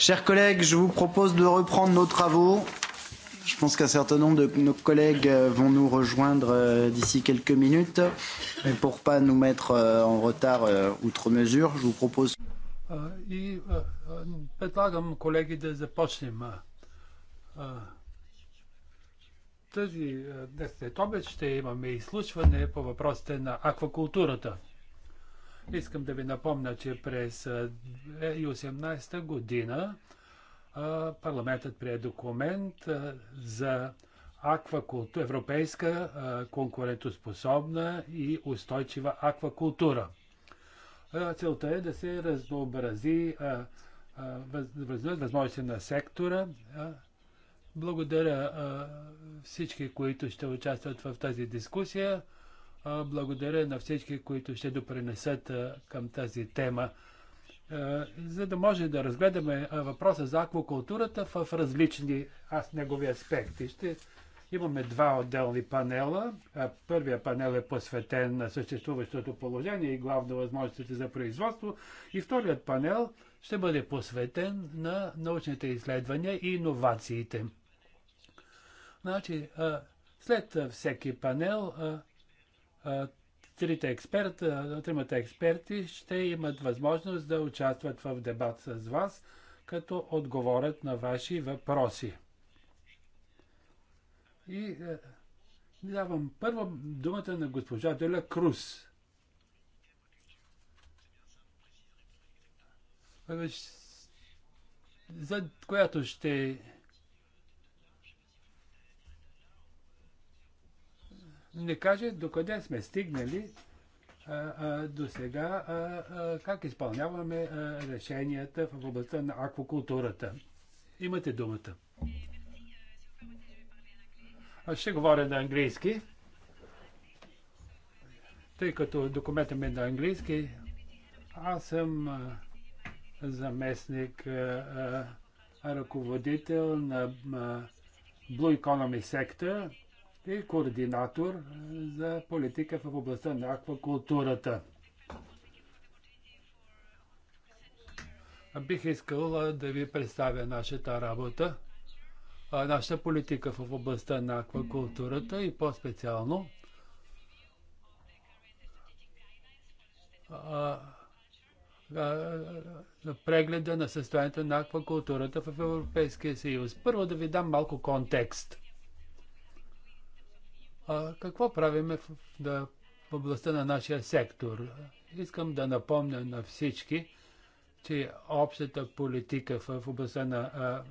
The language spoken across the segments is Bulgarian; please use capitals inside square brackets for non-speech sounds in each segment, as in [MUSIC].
Chers collègues, je vous propose de reprendre nos travaux. Je pense qu'un certain nombre de nos collègues vont nous rejoindre d'ici quelques minutes. Mais pour ne pas nous mettre en retard outre mesure, je vous propose. Тази днес след обед ще имаме изслушване по въпросите на аквакултурата. Искам да ви напомня, че през 2018 година парламентът прие документ за аквакултура, европейска конкурентоспособна и устойчива аквакултура. Целта е да се разнообрази възможности на сектора. Благодаря всички, които ще участват в тази дискусия. Благодаря на всички, които ще допринесат към тази тема, за да може да разгледаме въпроса за аквакултурата в различни аз негови аспекти. Ще имаме два отделни панела. Първия панел е посветен на съществуващото положение и главно възможностите за производство. И вторият панел ще бъде посветен на научните изследвания и иновациите. Значи, след всеки панел трите експерта, тримата експерти ще имат възможност да участват в дебат с вас, като отговорят на ваши въпроси. И е, давам първо думата на госпожа Деля Круз. Е, за която ще ни каже докъде сме стигнали до сега, как изпълняваме решенията в областта на аквакултурата. Имате думата. Аз ще говоря на английски, тъй като документът ми е на английски. Аз съм заместник ръководител на Blue Economy Sector, и координатор за политика в областта на аквакултурата. Бих искал да ви представя нашата работа, нашата политика в областта на аквакултурата и по-специално прегледа на състоянието на аквакултурата в Европейския съюз. Първо да ви дам малко контекст. А, какво правиме в, да, в областта на нашия сектор? Искам да напомня на всички, че общата политика в, в областта на а,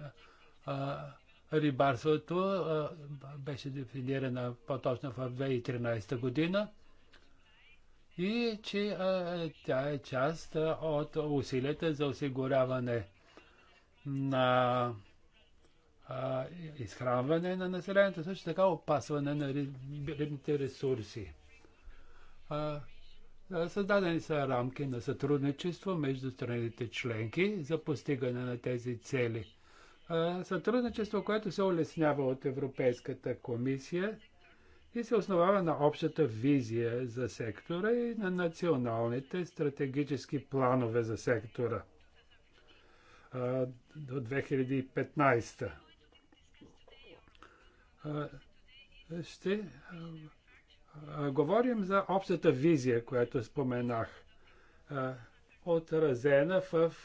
а, рибарството а, беше дефинирана по-точно в 2013 година и че а, тя е част а, от усилията за осигуряване на а, изхранване на населението, също така опасване на рибните ресурси. А, създадени са рамки на сътрудничество между страните членки за постигане на тези цели. А, сътрудничество, което се улеснява от Европейската комисия и се основава на общата визия за сектора и на националните стратегически планове за сектора до 2015 ще говорим за общата визия, която споменах, отразена в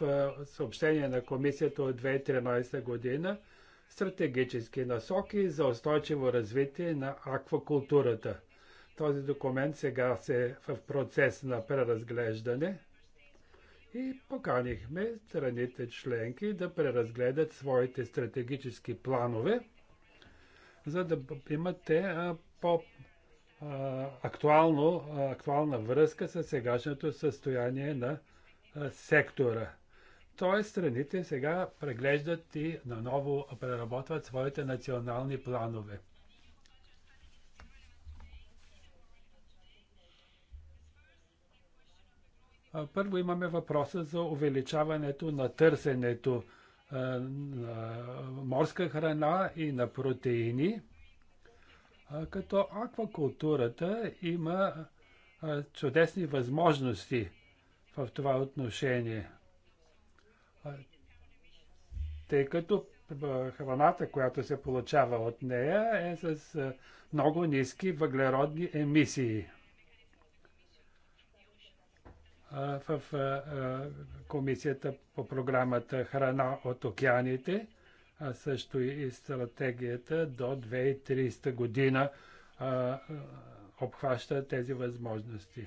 съобщение на комисията от 2013 година стратегически насоки за устойчиво развитие на аквакултурата. Този документ сега се е в процес на преразглеждане и поканихме страните членки да преразгледат своите стратегически планове – за да имате по актуална връзка с сегашното състояние на сектора. Тоест, страните сега преглеждат и наново преработват своите национални планове. Първо имаме въпроса за увеличаването на търсенето е, на морска храна и на протеини, е, като аквакултурата има е, чудесни възможности в това отношение. Тъй като храната, която се получава от нея, е с много ниски въглеродни емисии в комисията по програмата Храна от океаните, а също и стратегията до 2300 година обхваща тези възможности.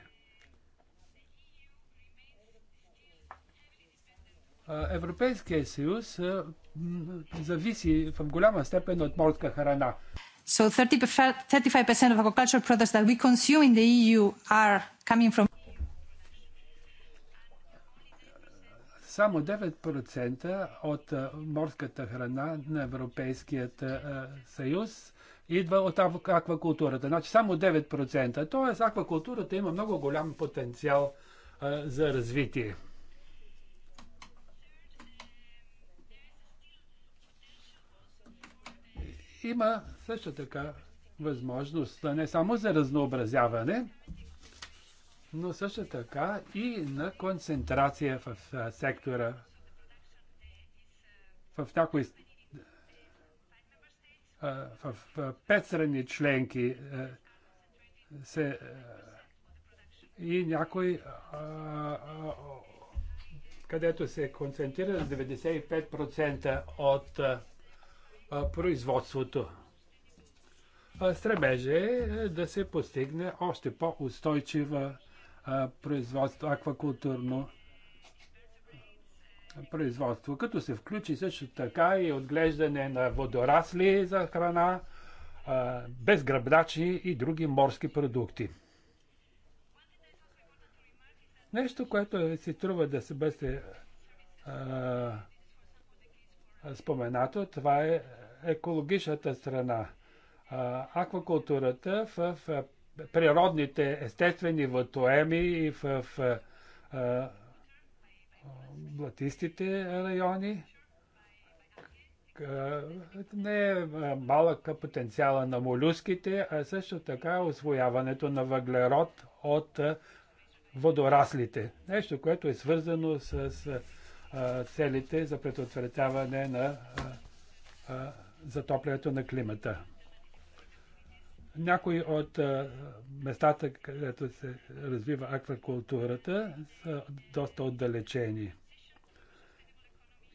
Европейския съюз зависи в голяма степен от морска храна. So 30, 35% of agricultural products that we consume in the EU are coming from Само 9% от морската храна на Европейският съюз идва от аквакултурата. Значи само 9%. Тоест аквакултурата има много голям потенциал за развитие. Има също така възможност не само за разнообразяване, но също така и на концентрация в сектора. В някои в пет страни членки се и някои където се концентрира на 95% от производството. Стремеже е да се постигне още по-устойчива производство, аквакултурно производство, като се включи също така и отглеждане на водорасли за храна, безгръбдачи и други морски продукти. Нещо, което си трува да се бъде споменато, това е екологичната страна. аквакултурата в, в природните, естествени вътоеми и в, в в блатистите райони. Не е малък потенциала на молюските, а също така освояването на въглерод от водораслите. Нещо, което е свързано с целите за предотвратяване на затоплянето на климата. Някои от местата, където се развива аквакултурата, са доста отдалечени.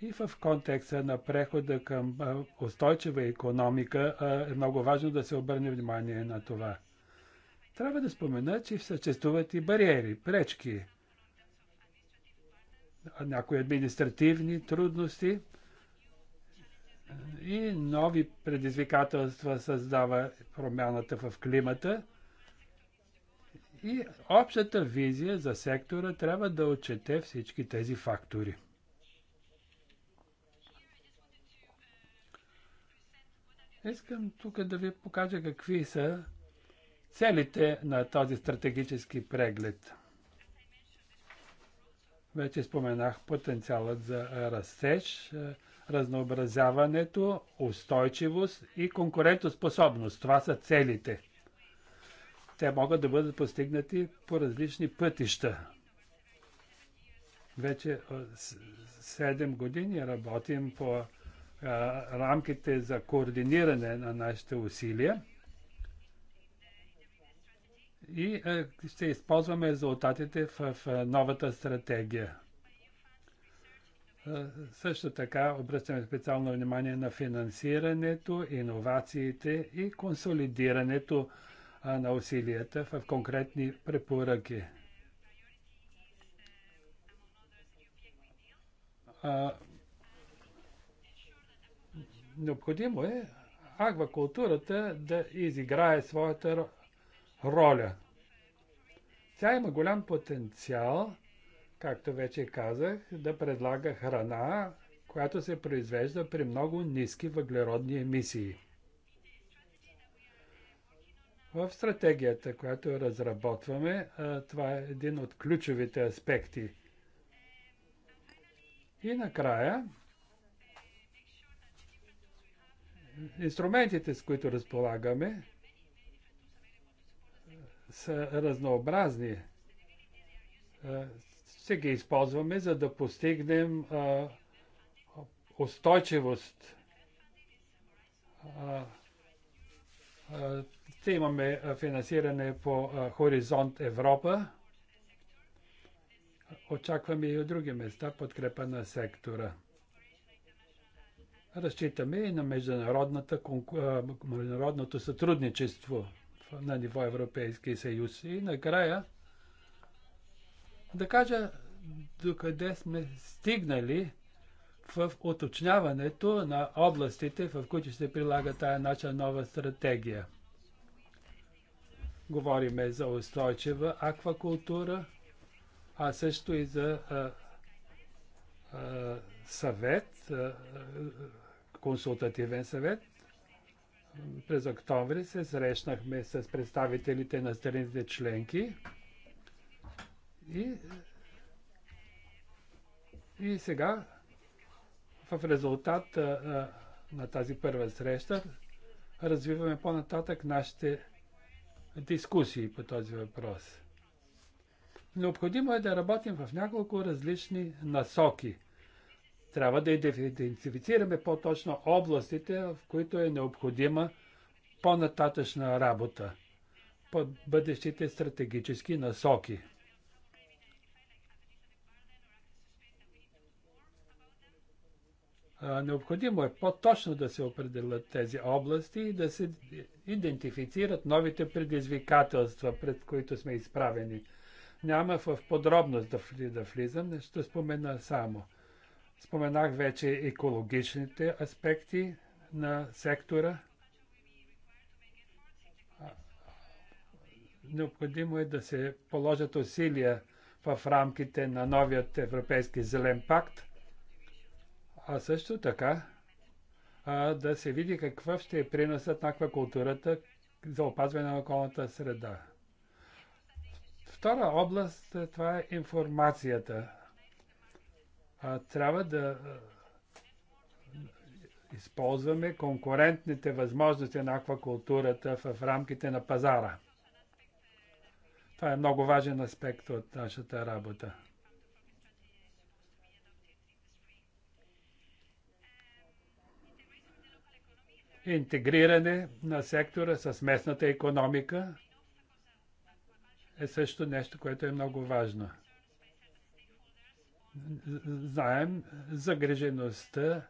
И в контекста на прехода към устойчива економика е много важно да се обърне внимание на това. Трябва да спомена, че съществуват и бариери, пречки, някои административни трудности – и нови предизвикателства създава промяната в климата. И общата визия за сектора трябва да отчете всички тези фактори. Искам тук да ви покажа какви са целите на този стратегически преглед. Вече споменах потенциалът за растеж, разнообразяването, устойчивост и конкурентоспособност. Това са целите. Те могат да бъдат постигнати по различни пътища. Вече 7 години работим по рамките за координиране на нашите усилия и ще използваме резултатите в новата стратегия. Е, също така обръщаме специално внимание на финансирането, иновациите и консолидирането на усилията в конкретни препоръки. Необходимо е аквакултурата да изиграе своята роля. Тя има голям потенциал както вече казах, да предлага храна, която се произвежда при много ниски въглеродни емисии. В стратегията, която разработваме, това е един от ключовите аспекти. И накрая, инструментите, с които разполагаме, са разнообразни ще ги използваме, за да постигнем а, устойчивост. А, а, ще имаме финансиране по Хоризонт Европа. Очакваме и от други места подкрепа на сектора. Разчитаме и на конку... международното сътрудничество на ниво Европейски съюз. И накрая да кажа докъде сме стигнали в уточняването на областите, в които ще се прилага тая наша нова стратегия. Говориме за устойчива аквакултура, а също и за а, а, съвет, а, консултативен съвет. През октомври се срещнахме с представителите на страните членки и, и сега, в резултат а, на тази първа среща, развиваме по-нататък нашите дискусии по този въпрос. Необходимо е да работим в няколко различни насоки. Трябва да идентифицираме по-точно областите, в които е необходима по-нататъчна работа по бъдещите стратегически насоки – Необходимо е по-точно да се определят тези области и да се идентифицират новите предизвикателства, пред които сме изправени. Няма в подробност да, влизам, ще спомена само. Споменах вече екологичните аспекти на сектора. Необходимо е да се положат усилия в рамките на новият Европейски зелен пакт – а също така а, да се види какъв ще е приносът на аквакултурата за опазване на околната среда. Втора област това е информацията. А, трябва да използваме конкурентните възможности на аквакултурата в рамките на пазара. Това е много важен аспект от нашата работа. Интегриране на сектора с местната економика е също нещо, което е много важно. Знаем загрежеността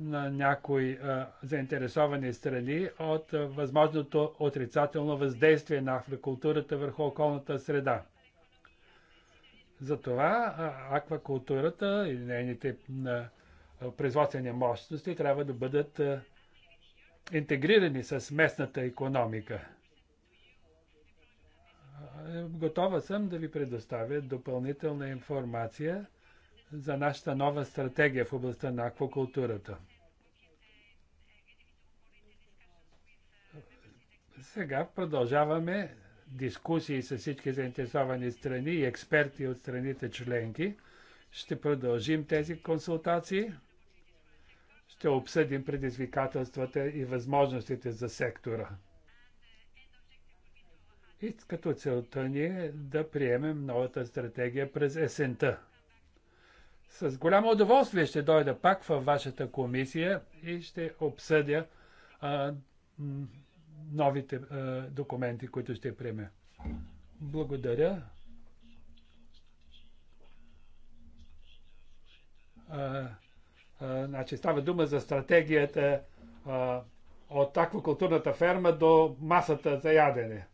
на някои заинтересовани страни от възможното отрицателно въздействие на аквакултурата върху околната среда. Затова аквакултурата и нейните производствени мощности трябва да бъдат а, интегрирани с местната економика. Готова съм да ви предоставя допълнителна информация за нашата нова стратегия в областта на аквакултурата. Сега продължаваме дискусии с всички заинтересовани страни и експерти от страните членки. Ще продължим тези консултации ще обсъдим предизвикателствата и възможностите за сектора. И като целта ни е да приемем новата стратегия през есента. С голямо удоволствие ще дойда пак във вашата комисия и ще обсъдя а, новите а, документи, които ще приеме. Благодаря. А, Значи става дума за стратегията а, от аквакултурната ферма до масата за ядене.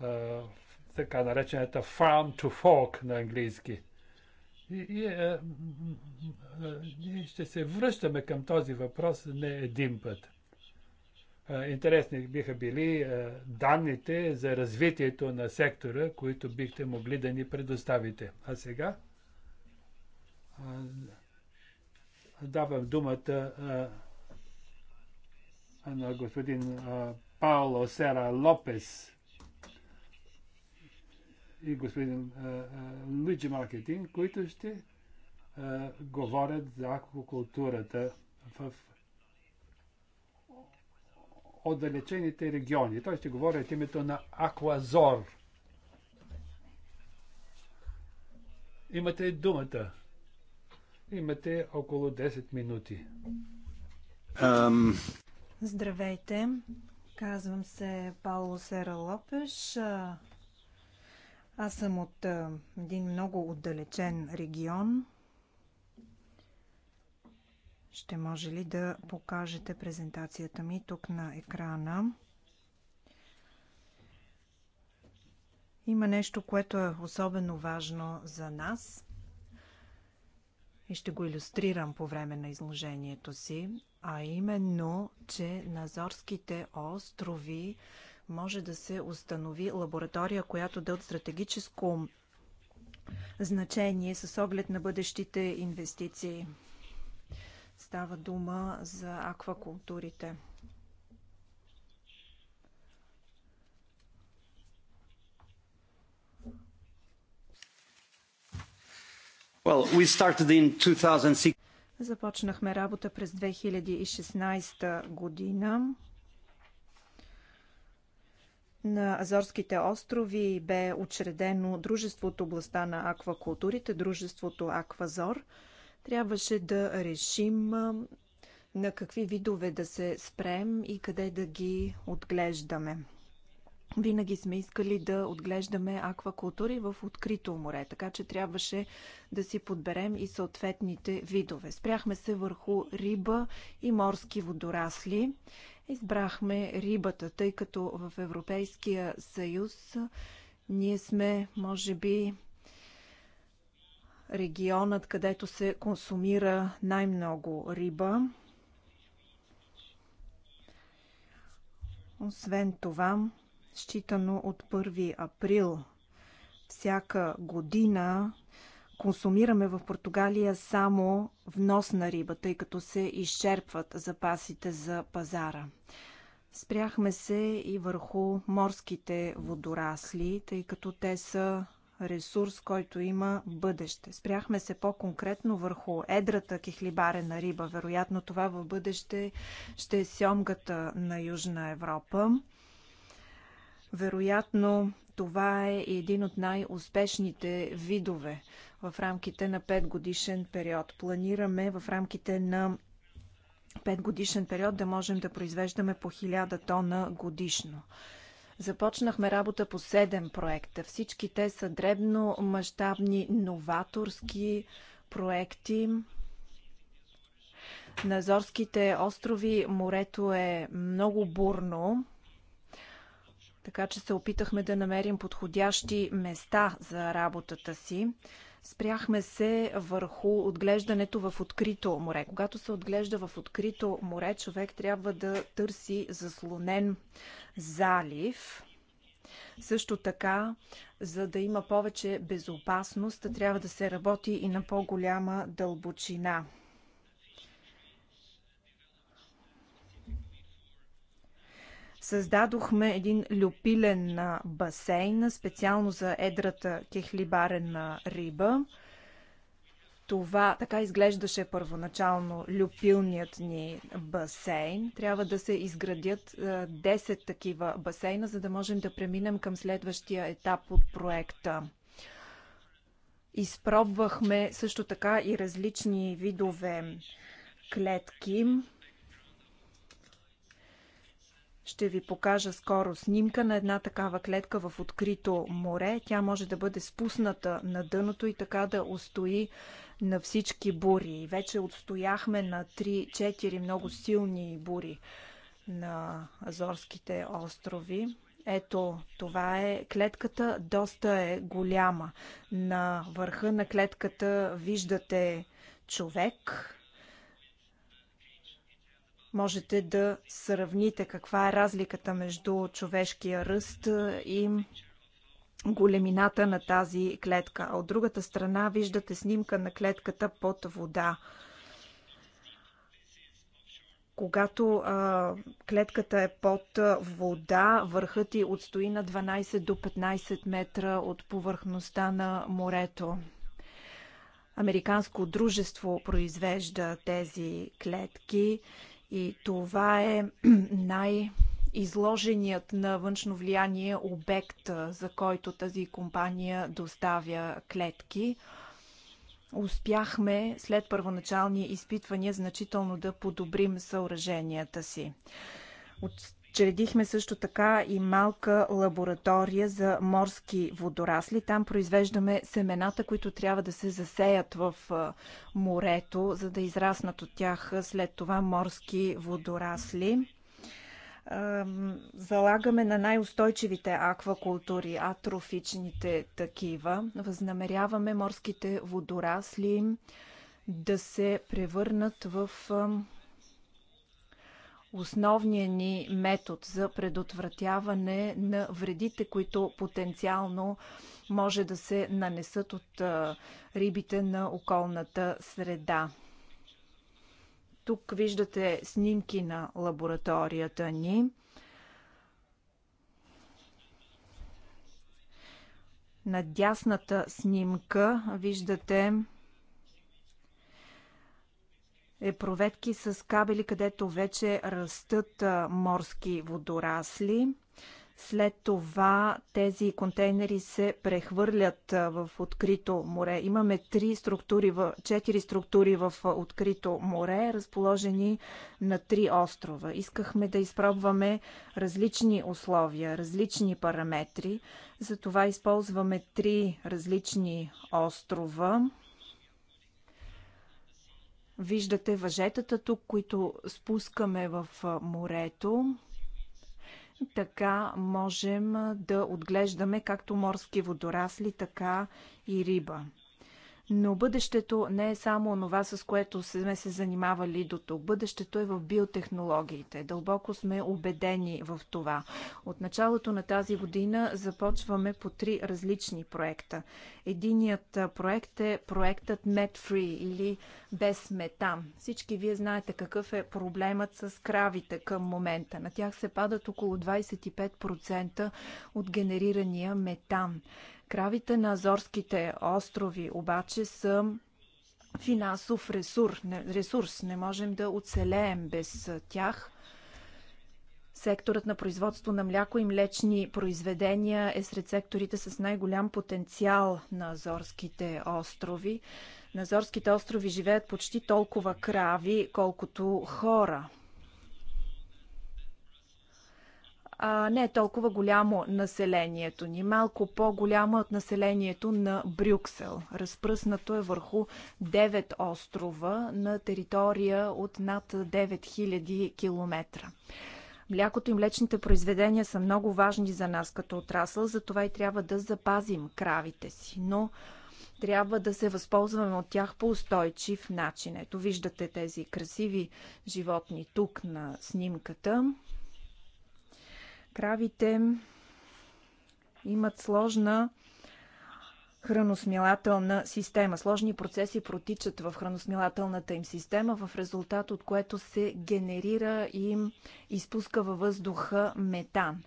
А, така наречената farm to fork на английски. И, и, а, ние е, ще се връщаме към този въпрос не един път. А, интересни биха били а, е, данните за развитието на сектора, които бихте могли да ни предоставите. А сега. А, давам думата а, на господин а, Пауло Сера Лопес и господин Луиджи Маркетин, които ще а, говорят за аквакултурата в отдалечените региони. Той ще говори от името на Аквазор. Имате думата. Имате около 10 минути. Um... Здравейте! Казвам се Пауло Сера Лопеш. Аз съм от един много отдалечен регион. Ще може ли да покажете презентацията ми тук на екрана? Има нещо, което е особено важно за нас и ще го иллюстрирам по време на изложението си, а именно, че на Зорските острови може да се установи лаборатория, която да е от стратегическо значение с оглед на бъдещите инвестиции. Става дума за аквакултурите. Well, we started in 2006. Започнахме работа през 2016 година. На Азорските острови бе учредено дружество от областта на аквакултурите, дружеството Аквазор. Трябваше да решим на какви видове да се спрем и къде да ги отглеждаме винаги сме искали да отглеждаме аквакултури в открито море, така че трябваше да си подберем и съответните видове. Спряхме се върху риба и морски водорасли. Избрахме рибата, тъй като в Европейския съюз ние сме, може би, регионът, където се консумира най-много риба. Освен това, считано от 1 април. Всяка година консумираме в Португалия само внос на риба, тъй като се изчерпват запасите за пазара. Спряхме се и върху морските водорасли, тъй като те са ресурс, който има бъдеще. Спряхме се по-конкретно върху едрата кихлибарена риба. Вероятно това в бъдеще ще е сьомгата на Южна Европа. Вероятно това е един от най-успешните видове в рамките на 5 годишен период. Планираме в рамките на 5 годишен период да можем да произвеждаме по 1000 тона годишно. Започнахме работа по 7 проекта. Всички те са дребно мащабни, новаторски проекти. На Зорските острови морето е много бурно така че се опитахме да намерим подходящи места за работата си. Спряхме се върху отглеждането в открито море. Когато се отглежда в открито море, човек трябва да търси заслонен залив. Също така, за да има повече безопасност, трябва да се работи и на по-голяма дълбочина. Създадохме един люпилен басейн, специално за едрата кехлибарена риба. Това така изглеждаше първоначално люпилният ни басейн. Трябва да се изградят 10 такива басейна, за да можем да преминем към следващия етап от проекта. Изпробвахме също така и различни видове клетки. Ще ви покажа скоро снимка на една такава клетка в открито море. Тя може да бъде спусната на дъното и така да устои на всички бури. Вече отстояхме на 3-4 много силни бури на Азорските острови. Ето, това е клетката. Доста е голяма. На върха на клетката виждате човек, можете да сравните каква е разликата между човешкия ръст и големината на тази клетка. А от другата страна виждате снимка на клетката под вода. Когато а, клетката е под вода, върхът ти отстои на 12 до 15 метра от повърхността на морето. Американско дружество произвежда тези клетки и това е [CLEARS THROAT] най- изложеният на външно влияние обект, за който тази компания доставя клетки. Успяхме след първоначални изпитвания значително да подобрим съоръженията си. От Чредихме също така и малка лаборатория за морски водорасли. Там произвеждаме семената, които трябва да се засеят в морето, за да израснат от тях след това морски водорасли залагаме на най-устойчивите аквакултури, атрофичните такива. Възнамеряваме морските водорасли да се превърнат в основният ни метод за предотвратяване на вредите, които потенциално може да се нанесат от рибите на околната среда. Тук виждате снимки на лабораторията ни. На дясната снимка виждате е проветки с кабели, където вече растат морски водорасли. След това тези контейнери се прехвърлят в открито море. Имаме три структури, четири структури в открито море, разположени на три острова. Искахме да изпробваме различни условия, различни параметри. Затова използваме три различни острова Виждате въжетата тук, които спускаме в морето. Така можем да отглеждаме както морски водорасли, така и риба. Но бъдещето не е само това, с което сме се занимавали до тук. Бъдещето е в биотехнологиите. Дълбоко сме убедени в това. От началото на тази година започваме по три различни проекта. Единият проект е проектът MedFree или без метан. Всички вие знаете какъв е проблемът с кравите към момента. На тях се падат около 25% от генерирания метан. Кравите на Азорските острови обаче са финансов ресурс. Не, ресурс. Не можем да оцелеем без тях. Секторът на производство на мляко и млечни произведения е сред секторите с най-голям потенциал на Азорските острови. На Азорските острови живеят почти толкова крави, колкото хора. а, не е толкова голямо населението ни, малко по-голямо е от населението на Брюксел. Разпръснато е върху 9 острова на територия от над 9000 км. Млякото и млечните произведения са много важни за нас като отрасъл, затова и трябва да запазим кравите си. Но трябва да се възползваме от тях по устойчив начин. Ето виждате тези красиви животни тук на снимката. Кравите имат сложна храносмилателна система. Сложни процеси протичат в храносмилателната им система, в резултат от което се генерира и изпуска във въздуха метан.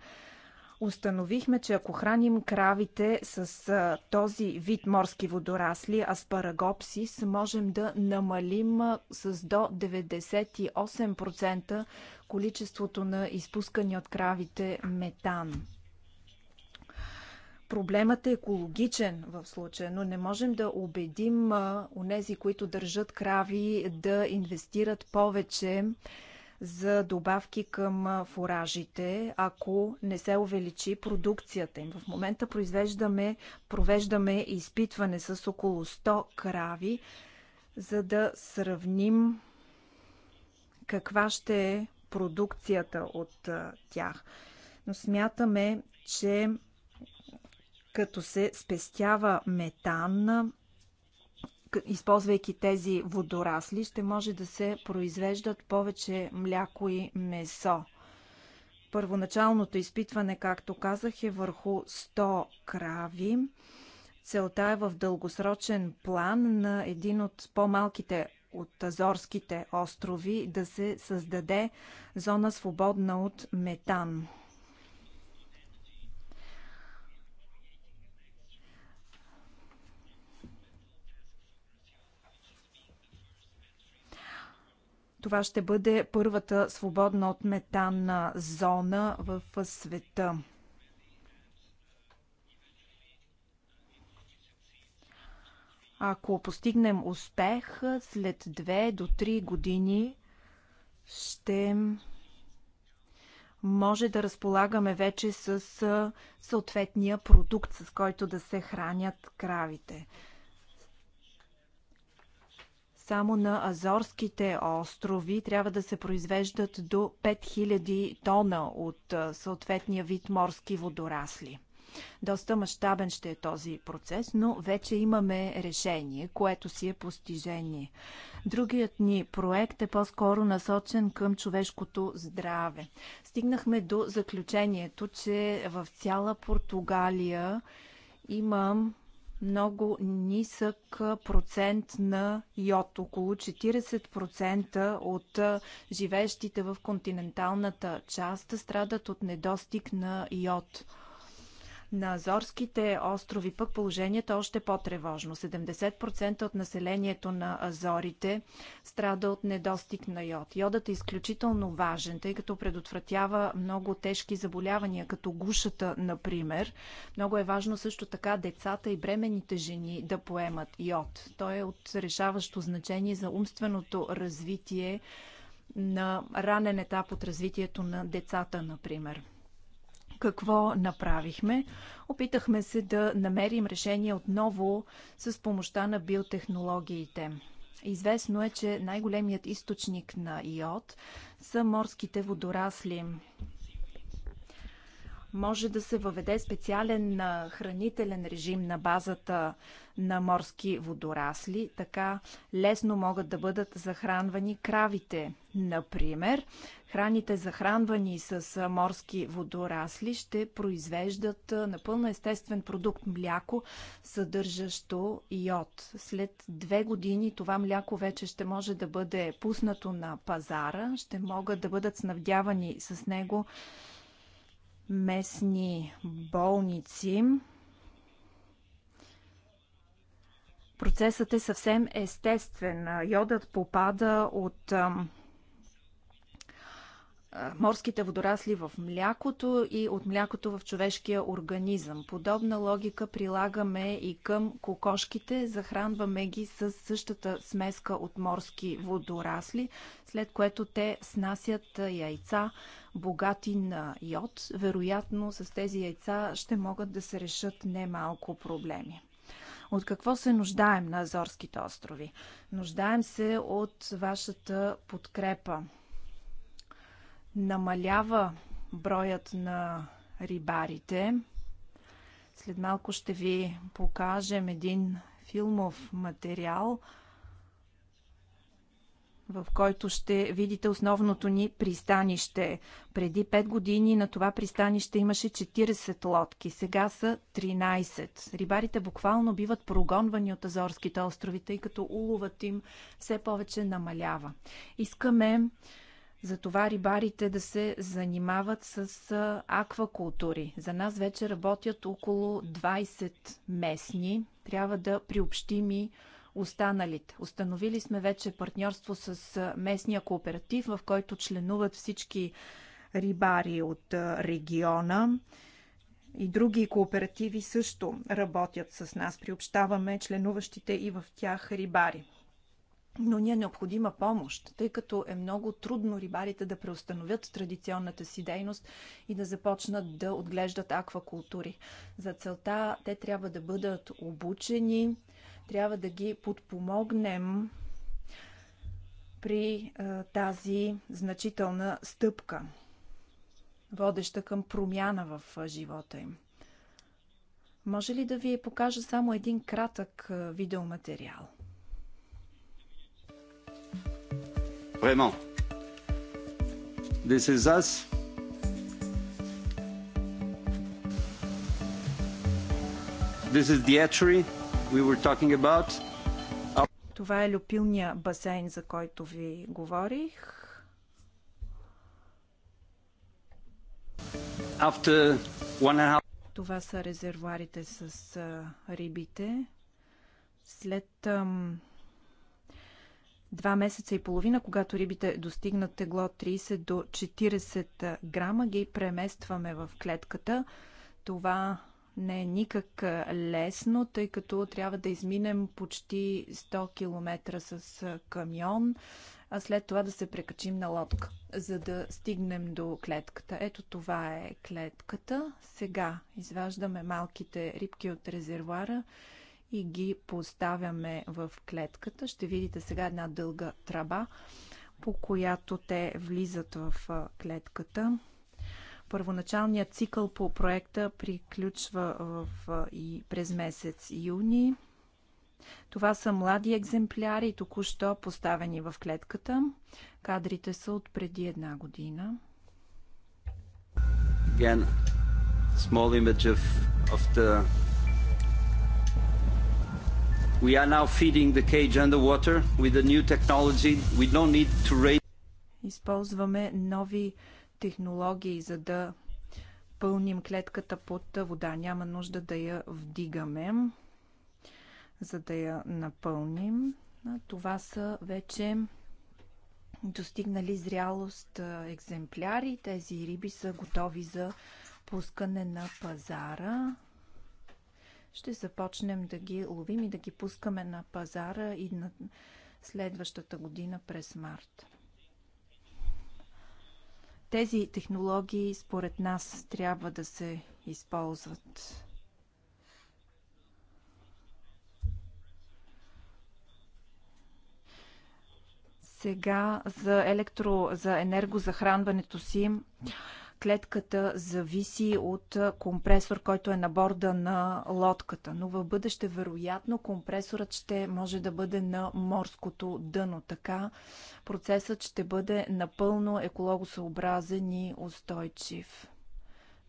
Установихме, че ако храним кравите с този вид морски водорасли, аспарагопсис, можем да намалим с до 98% количеството на изпускани от кравите метан. Проблемът е екологичен в случая, но не можем да убедим унези, които държат крави, да инвестират повече за добавки към фуражите, ако не се увеличи продукцията им. В момента произвеждаме, провеждаме изпитване с около 100 крави, за да сравним каква ще е продукцията от тях. Но смятаме, че като се спестява метан, използвайки тези водорасли, ще може да се произвеждат повече мляко и месо. Първоначалното изпитване, както казах, е върху 100 крави. Целта е в дългосрочен план на един от по-малките от Азорските острови да се създаде зона свободна от метан. Това ще бъде първата свободна от метанна зона в света. Ако постигнем успех, след 2 до 3 години ще може да разполагаме вече с съответния продукт, с който да се хранят кравите само на Азорските острови трябва да се произвеждат до 5000 тона от съответния вид морски водорасли. Доста мащабен ще е този процес, но вече имаме решение, което си е постижение. Другият ни проект е по-скоро насочен към човешкото здраве. Стигнахме до заключението, че в цяла Португалия има много нисък процент на йод. Около 40% от живеещите в континенталната част страдат от недостиг на йод. На Азорските острови пък положението е още по-тревожно. 70% от населението на Азорите страда от недостиг на йод. Йодът е изключително важен, тъй като предотвратява много тежки заболявания, като гушата, например. Много е важно също така децата и бременните жени да поемат йод. Той е от решаващо значение за умственото развитие на ранен етап от развитието на децата, например. Какво направихме? Опитахме се да намерим решение отново с помощта на биотехнологиите. Известно е, че най-големият източник на йод са морските водорасли може да се въведе специален хранителен режим на базата на морски водорасли. Така лесно могат да бъдат захранвани кравите, например. Храните, захранвани с морски водорасли, ще произвеждат напълно естествен продукт мляко, съдържащо йод. След две години това мляко вече ще може да бъде пуснато на пазара, ще могат да бъдат снабдявани с него местни болници. Процесът е съвсем естествен. Йодът попада от морските водорасли в млякото и от млякото в човешкия организъм. Подобна логика прилагаме и към кокошките. Захранваме ги с същата смеска от морски водорасли, след което те снасят яйца, богати на йод. Вероятно с тези яйца ще могат да се решат немалко проблеми. От какво се нуждаем на Азорските острови? Нуждаем се от вашата подкрепа намалява броят на рибарите. След малко ще ви покажем един филмов материал, в който ще видите основното ни пристанище. Преди 5 години на това пристанище имаше 40 лодки, сега са 13. Рибарите буквално биват прогонвани от Азорските острови, тъй като уловът им все повече намалява. Искаме за това рибарите да се занимават с аквакултури. За нас вече работят около 20 местни. Трябва да приобщим и останалите. Установили сме вече партньорство с местния кооператив, в който членуват всички рибари от региона. И други кооперативи също работят с нас. Приобщаваме членуващите и в тях рибари но ни е необходима помощ, тъй като е много трудно рибарите да преустановят традиционната си дейност и да започнат да отглеждат аквакултури. За целта те трябва да бъдат обучени, трябва да ги подпомогнем при е, тази значителна стъпка, водеща към промяна в живота им. Може ли да ви покажа само един кратък видеоматериал? vraiment This is us. This is the estuary we were talking about. Това е люпилния басейн, за който ви говорих. After one and half... Това са резервуарите с рибите. След ам, два месеца и половина, когато рибите достигнат тегло 30 до 40 грама, ги преместваме в клетката. Това не е никак лесно, тъй като трябва да изминем почти 100 км с камион, а след това да се прекачим на лодка, за да стигнем до клетката. Ето това е клетката. Сега изваждаме малките рибки от резервуара и ги поставяме в клетката. Ще видите сега една дълга траба, по която те влизат в клетката. Първоначалният цикъл по проекта приключва в, и през месец юни. Това са млади екземпляри, току-що поставени в клетката. Кадрите са от преди една година. Again, small image of, of the We are now feeding the cage underwater with the new technology. We don't need to raise... Използваме нови технологии, за да пълним клетката под вода. Няма нужда да я вдигаме, за да я напълним. Това са вече достигнали зрялост екземпляри. Тези риби са готови за пускане на пазара ще започнем да ги ловим и да ги пускаме на пазара и на следващата година през март. Тези технологии според нас трябва да се използват. Сега за електро, за енергозахранването си клетката зависи от компресор, който е на борда на лодката. Но в бъдеще, вероятно, компресорът ще може да бъде на морското дъно. Така процесът ще бъде напълно екологосъобразен и устойчив.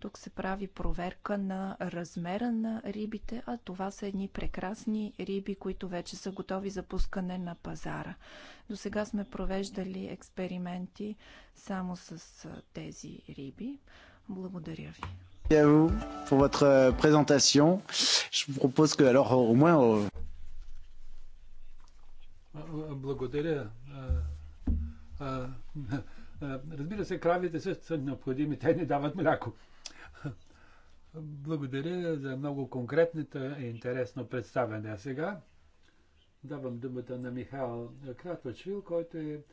Тук се прави проверка на размера на рибите, а това са едни прекрасни риби, които вече са готови за пускане на пазара. До сега сме провеждали експерименти само с тези риби. Благодаря ви. Euh, благодаря. [LAUGHS] Разбира се, кравите също са необходими. Те не дават мляко. Благодаря за много конкретната и интересно представяне. А сега давам думата на Михаил Кратвачвил, който е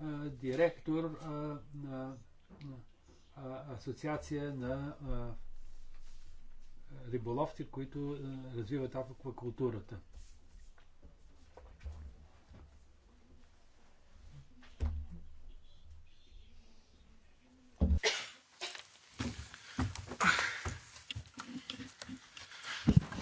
а, директор а, на а, Асоциация на а, риболовци, които а, развиват аквакултурата.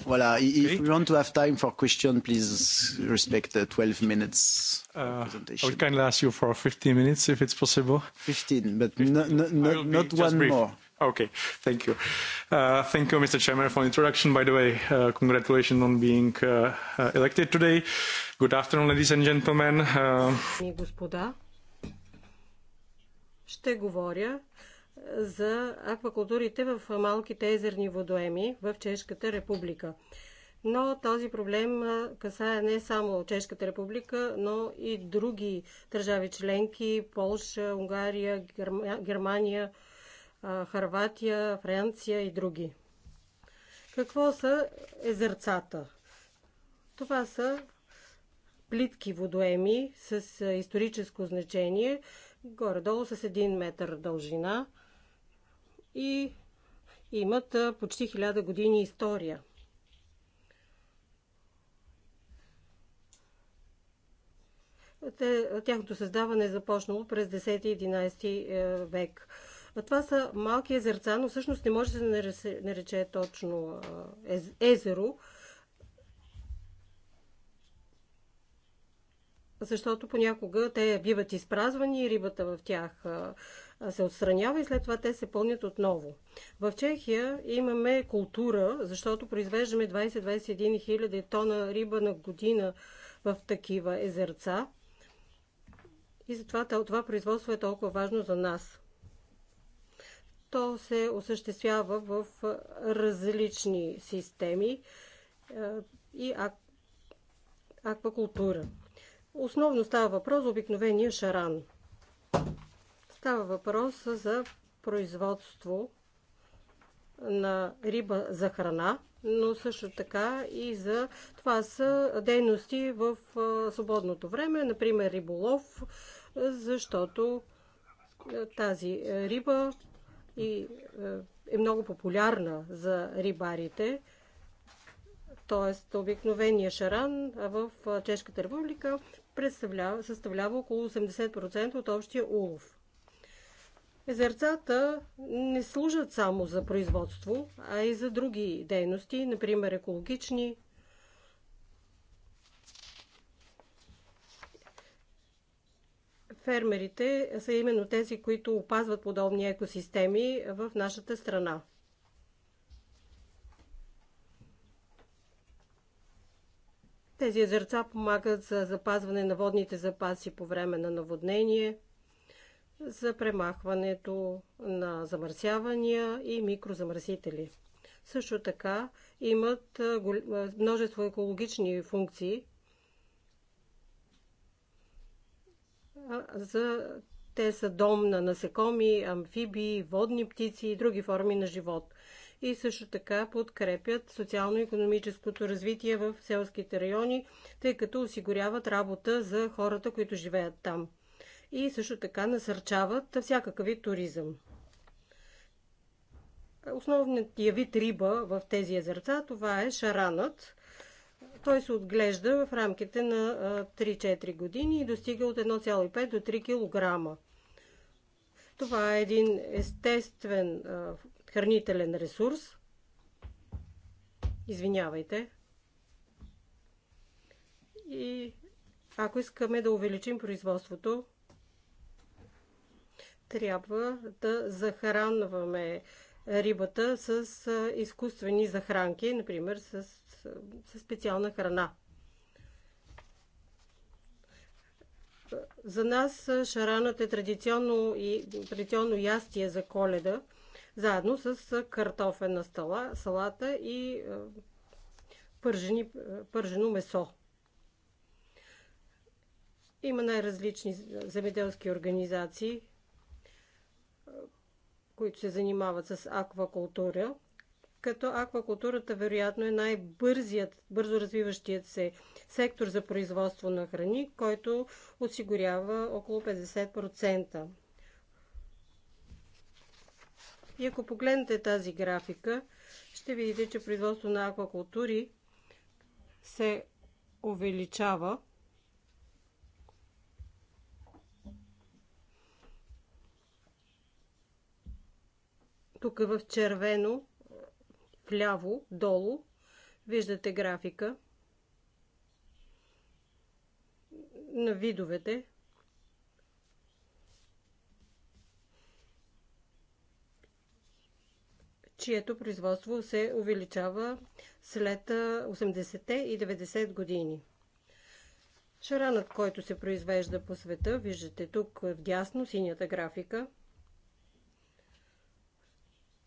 Voilà. If we want to have time for questions please respect the 12 minutes presentation. I would kindly ask you for 15 minutes, if it's possible. 15, but not one more. Okay. Thank you. Uh Thank you, Mr. Chairman, for the introduction. By the way, Uh congratulations on being uh uh elected today. Good afternoon, ladies and gentlemen. Ще говоря за аквакултурите в малките езерни водоеми в Чешката република. Но този проблем касае не само Чешката република, но и други държави членки Полша, Унгария, Германия, Харватия, Франция и други. Какво са езерцата? Това са плитки водоеми с историческо значение, горе-долу с 1 метър дължина – и имат почти хиляда години история. тяхното създаване е започнало през 10-11 е, век. Това са малки езерца, но всъщност не може да се нарече точно езеро, защото понякога те биват изпразвани и рибата в тях се отстранява и след това те се пълнят отново. В Чехия имаме култура, защото произвеждаме 20-21 хиляди тона риба на година в такива езерца. И затова това производство е толкова важно за нас. То се осъществява в различни системи и аквакултура. Основно става въпрос за обикновения шаран – Става въпрос за производство на риба за храна, но също така и за това са дейности в свободното време, например риболов, защото тази риба и е много популярна за рибарите. т.е. обикновения шаран в Чешката република представлява, съставлява около 80% от общия улов. Езерцата не служат само за производство, а и за други дейности, например екологични. Фермерите са именно тези, които опазват подобни екосистеми в нашата страна. Тези езерца помагат за запазване на водните запаси по време на наводнение – за премахването на замърсявания и микрозамърсители. Също така имат множество екологични функции. За те са дом на насекоми, амфибии, водни птици и други форми на живот. И също така подкрепят социално-економическото развитие в селските райони, тъй като осигуряват работа за хората, които живеят там и също така насърчават всякакъв вид туризъм. Основният вид риба в тези езерца това е шаранът. Той се отглежда в рамките на 3-4 години и достига от 1,5 до 3 кг. Това е един естествен хранителен ресурс. Извинявайте. И ако искаме да увеличим производството, трябва да захранваме рибата с изкуствени захранки, например с, с специална храна. За нас шаранът е традиционно, и, традиционно ястие за коледа, заедно с картофена стала, салата и пържени, пържено месо. Има най-различни земеделски организации, които се занимават с аквакултура, като аквакултурата вероятно е най-бързият, бързо развиващият се сектор за производство на храни, който осигурява около 50%. И ако погледнете тази графика, ще видите, че производство на аквакултури се увеличава тук в червено, вляво, долу, виждате графика на видовете. чието производство се увеличава след 80-те и 90 години. Шаранът, който се произвежда по света, виждате тук в дясно синята графика –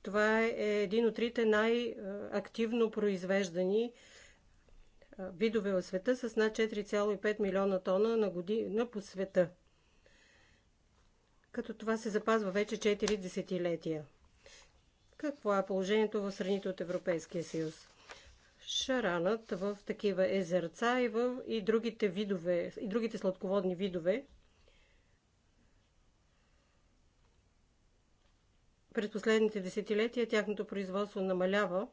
това е един от трите най-активно произвеждани видове в света с над 4,5 милиона тона на година по света. Като това се запазва вече 4 десетилетия. Какво е положението в страните от Европейския съюз? Шаранът в такива езерца и в и другите, видове, и другите сладководни видове През последните десетилетия тяхното производство намалява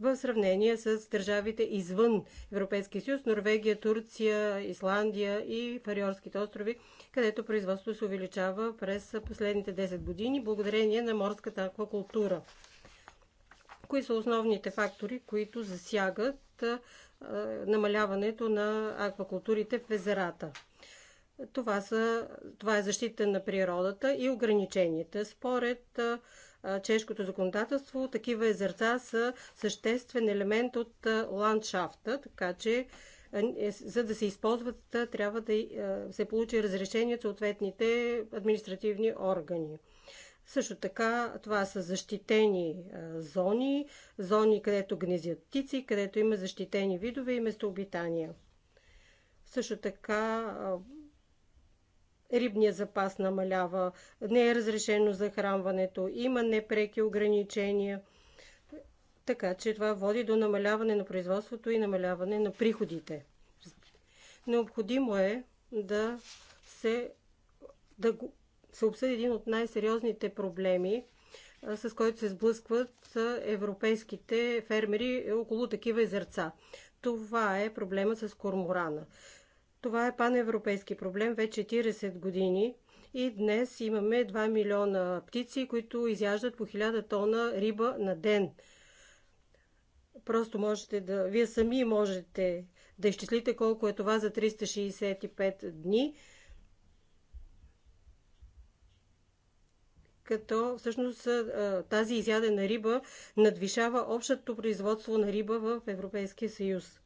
в сравнение с държавите извън Европейския съюз Норвегия, Турция, Исландия и Фариорските острови, където производството се увеличава през последните 10 години благодарение на морската аквакултура. Кои са основните фактори, които засягат намаляването на аквакултурите в езерата? Това, са, това е защита на природата и ограниченията. Според чешкото законодателство, такива езерца са съществен елемент от ландшафта, така че е, за да се използват, трябва да се получи разрешение от съответните административни органи. Също така, това са защитени зони, зони, където гнезят птици, където има защитени видове и местообитания. Също така, рибния запас намалява, не е разрешено захранването, има непреки ограничения. Така че това води до намаляване на производството и намаляване на приходите. Необходимо е да се, да се обсъди един от най-сериозните проблеми, с който се сблъскват европейските фермери около такива езерца. Това е проблема с корморана. Това е паневропейски проблем вече 40 години и днес имаме 2 милиона птици, които изяждат по 1000 тона риба на ден. Просто можете да... Вие сами можете да изчислите колко е това за 365 дни. като всъщност тази изядена риба надвишава общото производство на риба в Европейския съюз.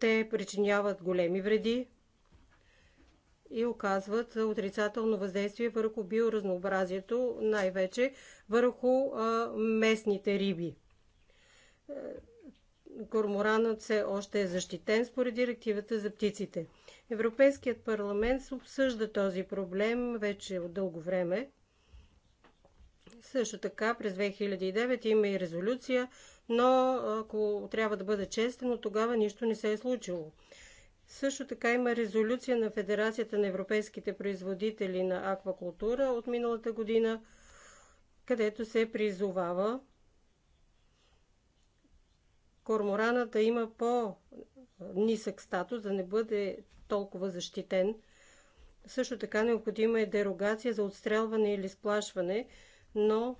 Те причиняват големи вреди и оказват отрицателно въздействие върху биоразнообразието, най-вече върху местните риби. Корморанът все още е защитен според директивата за птиците. Европейският парламент обсъжда този проблем вече от дълго време. Също така през 2009 има и резолюция но ако трябва да бъда честен, от тогава нищо не се е случило. Също така има резолюция на Федерацията на европейските производители на аквакултура от миналата година, където се призовава корморана да има по-нисък статус, да не бъде толкова защитен. Също така необходима е дерогация за отстрелване или сплашване, но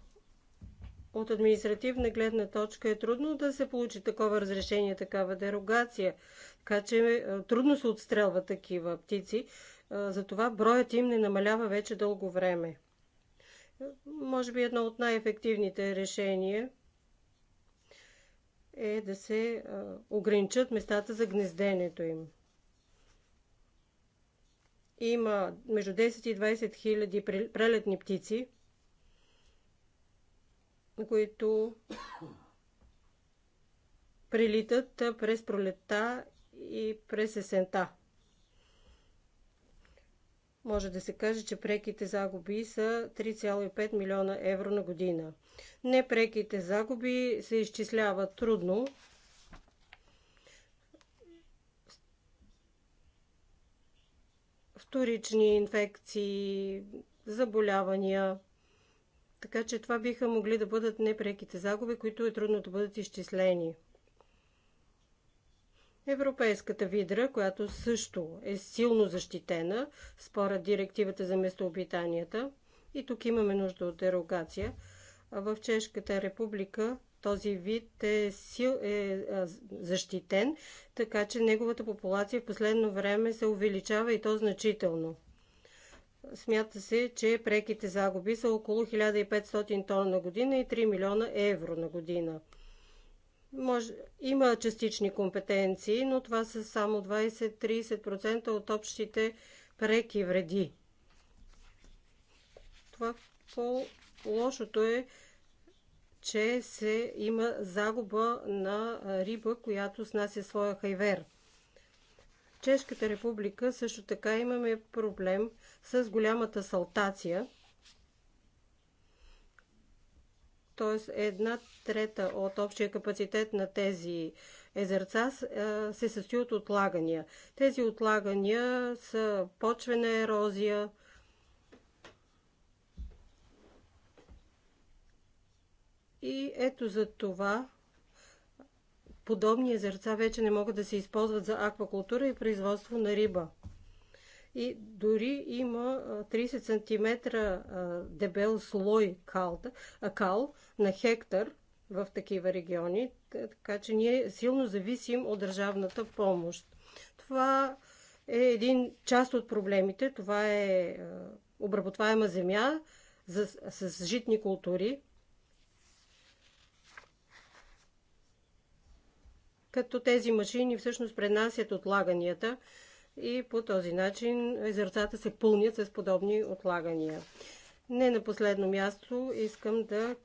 от административна гледна точка е трудно да се получи такова разрешение, такава дерогация. Така че е, трудно се отстрелват такива птици. Е, затова броят им не намалява вече дълго време. Може би едно от най-ефективните решения е да се е, ограничат местата за гнезденето им. Има между 10 и 20 хиляди прелетни птици, които прилитат през пролетта и през есента. Може да се каже, че преките загуби са 3,5 милиона евро на година. Непреките загуби се изчисляват трудно. Вторични инфекции, заболявания – така че това биха могли да бъдат непреките загуби, които е трудно да бъдат изчислени. Европейската видра, която също е силно защитена според директивата за местообитанията, и тук имаме нужда от дерогация, в Чешката република този вид е, сил, е защитен, така че неговата популация в последно време се увеличава и то значително. Смята се, че преките загуби са около 1500 тона на година и 3 милиона евро на година. Може, има частични компетенции, но това са само 20-30% от общите преки вреди. Това по-лошото е, че се има загуба на риба, която снася своя хайвер – Чешката република също така имаме проблем с голямата салтация. Т.е. една трета от общия капацитет на тези езерца се състои от отлагания. Тези отлагания са почвена ерозия, и ето за това подобни езерца вече не могат да се използват за аквакултура и производство на риба. И дори има 30 см дебел слой кал, кал на хектар в такива региони, така че ние силно зависим от държавната помощ. Това е един част от проблемите. Това е обработваема земя с житни култури, като тези машини всъщност пренасят отлаганията и по този начин езерцата се пълнят с подобни отлагания. Не на последно място искам да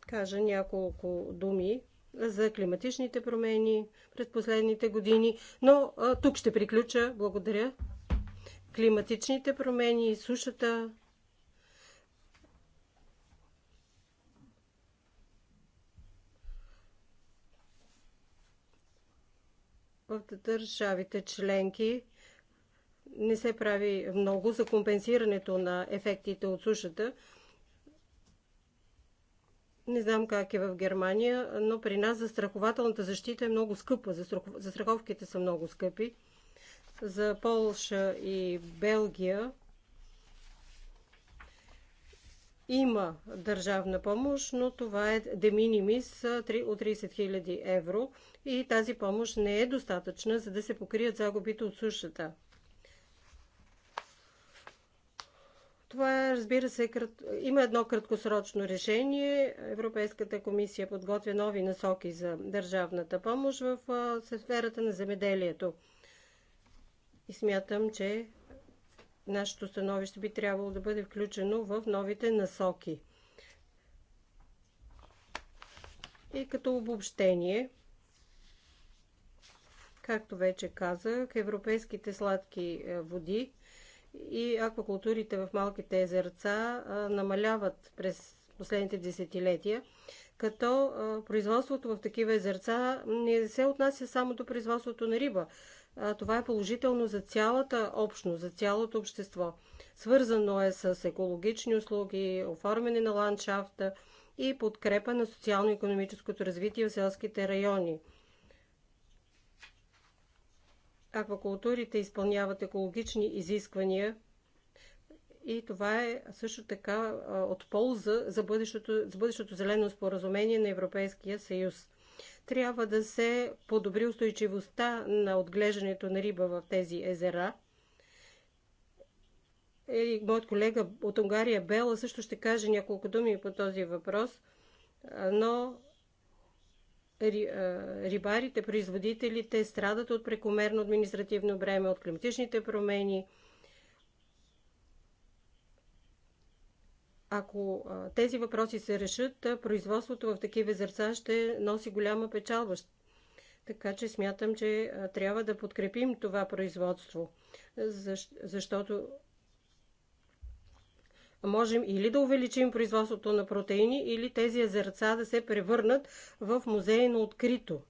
кажа няколко думи за климатичните промени през последните години, но а, тук ще приключа. Благодаря. Климатичните промени, сушата, държавите членки не се прави много за компенсирането на ефектите от сушата. Не знам как е в Германия, но при нас застрахователната защита е много скъпа. Застраховките са много скъпи. За Полша и Белгия има държавна помощ, но това е де минимис от 30 000 евро и тази помощ не е достатъчна, за да се покрият загубите от сушата. Това е, разбира се, крат... има едно краткосрочно решение. Европейската комисия подготвя нови насоки за държавната помощ в сферата на земеделието. И смятам, че нашето становище би трябвало да бъде включено в новите насоки. И като обобщение, както вече казах, европейските сладки е, води и аквакултурите в малките езерца е, намаляват през последните десетилетия, като е, производството в такива езерца не се отнася само до производството на риба това е положително за цялата общност, за цялото общество. Свързано е с екологични услуги, оформяне на ландшафта и подкрепа на социално-економическото развитие в селските райони. Аквакултурите изпълняват екологични изисквания и това е също така от полза за бъдещото, за бъдещото зелено споразумение на Европейския съюз. Трябва да се подобри устойчивостта на отглеждането на риба в тези езера. И моят колега от Унгария, Бела, също ще каже няколко думи по този въпрос, но рибарите, производителите страдат от прекомерно административно бреме, от климатичните промени – Ако тези въпроси се решат, производството в такива зърца ще носи голяма печалба. Така че смятам, че трябва да подкрепим това производство, защото можем или да увеличим производството на протеини, или тези зерца да се превърнат в музей на открито.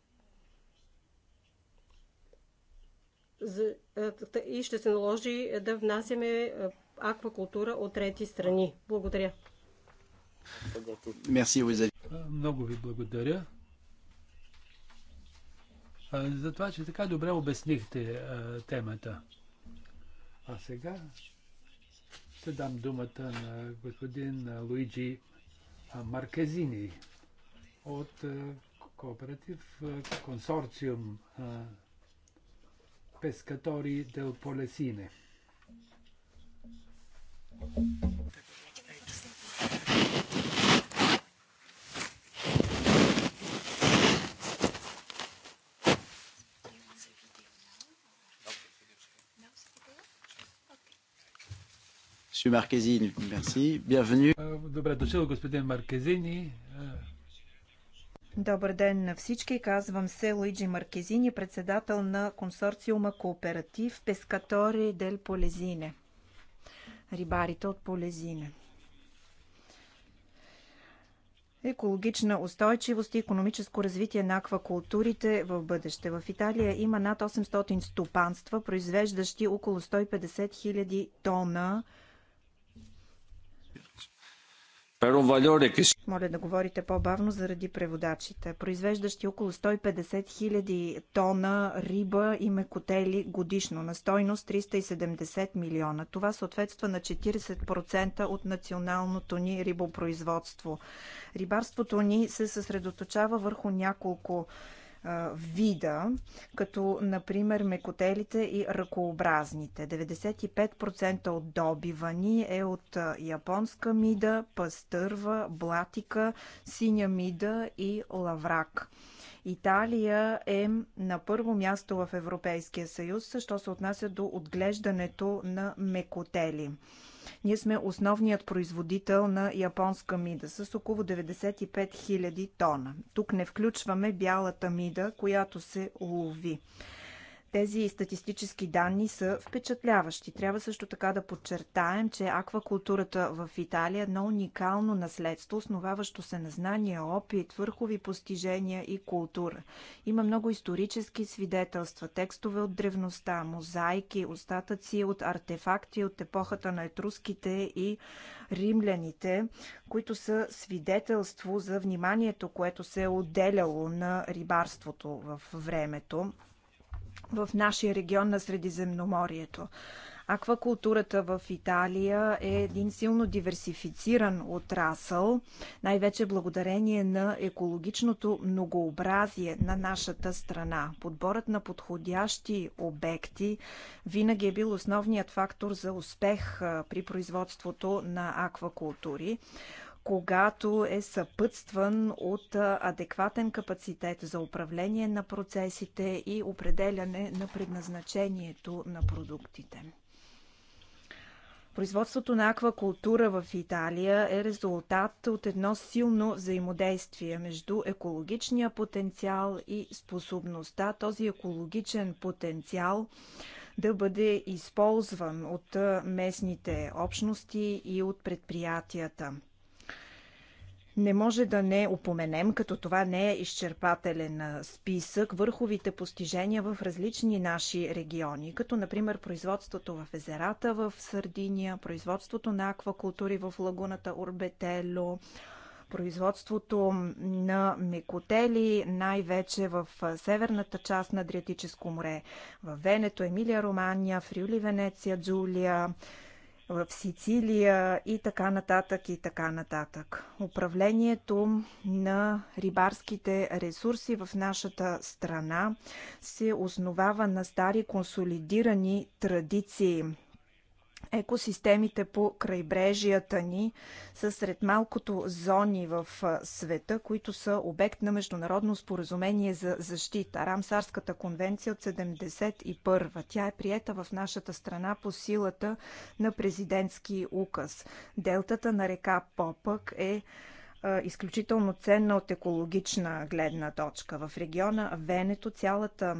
И ще се наложи да внасяме аквакултура от трети страни. Благодаря. Много ви благодаря за това, че така добре обяснихте а, темата. А сега ще дам думата на господин Луиджи Маркезини от а, кооператив а, консорциум Пескатори Дел Полесине. Маркезини, мерси. Bienvenue. Добре дошъл, господин Маркезини. Добър ден на всички. Казвам се Луиджи Маркезини, председател на консорциума Кооператив Пескатори Дель Полезине рибарите от полезина. Екологична устойчивост и економическо развитие на аквакултурите в бъдеще. В Италия има над 800 стопанства, произвеждащи около 150 000 тона моля да говорите по-бавно заради преводачите, произвеждащи около 150 000 тона риба и мекотели годишно на стойност 370 милиона. Това съответства на 40% от националното ни рибопроизводство. Рибарството ни се съсредоточава върху няколко вида, като например мекотелите и ръкообразните. 95% от добива ни е от японска мида, пастърва, блатика, синя мида и лаврак. Италия е на първо място в Европейския съюз, що се отнася до отглеждането на мекотели. Ние сме основният производител на японска мида с около 95 000 тона. Тук не включваме бялата мида, която се лови. Тези статистически данни са впечатляващи. Трябва също така да подчертаем, че аквакултурата в Италия е едно уникално наследство, основаващо се на знания, опит, върхови постижения и култура. Има много исторически свидетелства, текстове от древността, мозайки, остатъци от артефакти от епохата на етруските и римляните, които са свидетелство за вниманието, което се е отделяло на рибарството в времето в нашия регион на Средиземноморието. Аквакултурата в Италия е един силно диверсифициран отрасъл, най-вече благодарение на екологичното многообразие на нашата страна. Подборът на подходящи обекти винаги е бил основният фактор за успех при производството на аквакултури когато е съпътстван от адекватен капацитет за управление на процесите и определяне на предназначението на продуктите. Производството на аквакултура в Италия е резултат от едно силно взаимодействие между екологичния потенциал и способността този екологичен потенциал да бъде използван от местните общности и от предприятията. Не може да не упоменем, като това не е изчерпателен списък, върховите постижения в различни наши региони, като например производството в езерата в Сърдиния, производството на аквакултури в лагуната Орбетело, производството на мекотели, най-вече в северната част на Адриатическо море, в Венето, Емилия Романия, Фриули Венеция, Джулия, в Сицилия и така нататък и така нататък. Управлението на рибарските ресурси в нашата страна се основава на стари консолидирани традиции – Екосистемите по крайбрежията ни са сред малкото зони в света, които са обект на международно споразумение за защита. Рамсарската конвенция от 71-а. Тя е приета в нашата страна по силата на президентски указ. Делтата на река Попък е изключително ценна от екологична гледна точка. В региона Венето цялата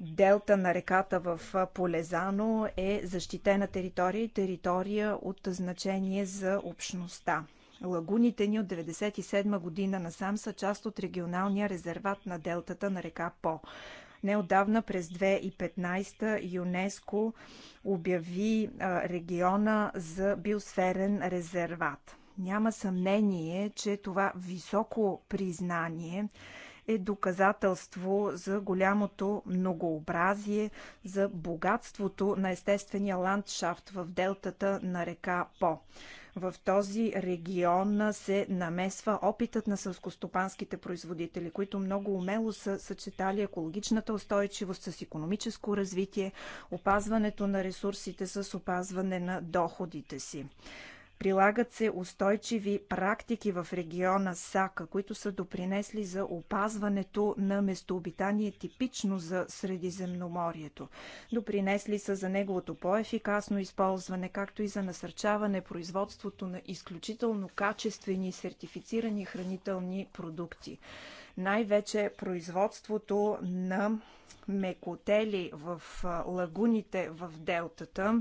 Делта на реката в Полезано е защитена територия и територия от значение за общността. Лагуните ни от 1997 година насам са част от регионалния резерват на делтата на река По. Неодавна през 2015 ЮНЕСКО обяви региона за биосферен резерват. Няма съмнение, че това високо признание е доказателство за голямото многообразие, за богатството на естествения ландшафт в делтата на река По. В този регион се намесва опитът на сълскостопанските производители, които много умело са съчетали екологичната устойчивост с економическо развитие, опазването на ресурсите с опазване на доходите си. Прилагат се устойчиви практики в региона Сака, които са допринесли за опазването на местообитание типично за Средиземноморието. Допринесли са за неговото по-ефикасно използване, както и за насърчаване производството на изключително качествени и сертифицирани хранителни продукти най-вече производството на мекотели в лагуните в делтата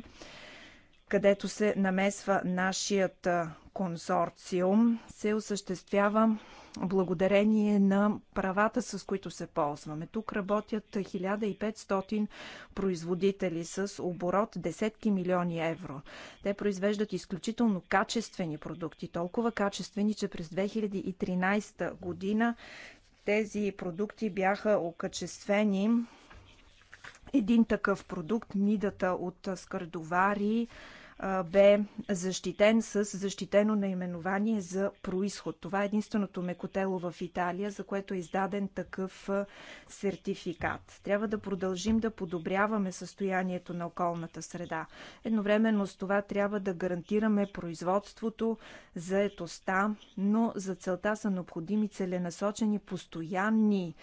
където се намесва нашият консорциум, се осъществява благодарение на правата, с които се ползваме. Тук работят 1500 производители с оборот десетки милиони евро. Те произвеждат изключително качествени продукти, толкова качествени, че през 2013 година тези продукти бяха окачествени един такъв продукт, мидата от скардовари, бе защитен с защитено наименование за происход. Това е единственото мекотело в Италия, за което е издаден такъв сертификат. Трябва да продължим да подобряваме състоянието на околната среда. Едновременно с това трябва да гарантираме производството, заетостта, но за целта са необходими целенасочени постоянни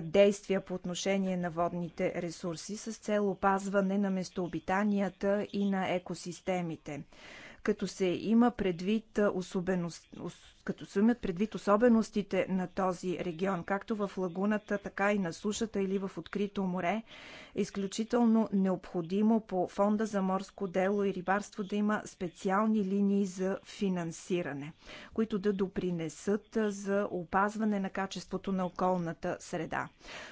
действия по отношение на водните ресурси с цел опазване на местообитанията и на екосистемите като се има предвид особеност, като се имат предвид особеностите на този регион, както в лагуната, така и на сушата или в открито море, е изключително необходимо по Фонда за морско дело и рибарство да има специални линии за финансиране, които да допринесат за опазване на качеството на околната среда.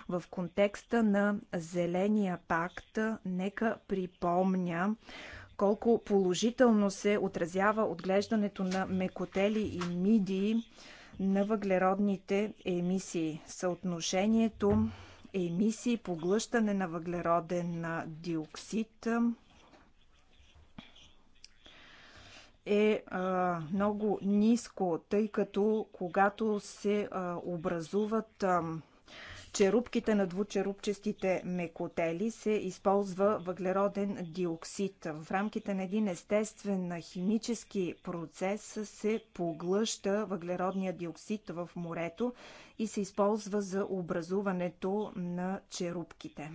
В контекста на Зеления пакт, нека припомня, колко положително се отразява отглеждането на мекотели и мидии на въглеродните емисии. Съотношението емисии, поглъщане на въглероден диоксид е а, много ниско, тъй като когато се а, образуват а, черупките на двучерупчестите мекотели се използва въглероден диоксид. В рамките на един естествен химически процес се поглъща въглеродния диоксид в морето и се използва за образуването на черупките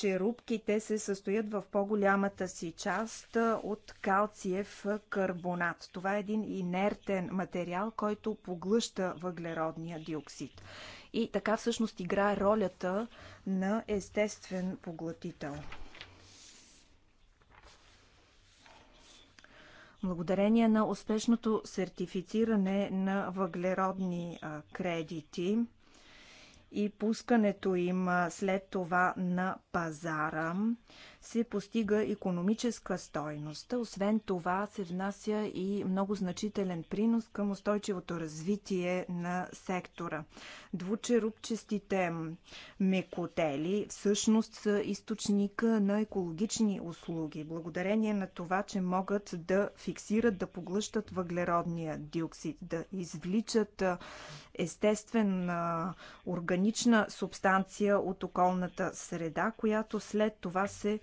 черупките се състоят в по-голямата си част от калциев карбонат. Това е един инертен материал, който поглъща въглеродния диоксид. И така всъщност играе ролята на естествен поглътител. Благодарение на успешното сертифициране на въглеродни кредити и пускането им след това на пазара, се постига економическа стойност. Освен това се внася и много значителен принос към устойчивото развитие на сектора. Двучерупчестите мекотели всъщност са източника на екологични услуги, благодарение на това, че могат да фиксират, да поглъщат въглеродния диоксид, да извличат естествена органична субстанция от околната среда, която след това се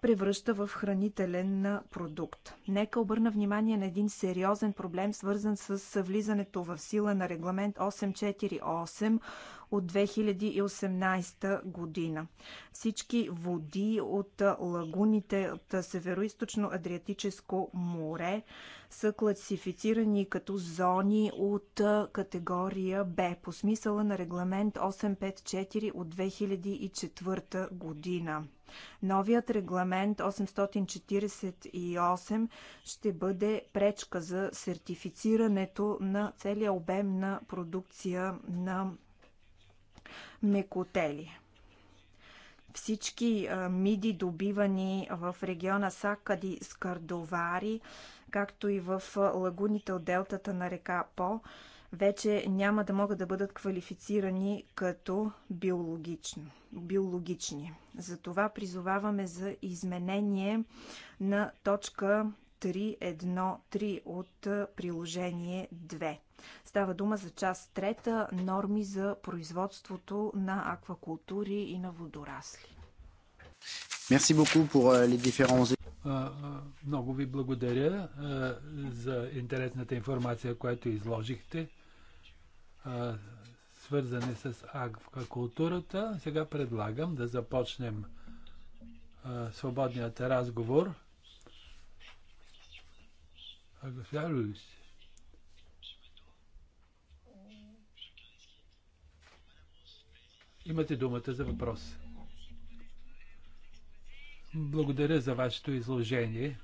превръща в хранителен продукт. Нека обърна внимание на един сериозен проблем, свързан с влизането в сила на регламент 848 от 2018 година. Всички води от лагуните от Североизточно-Адриатическо море са класифицирани като зони от категория Б по смисъла на регламент 854 от 2004 година. Новият регламент регламент 848 ще бъде пречка за сертифицирането на целия обем на продукция на мекотели. Всички миди, добивани в региона Сакади с Кардовари, както и в лагуните от делтата на река По, вече няма да могат да бъдат квалифицирани като биологично, биологични. Затова призоваваме за изменение на точка 3.1.3 от приложение 2. Става дума за част трета норми за производството на аквакултури и на водорасли. Merci beaucoup pour euh, les différents... Много ви благодаря за интересната информация, която изложихте свързани с аквакултурата. Сега предлагам да започнем а, свободният разговор. А, госпожа Имате думата за въпрос. Благодаря за вашето изложение.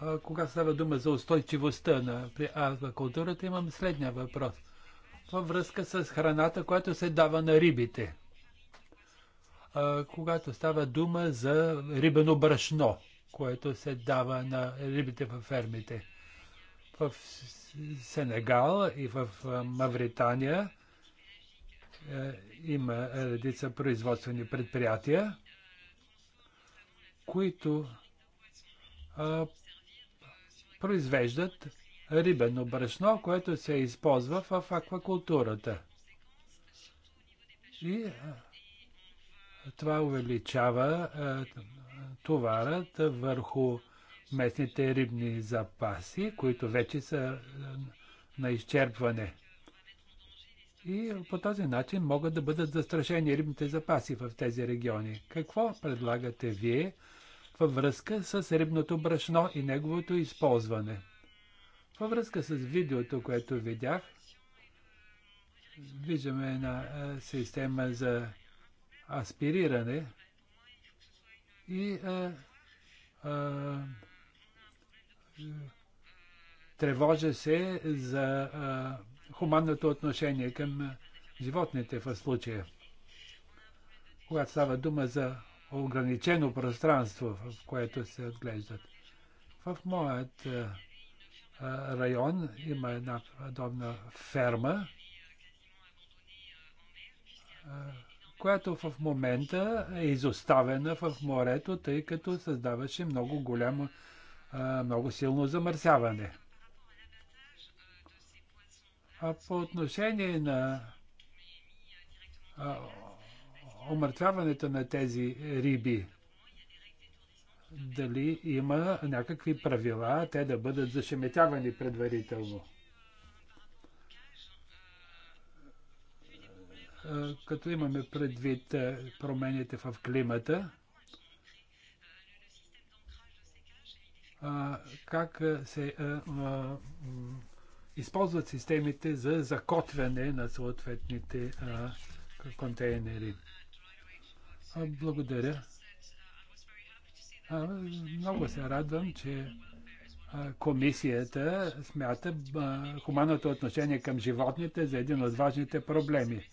А, кога става дума за устойчивостта на при аквакултурата, имам следния въпрос – във връзка с храната, която се дава на рибите. А, когато става дума за рибено брашно, което се дава на рибите във фермите. В Сенегал и в Мавритания е, има редица производствени предприятия, които а, произвеждат рибено брашно, което се използва в аквакултурата. И това увеличава товарът върху местните рибни запаси, които вече са на изчерпване. И по този начин могат да бъдат застрашени рибните запаси в тези региони. Какво предлагате вие във връзка с рибното брашно и неговото използване? Във връзка с видеото, което видях, виждаме една система за аспириране и а, а, тревожа се за а, хуманното отношение към животните в случая. Когато става дума за ограничено пространство, в което се отглеждат. В моят а, район има една подобна ферма, която в момента е изоставена в морето, тъй като създаваше много голямо, много силно замърсяване. А по отношение на омъртвяването на тези риби, дали има някакви правила, те да бъдат зашеметявани предварително. Като имаме предвид промените в климата, как се използват системите за закотвяне на съответните контейнери. Благодаря. Много се радвам, че комисията смята хуманното отношение към животните за един от важните проблеми.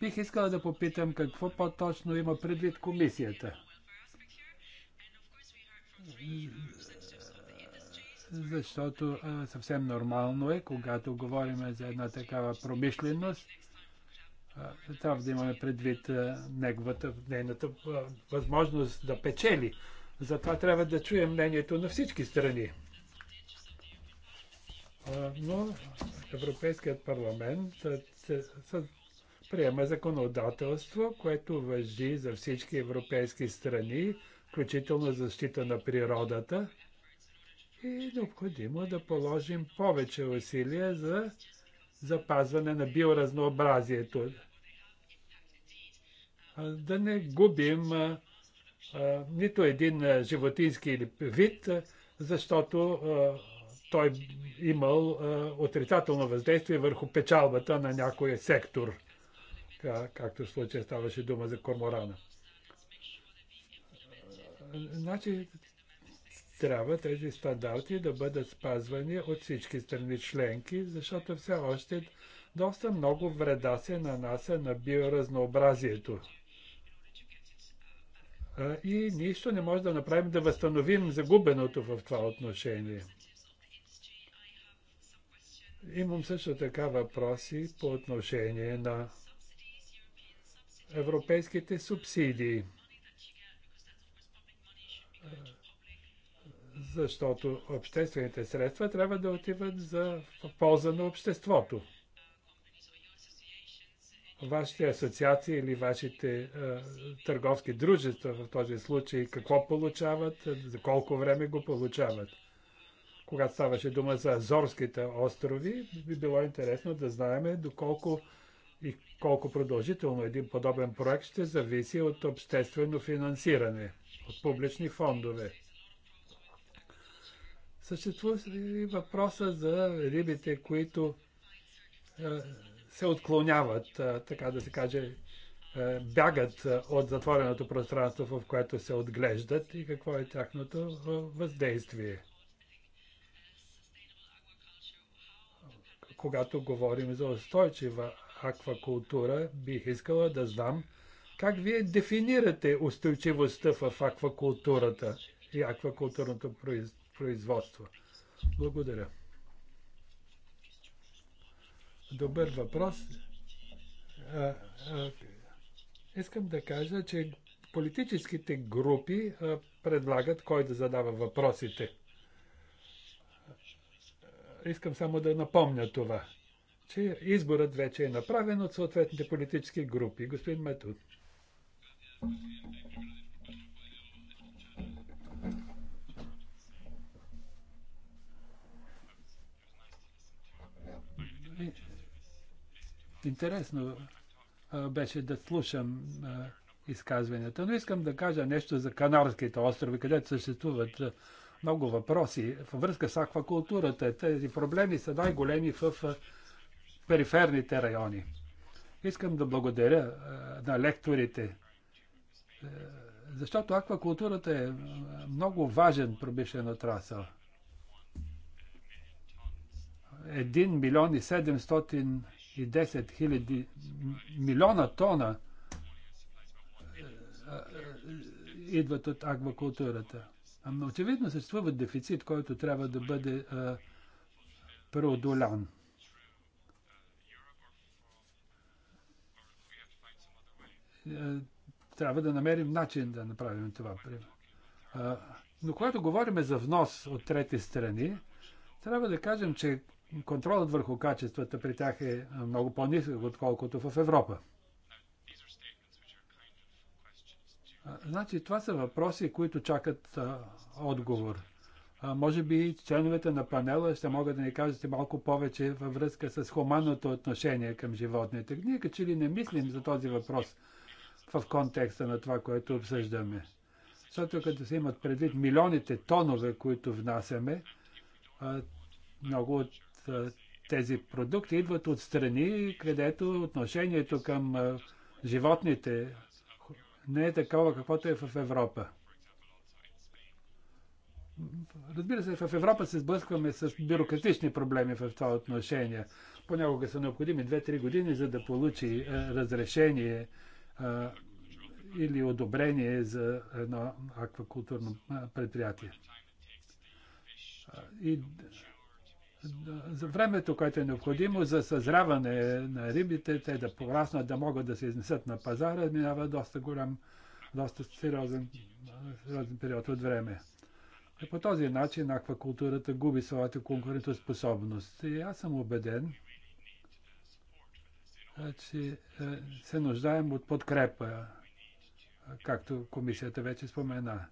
Бих искала да попитам какво по-точно има предвид комисията. Защото съвсем нормално е, когато говорим за една такава промишленост, трябва да имаме предвид неговата, нейната възможност да печели. Затова трябва да чуем мнението на всички страни. Но Европейският парламент приема законодателство, което въжи за всички европейски страни, включително защита на природата. И необходимо да положим повече усилия за запазване на биоразнообразието да не губим нито един животински вид, защото той имал отрицателно въздействие върху печалбата на някой сектор, както в случая ставаше дума за корморана. Значи, трябва тези стандарти да бъдат спазвани от всички страни членки, защото все още доста много вреда се нанася на биоразнообразието и нищо не може да направим да възстановим загубеното в това отношение. Имам също така въпроси по отношение на европейските субсидии. Защото обществените средства трябва да отиват за полза на обществото вашите асоциации или вашите а, е, търговски дружества в този случай, какво получават, е, за колко време го получават. Когато ставаше дума за Азорските острови, би било интересно да знаем доколко и колко продължително един подобен проект ще зависи от обществено финансиране, от публични фондове. Съществува и въпроса за рибите, които е, се отклоняват, така да се каже, бягат от затвореното пространство, в което се отглеждат и какво е тяхното въздействие. Когато говорим за устойчива аквакултура, бих искала да знам как вие дефинирате устойчивостта в аквакултурата и аквакултурното производство. Благодаря добър въпрос. А, а, искам да кажа, че политическите групи а, предлагат кой да задава въпросите. Искам само да напомня това, че изборът вече е направен от съответните политически групи. Господин Метуд. Интересно беше да слушам изказванията, но искам да кажа нещо за Канарските острови, където съществуват много въпроси във връзка с аквакултурата. Тези проблеми са най-големи в периферните райони. Искам да благодаря на лекторите, защото аквакултурата е много важен промишлен отрасъл. 1 милион и 700 и 10 хиляди милиона тона идват от аквакултурата. Ама очевидно съществува дефицит, който трябва да бъде преодолян. Е, трябва да намерим начин да направим това. Е, но когато говорим за внос от трети страни, трябва да кажем, че контролът върху качествата при тях е много по-нисък, отколкото в Европа. Значи, това са въпроси, които чакат а, отговор. А, може би членовете на панела ще могат да ни кажете малко повече във връзка с хуманното отношение към животните. Ние като че ли не мислим за този въпрос в контекста на това, което обсъждаме. Защото като се имат предвид милионите тонове, които внасяме, а, много от е, тези продукти идват от страни, където отношението към е, животните не е такова, каквото е в Европа. Разбира се, в Европа се сблъскваме с бюрократични проблеми в това отношение. Понякога са необходими 2-3 години, за да получи е, разрешение или одобрение за едно аквакултурно предприятие. И за времето, което е необходимо за съзряване на рибите, те да пораснат, да могат да се изнесат на пазара, минава доста голям, доста сериозен, сериозен период от време. И е, по този начин аквакултурата губи своята конкурентоспособност. И аз съм убеден, е, че е, се нуждаем от подкрепа, както комисията вече спомена.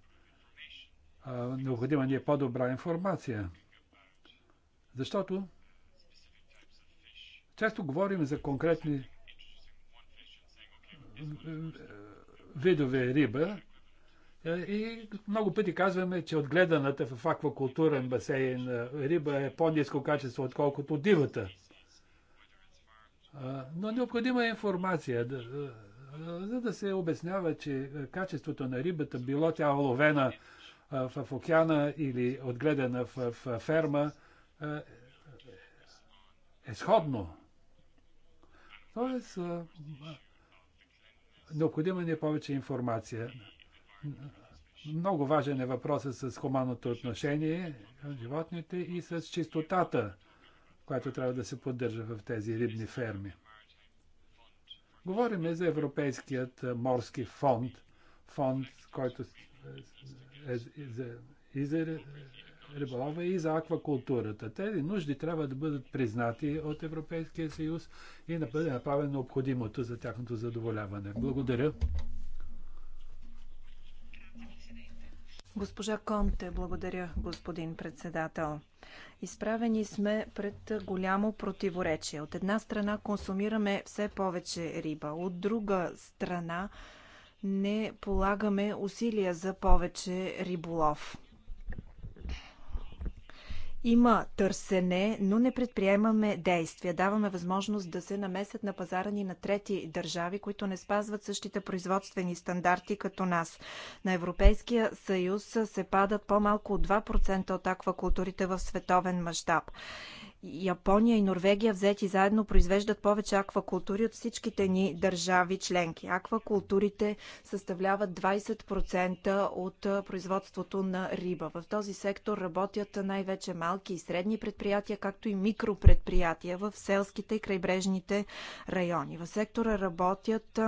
Необходима ни е по-добра информация. Защото често говорим за конкретни видове риба е, и много пъти казваме, че отгледаната в аквакултурен басейн е, риба е по-низко качество, отколкото дивата. Е, но необходима е информация, за да се обяснява, че качеството на рибата, било тя оловена в океана или отгледана в ферма, е сходно. Тоест, необходима ни е повече информация. Много важен е въпросът с хуманното отношение към животните и с чистотата, която трябва да се поддържа в тези рибни ферми. Говориме за Европейският морски фонд, фонд, който е за, и за риболова и за аквакултурата. Тези нужди трябва да бъдат признати от Европейския съюз и да бъде направено необходимото за тяхното задоволяване. Благодаря. Госпожа Конте, благодаря, господин председател. Изправени сме пред голямо противоречие. От една страна консумираме все повече риба, от друга страна не полагаме усилия за повече риболов. Има търсене, но не предприемаме действия. Даваме възможност да се намесят на пазара ни на трети държави, които не спазват същите производствени стандарти като нас. На Европейския съюз се падат по-малко от 2% от аквакултурите в световен мащаб. Япония и Норвегия взети заедно произвеждат повече аквакултури от всичките ни държави членки. Аквакултурите съставляват 20% от производството на риба. В този сектор работят най-вече малки и средни предприятия, както и микропредприятия в селските и крайбрежните райони. В сектора работят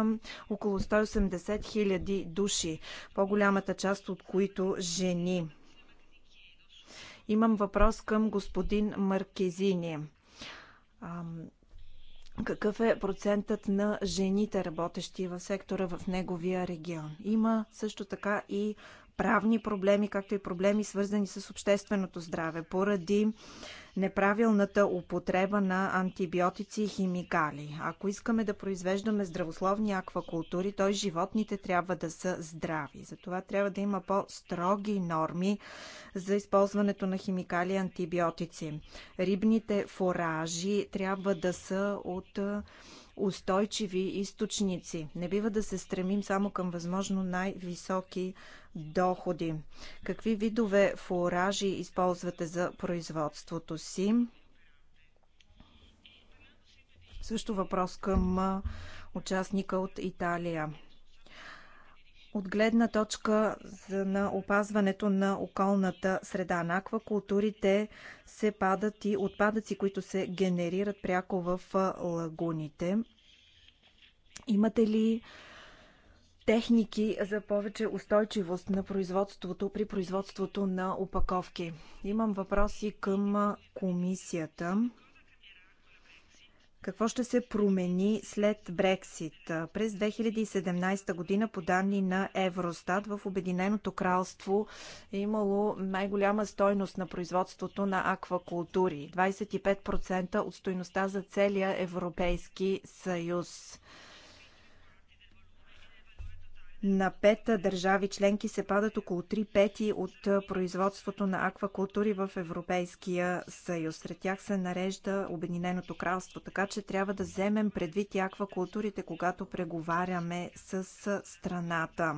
около 180 000 души, по-голямата част от които жени. Имам въпрос към господин Маркезини. Какъв е процентът на жените, работещи в сектора в неговия регион? Има също така и правни проблеми, както и проблеми свързани с общественото здраве, поради неправилната употреба на антибиотици и химикали. Ако искаме да произвеждаме здравословни аквакултури, то и животните трябва да са здрави. Затова трябва да има по-строги норми за използването на химикали и антибиотици. Рибните форажи трябва да са от устойчиви източници. Не бива да се стремим само към възможно най-високи доходи. Какви видове фуражи използвате за производството си? Също въпрос към участника от Италия. От гледна точка на опазването на околната среда на аквакултурите се падат и отпадъци, които се генерират пряко в лагуните. Имате ли техники за повече устойчивост на производството при производството на опаковки. Имам въпроси към комисията. Какво ще се промени след Брексит? През 2017 година, по данни на Евростат, в Обединеното кралство е имало най-голяма стойност на производството на аквакултури 25% от стойността за целия Европейски съюз на пет държави членки се падат около 3 пети от производството на аквакултури в Европейския съюз. Сред тях се нарежда Обединеното кралство, така че трябва да вземем предвид и аквакултурите, когато преговаряме с страната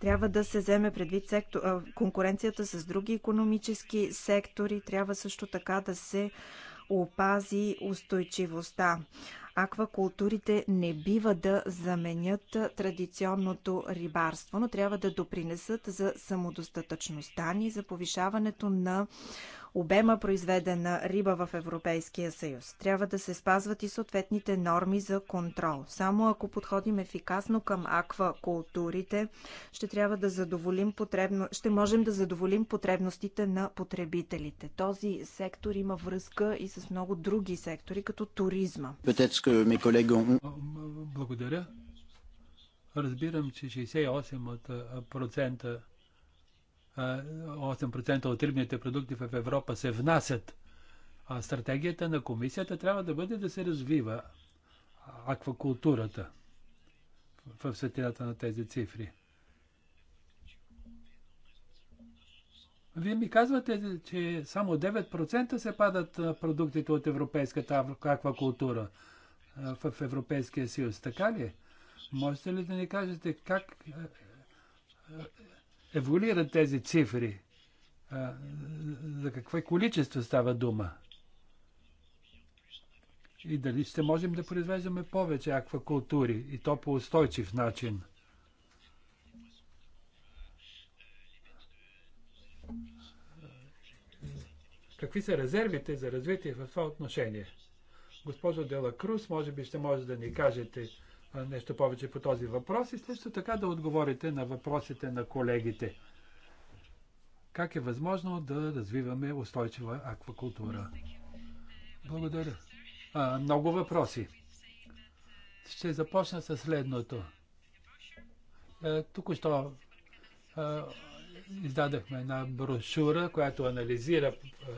трябва да се вземе предвид сектор, конкуренцията с други економически сектори, трябва също така да се опази устойчивостта аквакултурите не бива да заменят традиционното рибарство, но трябва да допринесат за самодостатъчността ни, за повишаването на обема произведена риба в Европейския съюз. Трябва да се спазват и съответните норми за контрол. Само ако подходим ефикасно към аквакултурите, ще трябва да задоволим потребно... ще можем да задоволим потребностите на потребителите. Този сектор има връзка и с много други сектори, като туризма que mes collègues ont... Благодаря. Разбирам, че 68% 8% от рибните продукти в Европа се внасят. А стратегията на комисията трябва да бъде да се развива аквакултурата в светлината на тези цифри. Вие ми казвате, че само 9% се падат продуктите от европейската аквакултура в Европейския съюз. Така ли? Е? Можете ли да ни кажете как еволюират тези цифри? За какво количество става дума? И дали ще можем да произвеждаме повече аквакултури и то по устойчив начин? Какви са резервите за развитие в това отношение? Госпожо Дела Крус, може би ще може да ни кажете нещо повече по този въпрос и също така да отговорите на въпросите на колегите. Как е възможно да развиваме устойчива аквакултура? Благодаря. А, много въпроси. Ще започна с следното. Е, Тук що издадахме една брошура, която анализира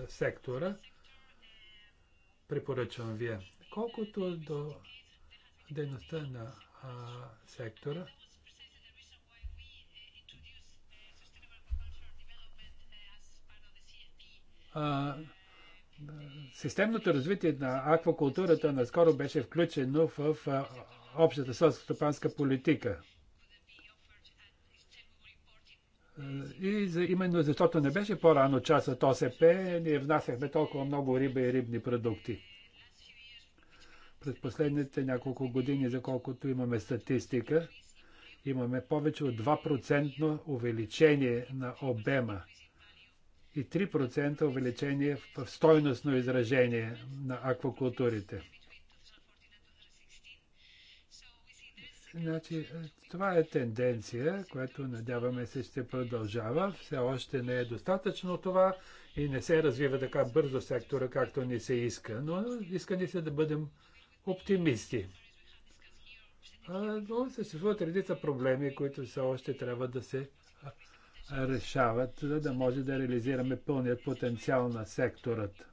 сектора препоръчвам вие. Колкото до дейността на а, сектора, а, системното развитие на аквакултурата наскоро беше включено в, а, общата селско-стопанска политика – и за, именно защото не беше по-рано част от ОСП, ние внасяхме толкова много риба и рибни продукти. През последните няколко години, за колкото имаме статистика, имаме повече от 2% увеличение на обема и 3% увеличение в стойностно изражение на аквакултурите. Значи, е, това е тенденция, която надяваме се ще продължава. Все още не е достатъчно това и не се развива така бързо сектора, както ни се иска, но иска ни се да бъдем оптимисти. А, но съществуват редица проблеми, които все още трябва да се решават, за да може да реализираме пълният потенциал на секторът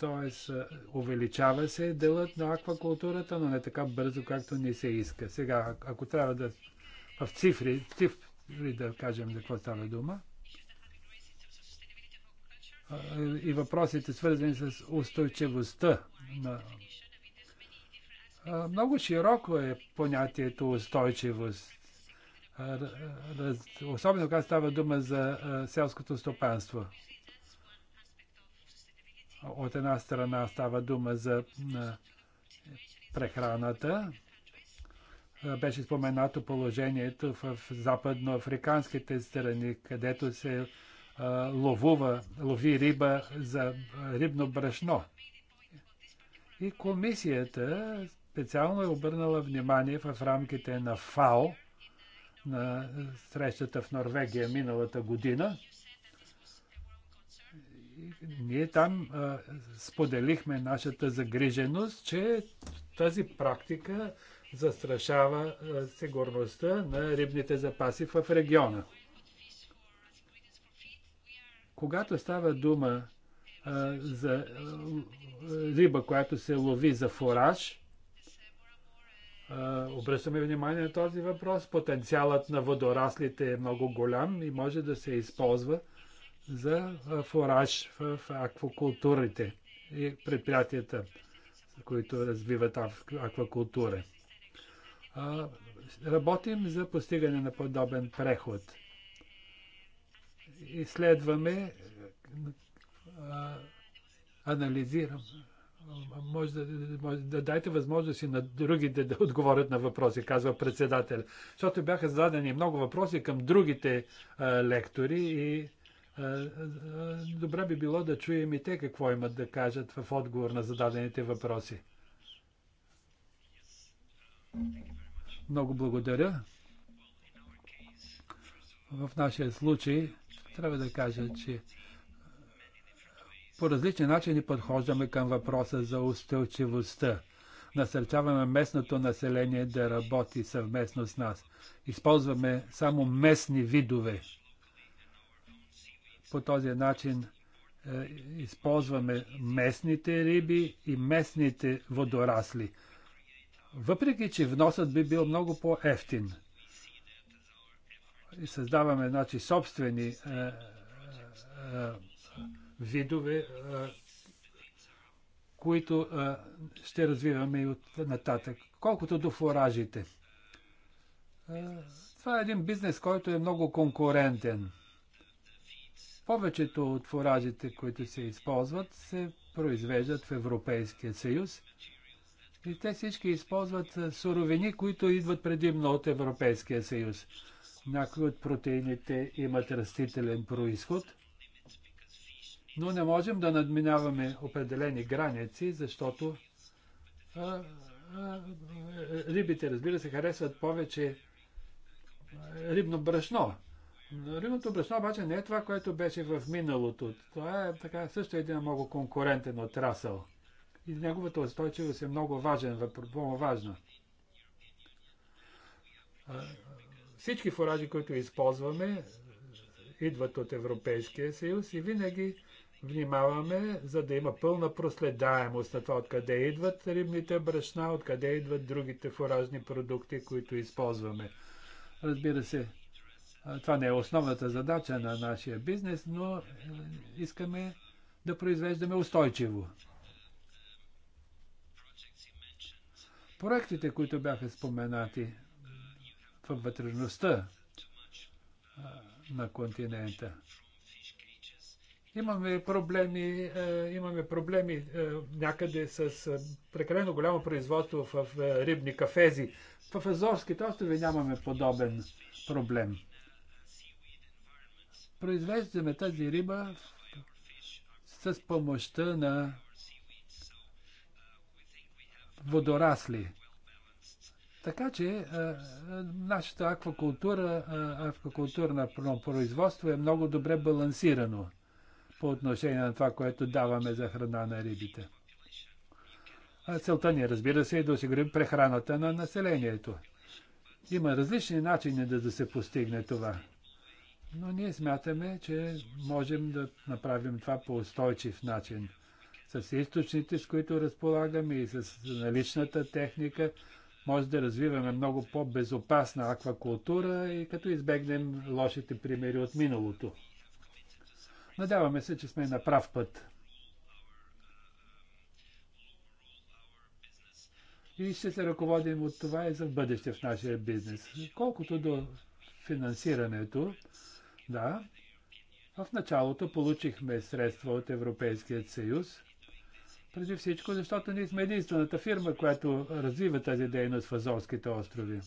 т.е. увеличава се делът на аквакултурата, но не така бързо, както ни се иска. Сега, ако трябва да в цифри, цифри да кажем за какво става дума, и въпросите свързани с устойчивостта на много широко е понятието устойчивост. Особено когато става дума за селското стопанство. От една страна става дума за прехраната. Беше споменато положението в западноафриканските страни, където се ловува, лови риба за рибно брашно. И комисията специално е обърнала внимание в рамките на ФАО на срещата в Норвегия миналата година – ние там а, споделихме нашата загриженост, че тази практика застрашава а, сигурността на рибните запаси в региона. Когато става дума а, за а, риба, която се лови за фораж, обръщаме внимание на този въпрос. Потенциалът на водораслите е много голям и може да се използва за фораж в аквакултурите и предприятията, които развиват аквакултура. Работим за постигане на подобен преход. Изследваме, анализирам. Може да, може да дайте възможност и на другите да отговорят на въпроси, казва председател. Защото бяха зададени много въпроси към другите а, лектори и е, е, добре би било да чуем и те какво имат да кажат в отговор на зададените въпроси. Много благодаря. В нашия случай трябва да кажа, че по различни начини подхождаме към въпроса за устойчивостта. Насърчаваме местното население да работи съвместно с нас. Използваме само местни видове по този начин е, използваме местните риби и местните водорасли. Въпреки, че вносът би бил много по-ефтин. Създаваме значи, собствени е, е, е видове, е, които е, ще развиваме и от нататък. Колкото до фуражите. това е един бизнес, който е много конкурентен повечето от фуражите, които се използват, се произвеждат в Европейския съюз и те всички използват суровини, които идват предимно от Европейския съюз. Някои от протеините имат растителен происход, но не можем да надминаваме определени граници, защото а, а, рибите, разбира се, харесват повече рибно брашно, Рибното брашно обаче не е това, което беше в миналото. Това е така, също един много конкурентен отрасъл. И неговата устойчивост е много важен, много важна. Всички фуражи, които използваме, идват от Европейския съюз и винаги внимаваме, за да има пълна проследаемост на това откъде идват рибните брашна, откъде идват другите фуражни продукти, които използваме. Разбира се, това не е основната задача на нашия бизнес, но е, искаме да произвеждаме устойчиво. Проектите, които бяха споменати в вътрешността на континента. Имаме проблеми, е, имаме проблеми е, някъде с прекалено голямо производство в рибни кафези. В Азорските острови нямаме подобен проблем произвеждаме тази риба с помощта на водорасли. Така че а, нашата аквакултура, а, аквакултурно производство е много добре балансирано по отношение на това, което даваме за храна на рибите. А целта ни, разбира се, е да осигурим прехраната на населението. Има различни начини да, да се постигне това. Но ние смятаме, че можем да направим това по устойчив начин. С източните, с които разполагаме и с наличната техника, може да развиваме много по-безопасна аквакултура и като избегнем лошите примери от миналото. Надяваме се, че сме на прав път. И ще се ръководим от това и за бъдеще в нашия бизнес. Колкото до финансирането, да, в началото получихме средства от Европейският съюз, преди всичко, защото ние сме единствената фирма, която развива тази дейност в Азорските острови.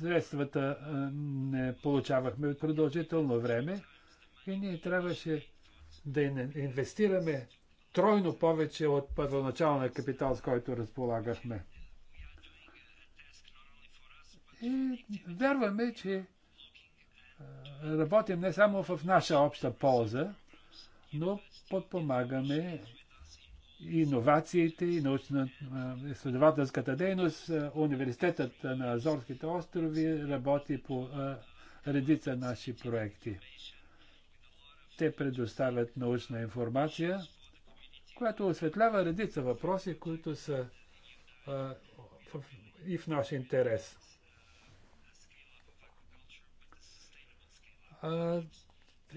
Средствата не получавахме от продължително време и ние трябваше да инвестираме тройно повече от първоначалния капитал, с който разполагахме. И вярваме, че е, работим не само в наша обща полза, но подпомагаме и иновациите и научно-изследователската е, дейност. Е, университетът на Азорските острови работи по редица наши проекти. Те предоставят научна информация, която осветлява редица въпроси, които са а, в, и в наш интерес. а,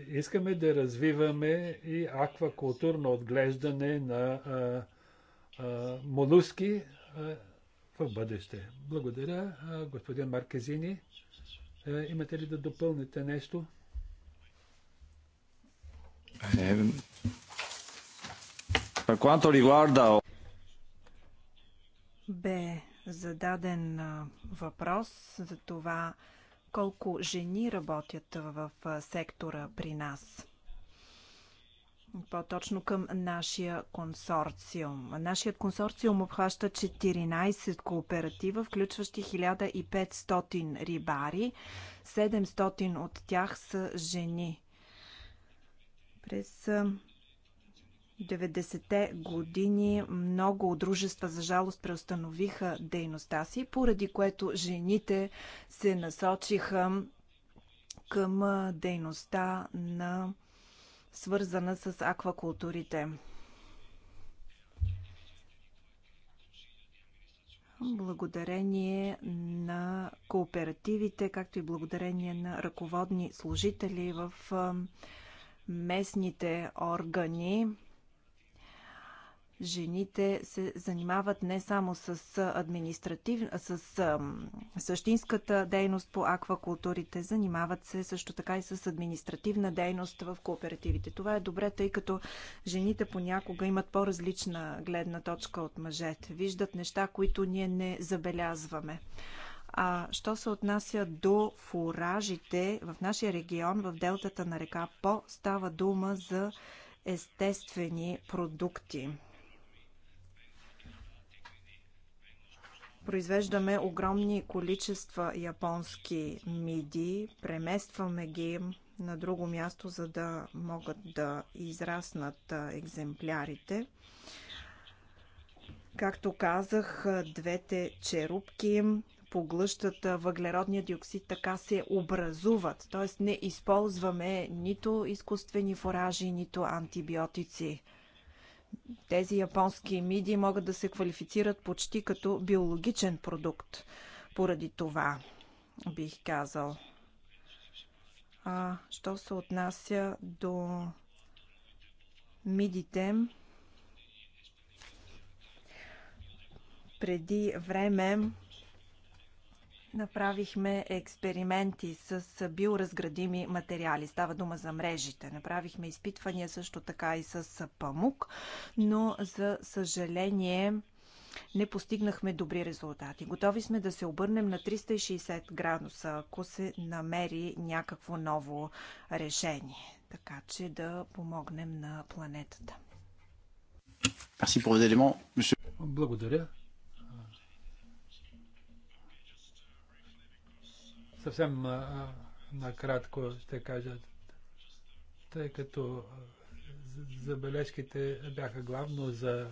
искаме да развиваме и аквакултурно отглеждане на а, а, молуски а, в бъдеще. Благодаря, а, господин Маркезини. А, имате ли да допълните нещо? Per quanto riguarda... Бе зададен въпрос за това колко жени работят в сектора при нас. По-точно към нашия консорциум. Нашият консорциум обхваща 14 кооператива, включващи 1500 рибари. 700 от тях са жени. През 90-те години много дружества, за жалост, преустановиха дейността си, поради което жените се насочиха към дейността на свързана с аквакултурите. благодарение на кооперативите, както и благодарение на ръководни служители в местните органи жените се занимават не само с, административ... с същинската дейност по аквакултурите, занимават се също така и с административна дейност в кооперативите. Това е добре, тъй като жените понякога имат по-различна гледна точка от мъжете. Виждат неща, които ние не забелязваме. А що се отнася до фуражите в нашия регион, в делтата на река По, става дума за естествени продукти. произвеждаме огромни количества японски миди, преместваме ги на друго място, за да могат да израснат екземплярите. Както казах, двете черупки поглъщат въглеродния диоксид, така се образуват. Т.е. не използваме нито изкуствени фуражи, нито антибиотици. Тези японски миди могат да се квалифицират почти като биологичен продукт. Поради това, бих казал. А, що се отнася до мидите, преди време Направихме експерименти с биоразградими материали. Става дума за мрежите. Направихме изпитвания също така и с памук, но за съжаление не постигнахме добри резултати. Готови сме да се обърнем на 360 градуса, ако се намери някакво ново решение, така че да помогнем на планетата. Благодаря. Съвсем накратко ще кажа, тъй като забележките бяха главно за,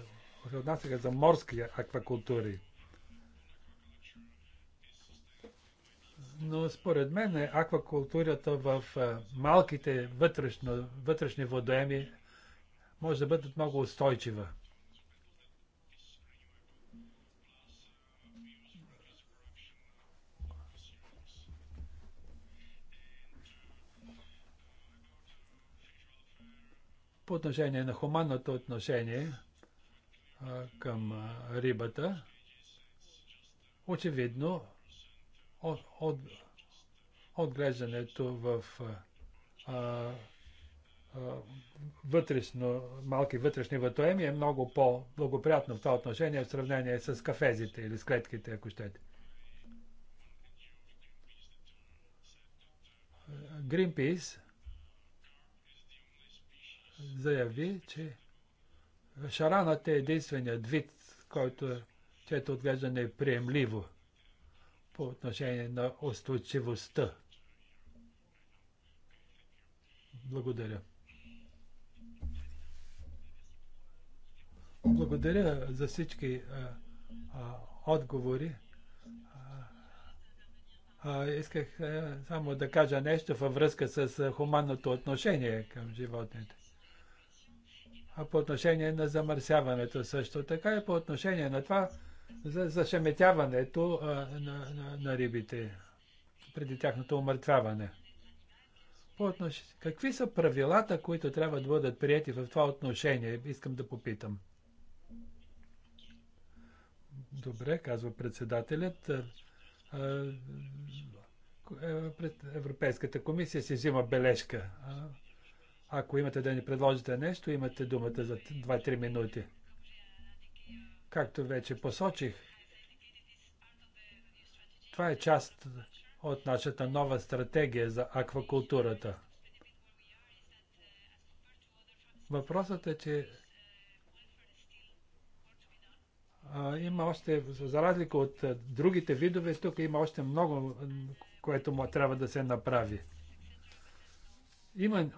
се отнасяха за морски аквакултури. Но според мен аквакултурата в малките вътрешно, вътрешни водоеми може да бъде много устойчива. по отношение на хуманното отношение а, към а, рибата, очевидно от, от, отглеждането в а, а, вътрешно, малки вътрешни вътоеми е много по-благоприятно в това отношение в сравнение с кафезите или с клетките, ако щете. Greenpeace заяви, че шараната е единственият вид, който, чето отглеждане е приемливо по отношение на устойчивостта. Благодаря. Благодаря за всички а, а, отговори. А, исках само да кажа нещо във връзка с хуманното отношение към животните по отношение на замърсяването също така и по отношение на това за зашеметяването на, на, на рибите преди тяхното умъртвяване. По отнош... Какви са правилата, които трябва да бъдат прияти в това отношение? Искам да попитам. Добре, казва председателят. Е, Европейската комисия си взима бележка. Ако имате да ни предложите нещо, имате думата за 2-3 минути. Както вече посочих, това е част от нашата нова стратегия за аквакултурата. Въпросът е, че а, има още, за разлика от а, другите видове, тук има още много, което му трябва да се направи. Има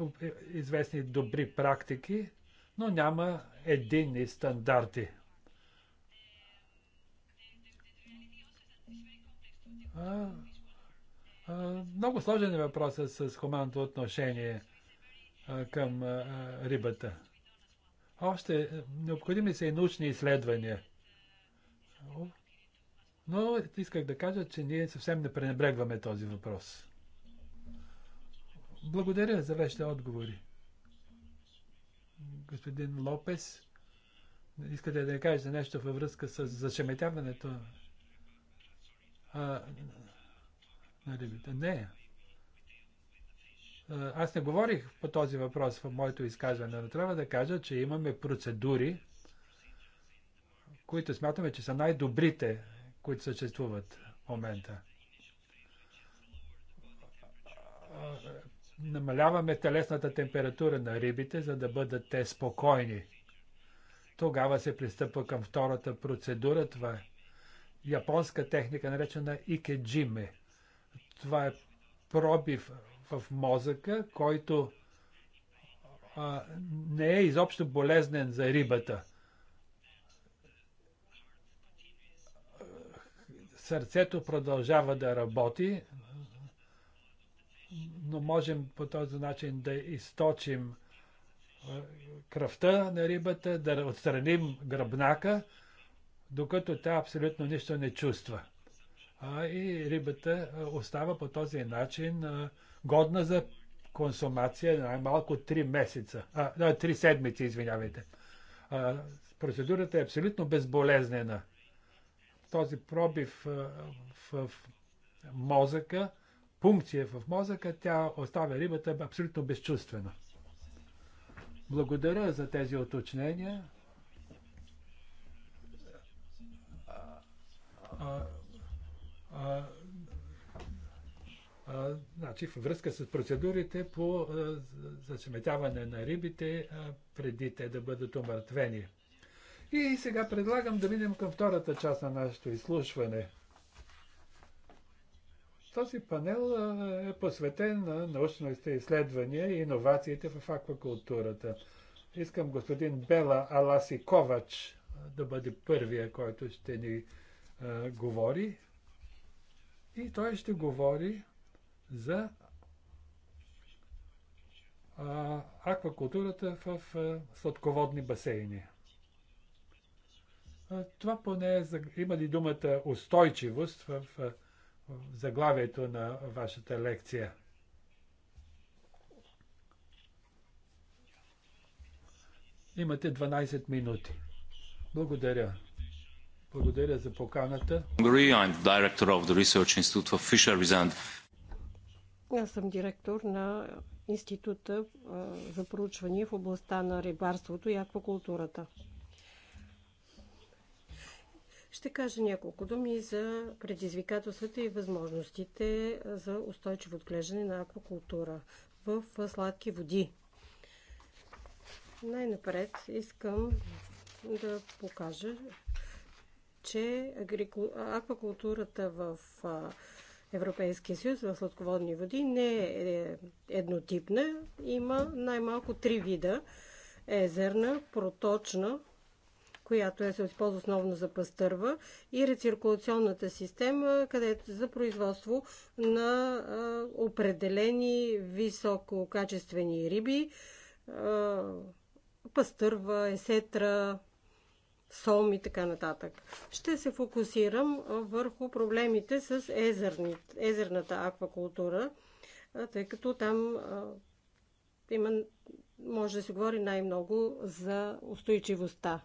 известни добри практики, но няма единни стандарти. А, а, много сложен е въпросът с хуманното отношение а, към а, рибата. Още е, необходими са и научни изследвания. Но исках да кажа, че ние съвсем не пренебрегваме този въпрос. Благодаря за вашите отговори. Господин Лопес, искате да кажете нещо във връзка с зашеметяването а, на нали, рибите? Не. Аз не говорих по този въпрос в моето изказване, но трябва да кажа, че имаме процедури, които смятаме, че са най-добрите, които съществуват в момента. намаляваме телесната температура на рибите, за да бъдат те спокойни. Тогава се пристъпва към втората процедура. Това е японска техника, наречена икеджиме. Това е пробив в мозъка, който а, не е изобщо болезнен за рибата. Сърцето продължава да работи, но можем по този начин да източим е, кръвта на рибата, да отстраним гръбнака, докато тя абсолютно нищо не чувства. А, и рибата е, остава по този начин е, годна за консумация най-малко 3 месеца. А, 3 седмици, извинявайте. А, процедурата е абсолютно безболезнена. Този пробив в, в мозъка пункция в мозъка, тя оставя рибата абсолютно безчувствена. Благодаря за тези уточнения. А, а, а, значи, във връзка с процедурите по зачеметяване на рибите преди те да бъдат умъртвени. И сега предлагам да минем към втората част на нашето изслушване – този панел е посветен на научните изследвания и иновациите в аквакултурата. Искам господин Бела Аласи Ковач да бъде първия, който ще ни а, говори. И той ще говори за а, аквакултурата в а, сладководни басейни. А, това поне е, за... има ли думата устойчивост в а, заглавието на вашата лекция. Имате 12 минути. Благодаря. Благодаря за поканата. Аз съм директор на Института за проучвания в областта на рибарството и аквакултурата. Ще кажа няколко думи за предизвикателствата и възможностите за устойчиво отглеждане на аквакултура в сладки води. Най-напред искам да покажа, че аквакултурата в Европейския съюз в сладководни води не е еднотипна. Има най-малко три вида езерна, проточна която е, се използва основно за пастърва, и рециркулационната система, където за производство на а, определени висококачествени риби, а, пастърва, есетра, сом и така нататък. Ще се фокусирам върху проблемите с езерни, езерната аквакултура, тъй като там а, има, може да се говори най-много за устойчивостта.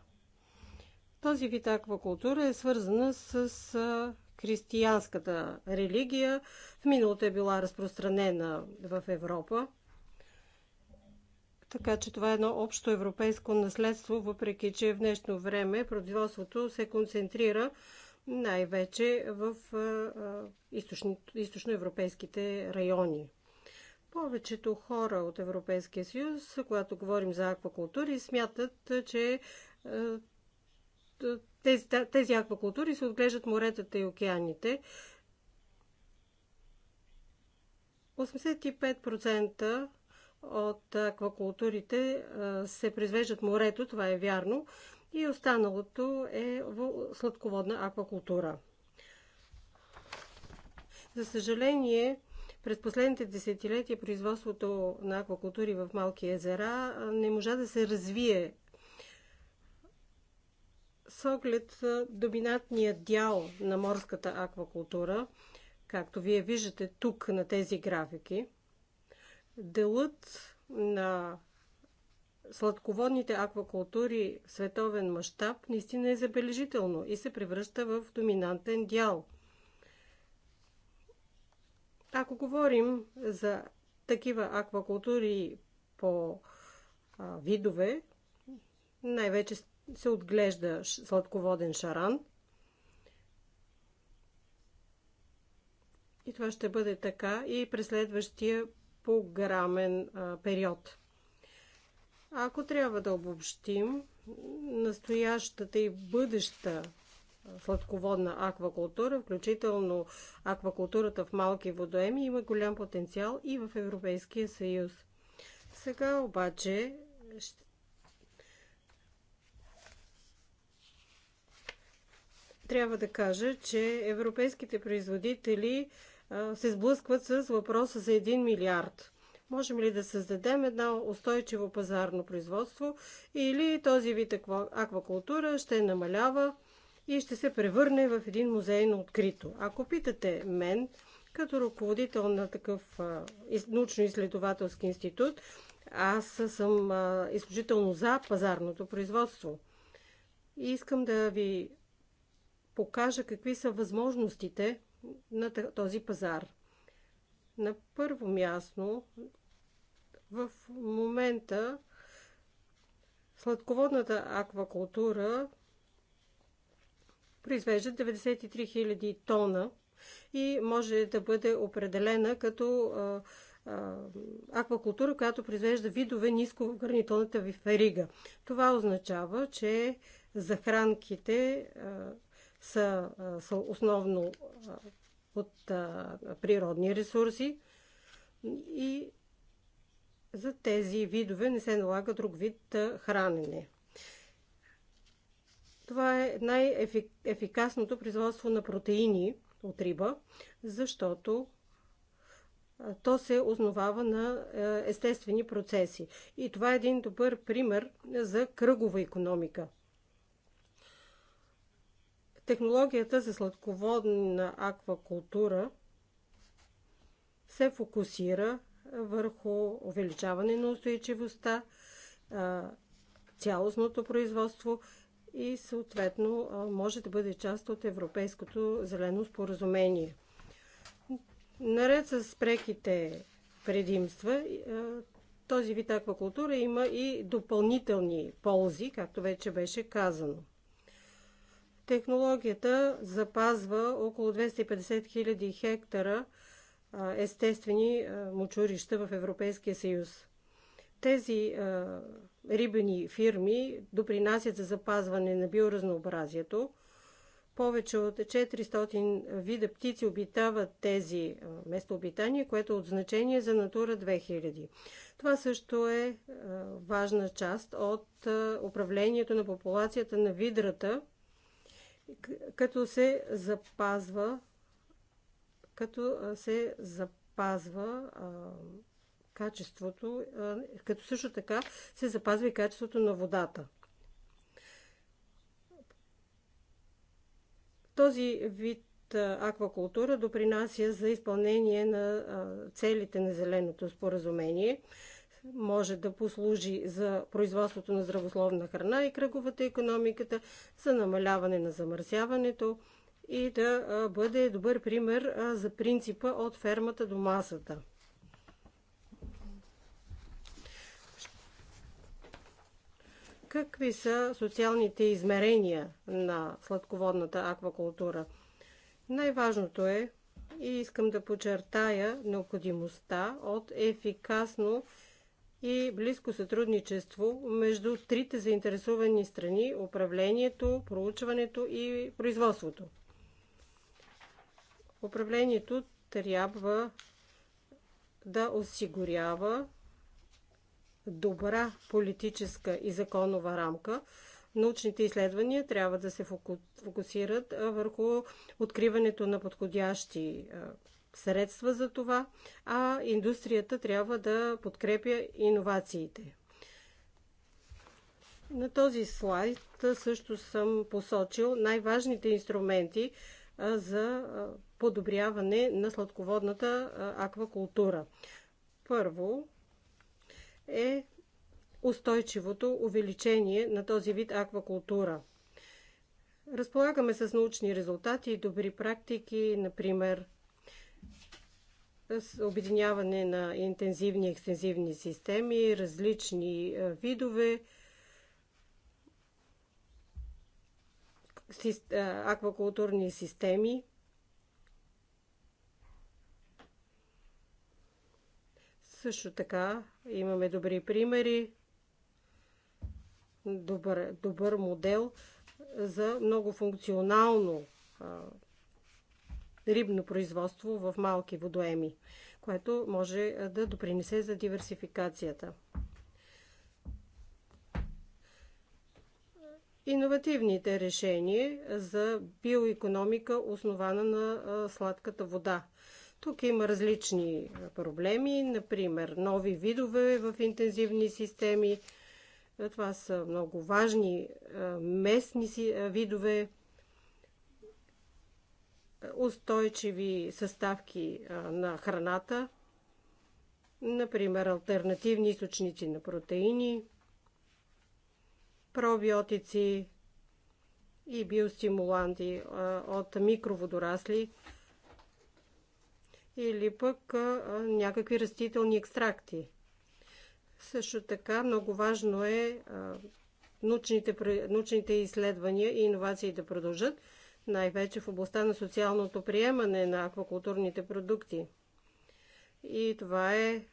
Този вид аквакултура е свързана с християнската религия. В миналото е била разпространена в Европа. Така че това е едно общо европейско наследство, въпреки че в днешно време производството се концентрира най-вече в източно, източноевропейските райони. Повечето хора от Европейския съюз, когато говорим за аквакултури, смятат, че тези, тези аквакултури се отглеждат моретата и океаните. 85% от аквакултурите се произвеждат морето, това е вярно, и останалото е в сладководна аквакултура. За съжаление, през последните десетилетия производството на аквакултури в малки езера не можа да се развие с оглед доминантния дял на морската аквакултура, както вие виждате тук на тези графики, делът на сладководните аквакултури в световен мащаб наистина е забележително и се превръща в доминантен дял. Ако говорим за такива аквакултури по а, видове, най-вече се отглежда сладководен шаран. И това ще бъде така и през следващия програмен период. Ако трябва да обобщим, настоящата и бъдеща сладководна аквакултура, включително аквакултурата в малки водоеми, има голям потенциал и в Европейския съюз. Сега обаче ще трябва да кажа, че европейските производители се сблъскват с въпроса за 1 милиард. Можем ли да създадем едно устойчиво пазарно производство или този вид аквакултура ще намалява и ще се превърне в един музей на открито? Ако питате мен, като ръководител на такъв научно-изследователски институт, аз съм изключително за пазарното производство. И искам да ви покажа какви са възможностите на този пазар. На първо място, в момента сладководната аквакултура произвежда 93 000 тона и може да бъде определена като а, а, аквакултура, която произвежда видове ниско в хранителната ви ферига. Това означава, че захранките а, са, са основно от природни ресурси и за тези видове не се налага друг вид хранене. Това е най-ефикасното производство на протеини от риба, защото то се основава на естествени процеси. И това е един добър пример за кръгова економика – Технологията за сладководна аквакултура се фокусира върху увеличаване на устойчивостта, цялостното производство и съответно може да бъде част от Европейското зелено споразумение. Наред с преките предимства, този вид аквакултура има и допълнителни ползи, както вече беше казано. Технологията запазва около 250 000 хектара естествени мочурища в Европейския съюз. Тези рибени фирми допринасят за запазване на биоразнообразието. Повече от 400 вида птици обитават тези местообитания, което е от значение за Натура 2000. Това също е важна част от управлението на популацията на видрата като се запазва като се запазва а, качеството, а, като също така се запазва и качеството на водата. Този вид а, аквакултура допринася за изпълнение на целите на зеленото споразумение – може да послужи за производството на здравословна храна и кръговата економиката, за намаляване на замърсяването и да бъде добър пример за принципа от фермата до масата. Какви са социалните измерения на сладководната аквакултура? Най-важното е и искам да подчертая необходимостта от ефикасно и близко сътрудничество между трите заинтересувани страни управлението, проучването и производството. Управлението трябва да осигурява добра политическа и законова рамка. Научните изследвания трябва да се фокусират върху откриването на подходящи средства за това, а индустрията трябва да подкрепя иновациите. На този слайд също съм посочил най-важните инструменти за подобряване на сладководната аквакултура. Първо е устойчивото увеличение на този вид аквакултура. Разполагаме с научни резултати и добри практики, например обединяване на интензивни и екстензивни системи, различни е, видове, е, аквакултурни системи. Също така имаме добри примери, добър, добър модел за многофункционално рибно производство в малки водоеми, което може да допринесе за диверсификацията. Иновативните решения за биоекономика, основана на сладката вода. Тук има различни проблеми, например нови видове в интензивни системи. Това са много важни местни видове, устойчиви съставки на храната, например альтернативни източници на протеини, пробиотици и биостимуланти от микроводорасли или пък някакви растителни екстракти. Също така много важно е научните, научните изследвания и иновации да продължат – най-вече в областта на социалното приемане на аквакултурните продукти. И това е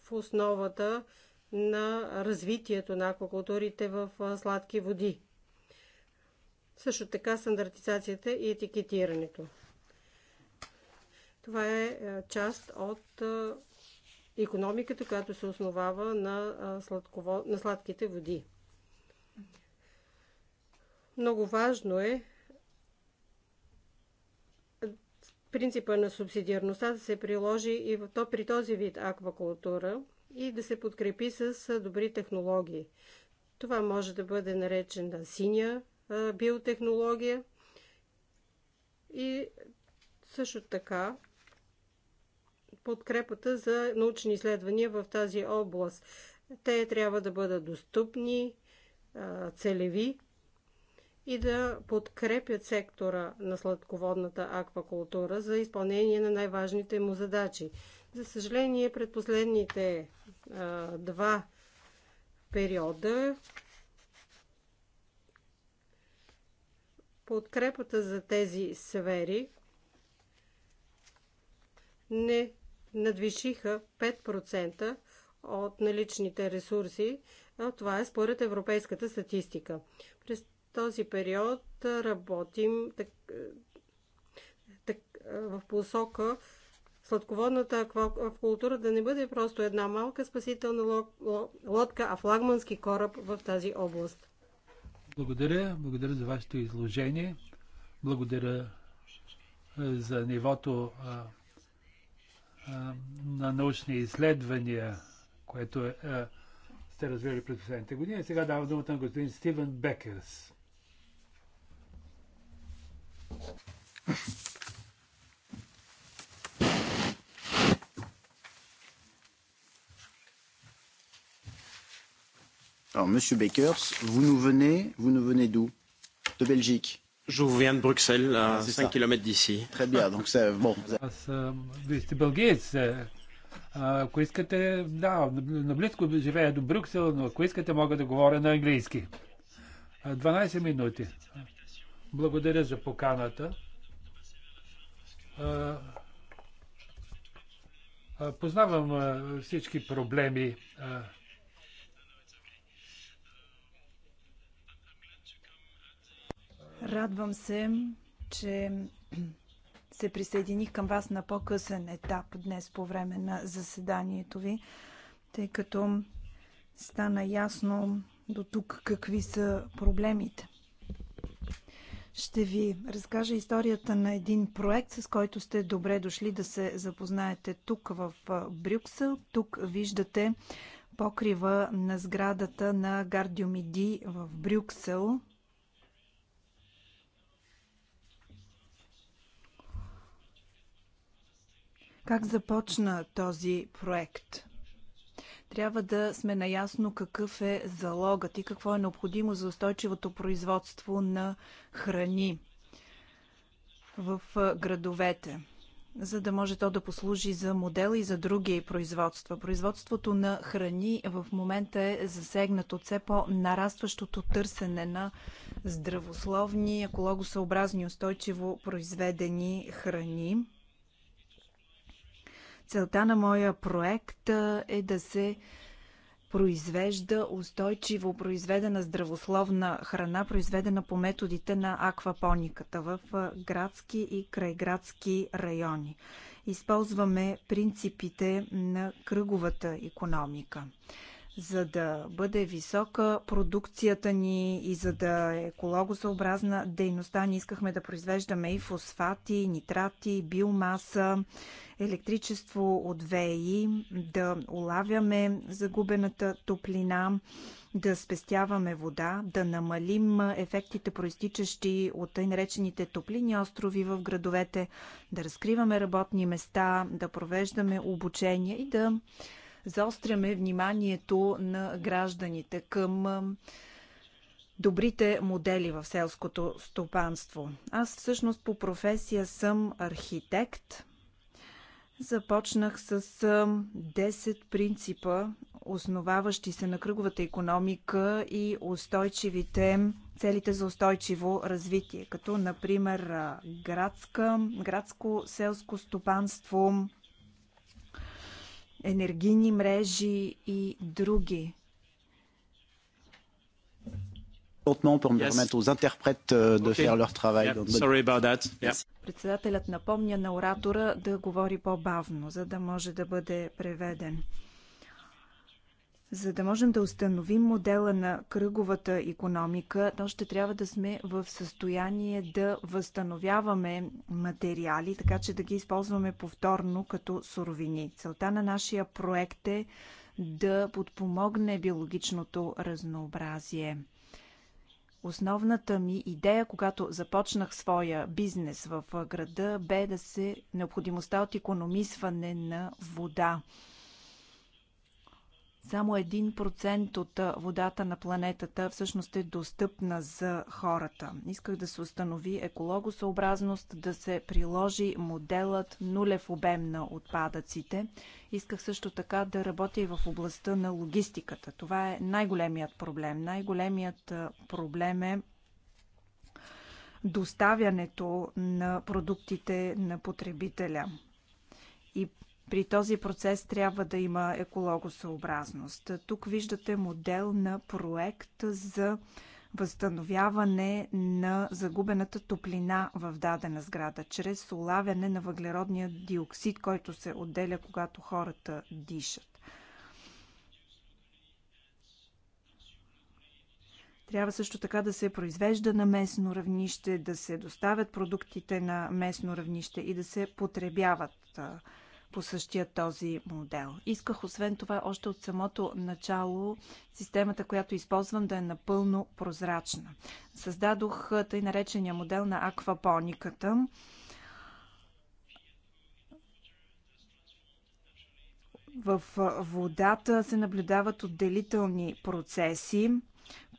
в основата на развитието на аквакултурите в сладки води. Също така стандартизацията и етикетирането. Това е част от економиката, която се основава на, сладково... на сладките води. Много важно е принципа на субсидиарността да се приложи и то при този вид аквакултура и да се подкрепи с добри технологии. Това може да бъде наречена синя биотехнология и също така подкрепата за научни изследвания в тази област. Те трябва да бъдат достъпни, целеви и да подкрепят сектора на сладководната аквакултура за изпълнение на най-важните му задачи. За съжаление, пред последните а, два периода подкрепата за тези сфери не надвишиха 5% от наличните ресурси. А това е според европейската статистика. През този период работим так, так, в посока сладководната аквакултура да не бъде просто една малка спасителна лодка, а флагмански кораб в тази област. Благодаря, благодаря за вашето изложение. Благодаря за нивото а, а, на научни изследвания, което е, а, сте развили през последните години. Сега давам думата на господин Стивен Бекерс. Alors, Monsieur Bakers, vous nous venez, vous nous venez d'où De Belgique. Je vous viens de Bruxelles, à ah, 5 km d'ici. Très bien, donc c'est bon. Аз, вие сте Ако искате, да, наблизко живея до Брюксел, но ако искате, мога да говоря на английски. 12 минути. Благодаря за поканата. Познавам всички проблеми. Радвам се, че се присъединих към вас на по-късен етап днес по време на заседанието ви, тъй като стана ясно до тук какви са проблемите. Ще ви разкажа историята на един проект, с който сте добре дошли да се запознаете тук в Брюксел. Тук виждате покрива на сградата на Гардиомиди в Брюксел. Как започна този проект? Трябва да сме наясно какъв е залогът и какво е необходимо за устойчивото производство на храни в градовете за да може то да послужи за модел и за други производства. Производството на храни в момента е засегнато все по-нарастващото търсене на здравословни, екологосъобразни, устойчиво произведени храни. Целта на моя проект е да се произвежда устойчиво произведена здравословна храна, произведена по методите на аквапониката в градски и крайградски райони. Използваме принципите на кръговата економика. За да бъде висока продукцията ни и за да е екологосъобразна дейността, ние искахме да произвеждаме и фосфати, и нитрати, и биомаса, електричество от ВЕИ, да улавяме загубената топлина, да спестяваме вода, да намалим ефектите, проистичащи от тъй наречените топлини острови в градовете, да разкриваме работни места, да провеждаме обучение и да заостряме вниманието на гражданите към добрите модели в селското стопанство. Аз всъщност по професия съм архитект. Започнах с 10 принципа, основаващи се на кръговата економика и устойчивите целите за устойчиво развитие, като например градска, градско селско стопанство, енергийни мрежи и други Председателят напомня на оратора да говори по-бавно, за да може да бъде преведен. За да можем да установим модела на кръговата економика, то ще трябва да сме в състояние да възстановяваме материали, така че да ги използваме повторно като суровини. Целта на нашия проект е да подпомогне биологичното разнообразие. Основната ми идея, когато започнах своя бизнес в града, бе да се необходимостта от економисване на вода. Само 1% от водата на планетата всъщност е достъпна за хората. Исках да се установи екологосъобразност, да се приложи моделът нулев обем на отпадъците. Исках също така да работя и в областта на логистиката. Това е най-големият проблем. Най-големият проблем е доставянето на продуктите на потребителя. И при този процес трябва да има екологосъобразност. Тук виждате модел на проект за възстановяване на загубената топлина в дадена сграда, чрез улавяне на въглеродния диоксид, който се отделя, когато хората дишат. Трябва също така да се произвежда на местно равнище, да се доставят продуктите на местно равнище и да се потребяват по същия този модел. Исках освен това още от самото начало системата, която използвам да е напълно прозрачна. Създадох тъй наречения модел на аквапониката. В водата се наблюдават отделителни процеси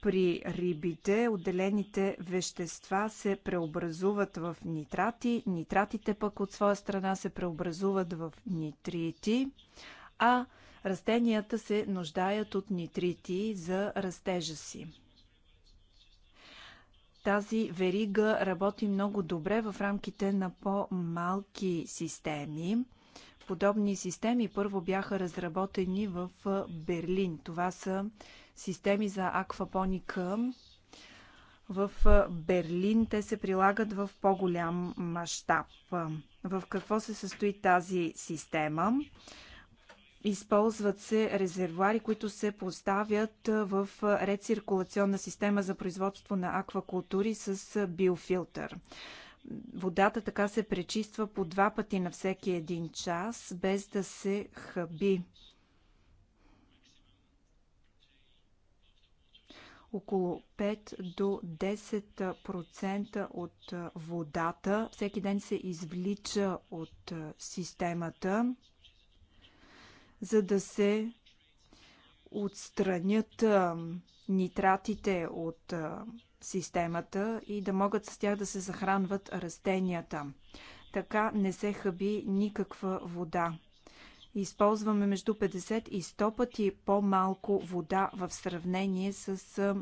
при рибите отделените вещества се преобразуват в нитрати, нитратите пък от своя страна се преобразуват в нитрити, а растенията се нуждаят от нитрити за растежа си. Тази верига работи много добре в рамките на по-малки системи. Подобни системи първо бяха разработени в Берлин. Това са системи за аквапоника. В Берлин те се прилагат в по-голям мащаб. В какво се състои тази система? Използват се резервуари, които се поставят в рециркулационна система за производство на аквакултури с биофилтър. Водата така се пречиства по два пъти на всеки един час, без да се хъби. около 5 до 10% от водата всеки ден се извлича от системата, за да се отстранят нитратите от системата и да могат с тях да се захранват растенията. Така не се хъби никаква вода използваме между 50 и 100 пъти по-малко вода в сравнение с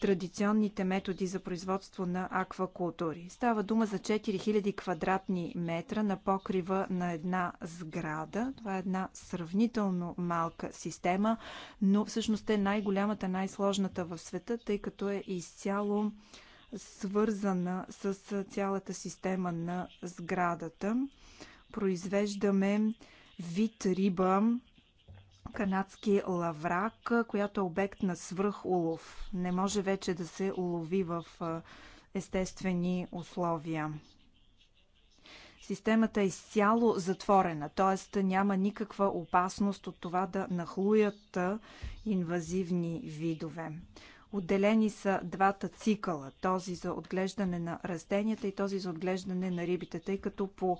традиционните методи за производство на аквакултури. Става дума за 4000 квадратни метра на покрива на една сграда. Това е една сравнително малка система, но всъщност е най-голямата, най-сложната в света, тъй като е изцяло свързана с цялата система на сградата. Произвеждаме вид риба, канадски лаврак, която е обект на свръхулов. Не може вече да се улови в естествени условия. Системата е изцяло затворена, т.е. няма никаква опасност от това да нахлуят инвазивни видове. Отделени са двата цикъла, този за отглеждане на растенията и този за отглеждане на рибите, тъй като по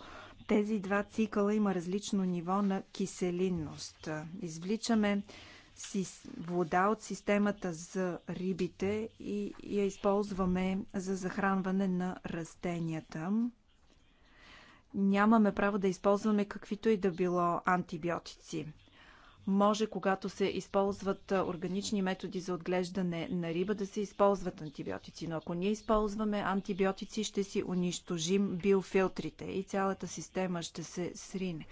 тези два цикъла има различно ниво на киселинност. Извличаме вода от системата за рибите и я използваме за захранване на растенията. Нямаме право да използваме каквито и да било антибиотици. Може, когато се използват органични методи за отглеждане на риба, да се използват антибиотици, но ако ние използваме антибиотици, ще си унищожим биофилтрите и цялата система ще се срине.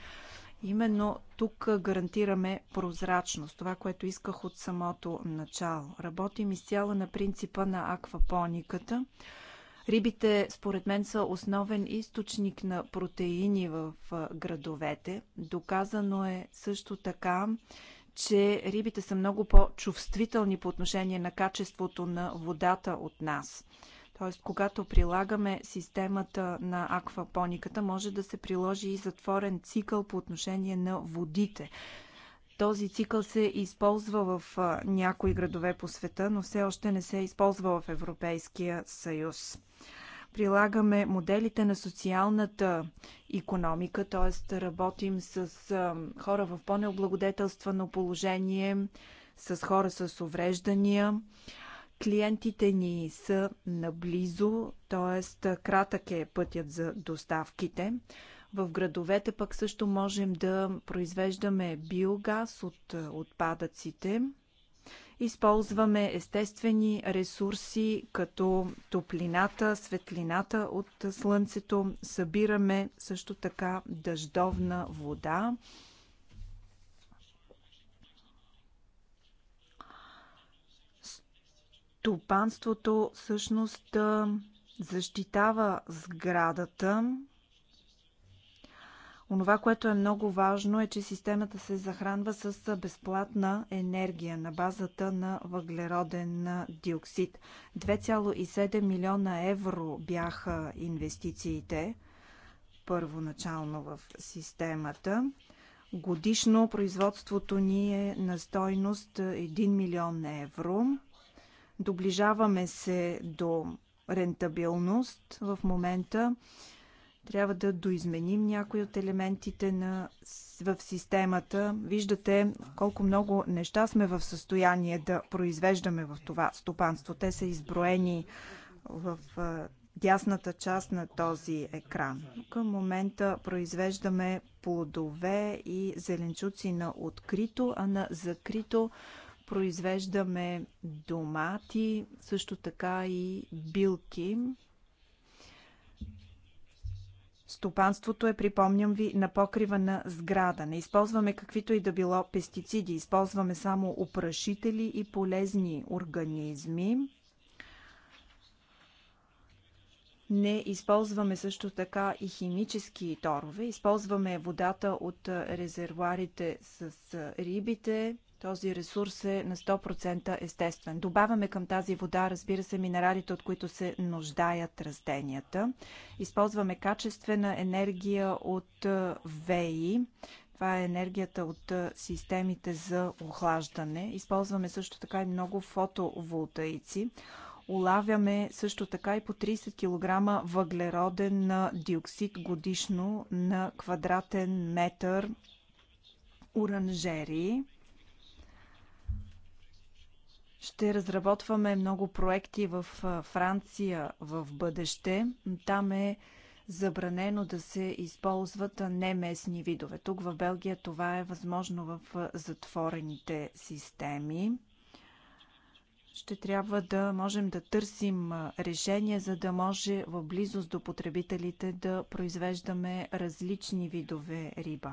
Именно тук гарантираме прозрачност, това, което исках от самото начало. Работим изцяло на принципа на аквапониката. Рибите, според мен, са основен източник на протеини в градовете. Доказано е също така, че рибите са много по-чувствителни по отношение на качеството на водата от нас. Тоест, когато прилагаме системата на аквапониката, може да се приложи и затворен цикъл по отношение на водите. Този цикъл се използва в някои градове по света, но все още не се използва в Европейския съюз прилагаме моделите на социалната економика, т.е. работим с хора в по-необлагодетелствано положение, с хора с увреждания. Клиентите ни са наблизо, т.е. кратък е пътят за доставките. В градовете пък също можем да произвеждаме биогаз от отпадъците. Използваме естествени ресурси, като топлината, светлината от слънцето. Събираме също така дъждовна вода. Стопанството всъщност защитава сградата Онова, което е много важно е, че системата се захранва с безплатна енергия на базата на въглероден диоксид. 2,7 милиона евро бяха инвестициите първоначално в системата. Годишно производството ни е на стойност 1 милион евро. Доближаваме се до рентабилност в момента трябва да доизменим някои от елементите на, в системата. Виждате колко много неща сме в състояние да произвеждаме в това стопанство. Те са изброени в дясната част на този екран. Към момента произвеждаме плодове и зеленчуци на открито, а на закрито произвеждаме домати, също така и билки. Стопанството е, припомням ви, на покрива на сграда. Не използваме каквито и да било пестициди, използваме само опрашители и полезни организми. Не използваме също така и химически торове. Използваме водата от резервуарите с рибите, този ресурс е на 100% естествен. Добавяме към тази вода, разбира се, минералите, от които се нуждаят растенията. Използваме качествена енергия от е, ВЕИ. Това е енергията от е, системите за охлаждане. Използваме също така и много фотоволтаици. Улавяме също така и по 30 кг въглероден е, диоксид годишно на квадратен метър оранжерии. Ще разработваме много проекти в Франция в бъдеще. Там е забранено да се използват неместни видове. Тук в Белгия това е възможно в затворените системи. Ще трябва да можем да търсим решение, за да може в близост до потребителите да произвеждаме различни видове риба.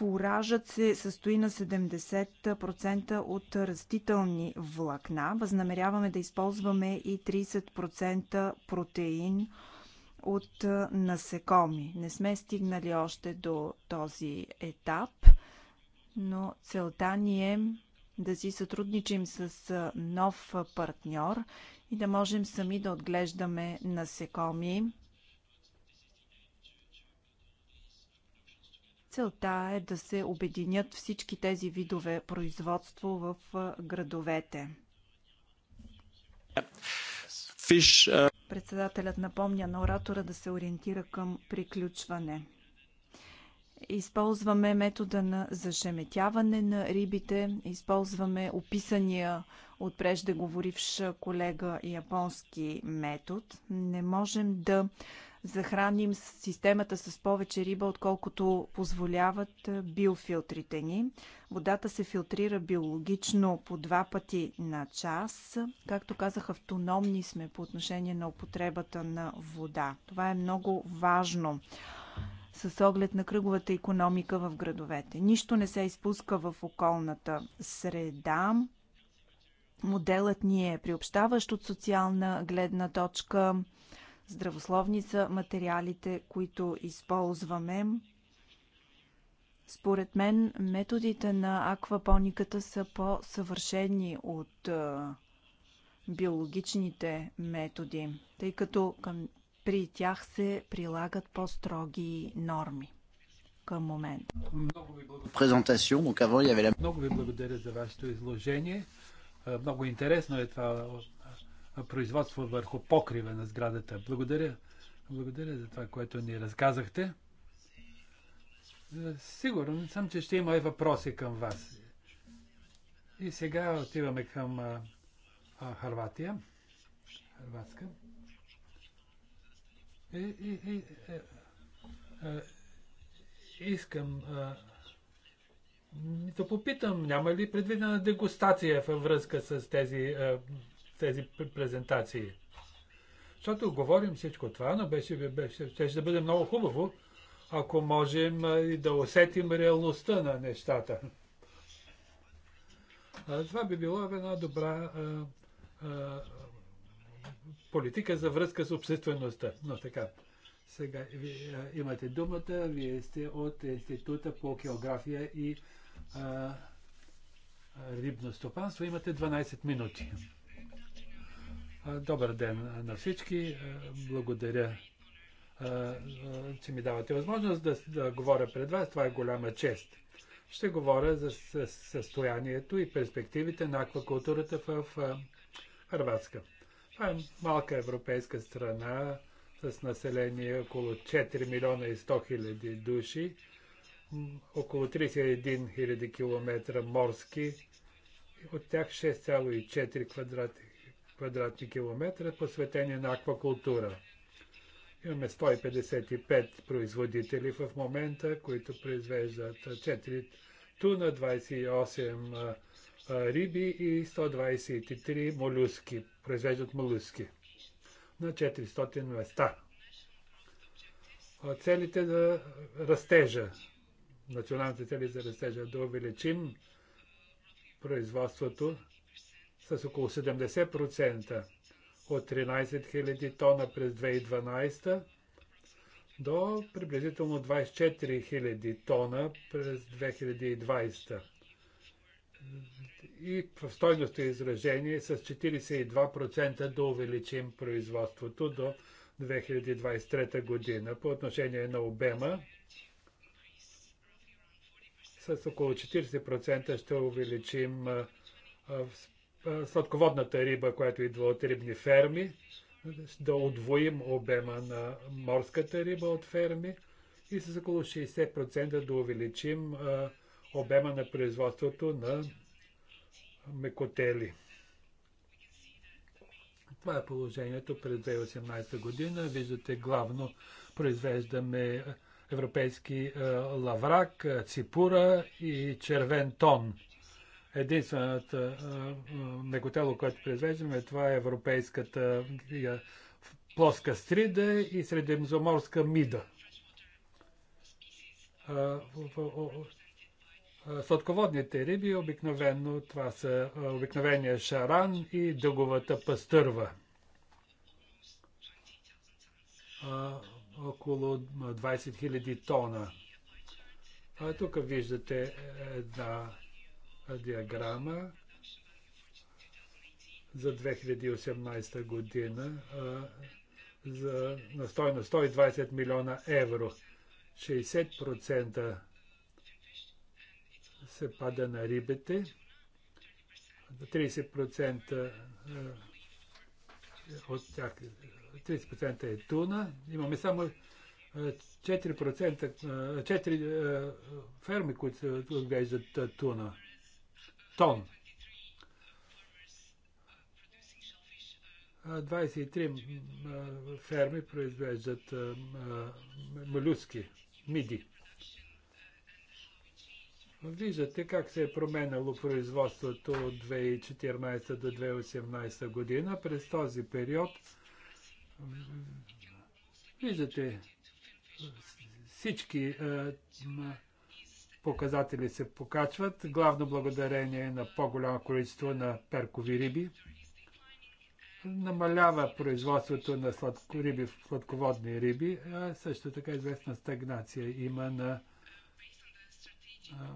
Фуражът се състои на 70% от растителни влакна. Възнамеряваме да използваме и 30% протеин от насекоми. Не сме стигнали още до този етап, но целта ни е да си сътрудничим с нов партньор и да можем сами да отглеждаме насекоми Целта е да се обединят всички тези видове производство в градовете. Председателят напомня на оратора да се ориентира към приключване. Използваме метода на зашеметяване на рибите, използваме описания от преждеговоривш колега японски метод. Не можем да захраним системата с повече риба, отколкото позволяват биофилтрите ни. Водата се филтрира биологично по два пъти на час. Както казах, автономни сме по отношение на употребата на вода. Това е много важно с оглед на кръговата економика в градовете. Нищо не се изпуска в околната среда. Моделът ни е приобщаващ от социална гледна точка. Здравословни са материалите, които използваме. Според мен методите на аквапониката са по-съвършени от биологичните методи, тъй като към, при тях се прилагат по-строги норми към момента. Много ви благодаря, Много ви благодаря за вашето изложение. Много интересно е това производство върху покрива на сградата. Благодаря. Благодаря за това, което ни разказахте. Е, сигурен съм, че ще има и въпроси към вас. И сега отиваме към а, а, Харватия. Харватска. И, и, и, а, е, а, е, искам а, да попитам, няма ли предвидена дегустация във връзка с тези а, тези презентации. Защото говорим всичко това, но беше, беше, ще да бъде много хубаво, ако можем и да усетим реалността на нещата. Това би било една добра а, а, политика за връзка с обществеността. Но така, сега ви, а, имате думата, вие сте от Института по география и а, рибно стопанство. Имате 12 минути. Добър ден на всички. Благодаря, че ми давате възможност да, да говоря пред вас. Това е голяма чест. Ще говоря за състоянието и перспективите на аквакултурата в Харватска. Това е малка европейска страна с население около 4 милиона и 100 хиляди души, около 31 хиляди километра морски, от тях 6,4 квадрати квадратни километра, посветени на аквакултура. Имаме 155 производители в момента, които произвеждат 4 туна, 28 риби и 123 молюски, произвеждат молюски на 400 места. Целите за растежа, националните цели за растежа, да увеличим производството с около 70% от 13 000 тона през 2012 до приблизително 24 000 тона през 2020 и в стойностно изражение с 42% да увеличим производството до 2023 година. По отношение на обема, с около 40% ще увеличим сладководната риба, която идва от рибни ферми, да отвоим обема на морската риба от ферми и с около 60% да увеличим обема на производството на мекотели. Това е положението през 2018 година. Виждате, главно произвеждаме европейски лаврак, ципура и червен тон единствената мекотело, което произвеждаме, това е европейската плоска стрида и средиземноморска мида. Сладководните риби обикновено това са обикновения шаран и дъговата пастърва. Около 20 000 тона. тук виждате една диаграма за 2018 година за, на стойност 120 милиона евро. 60% се пада на рибите, 30% от тях 30% е туна. Имаме само 4%, 4 ферми, които отглеждат туна тон. 23 ферми произвеждат молюски, миди. Виждате как се е променяло производството от 2014 до 2018 година. През този период виждате всички показатели се покачват, главно благодарение на по-голямо количество на перкови риби. Намалява производството на сладко риби, сладководни риби, а също така известна стагнация има на а,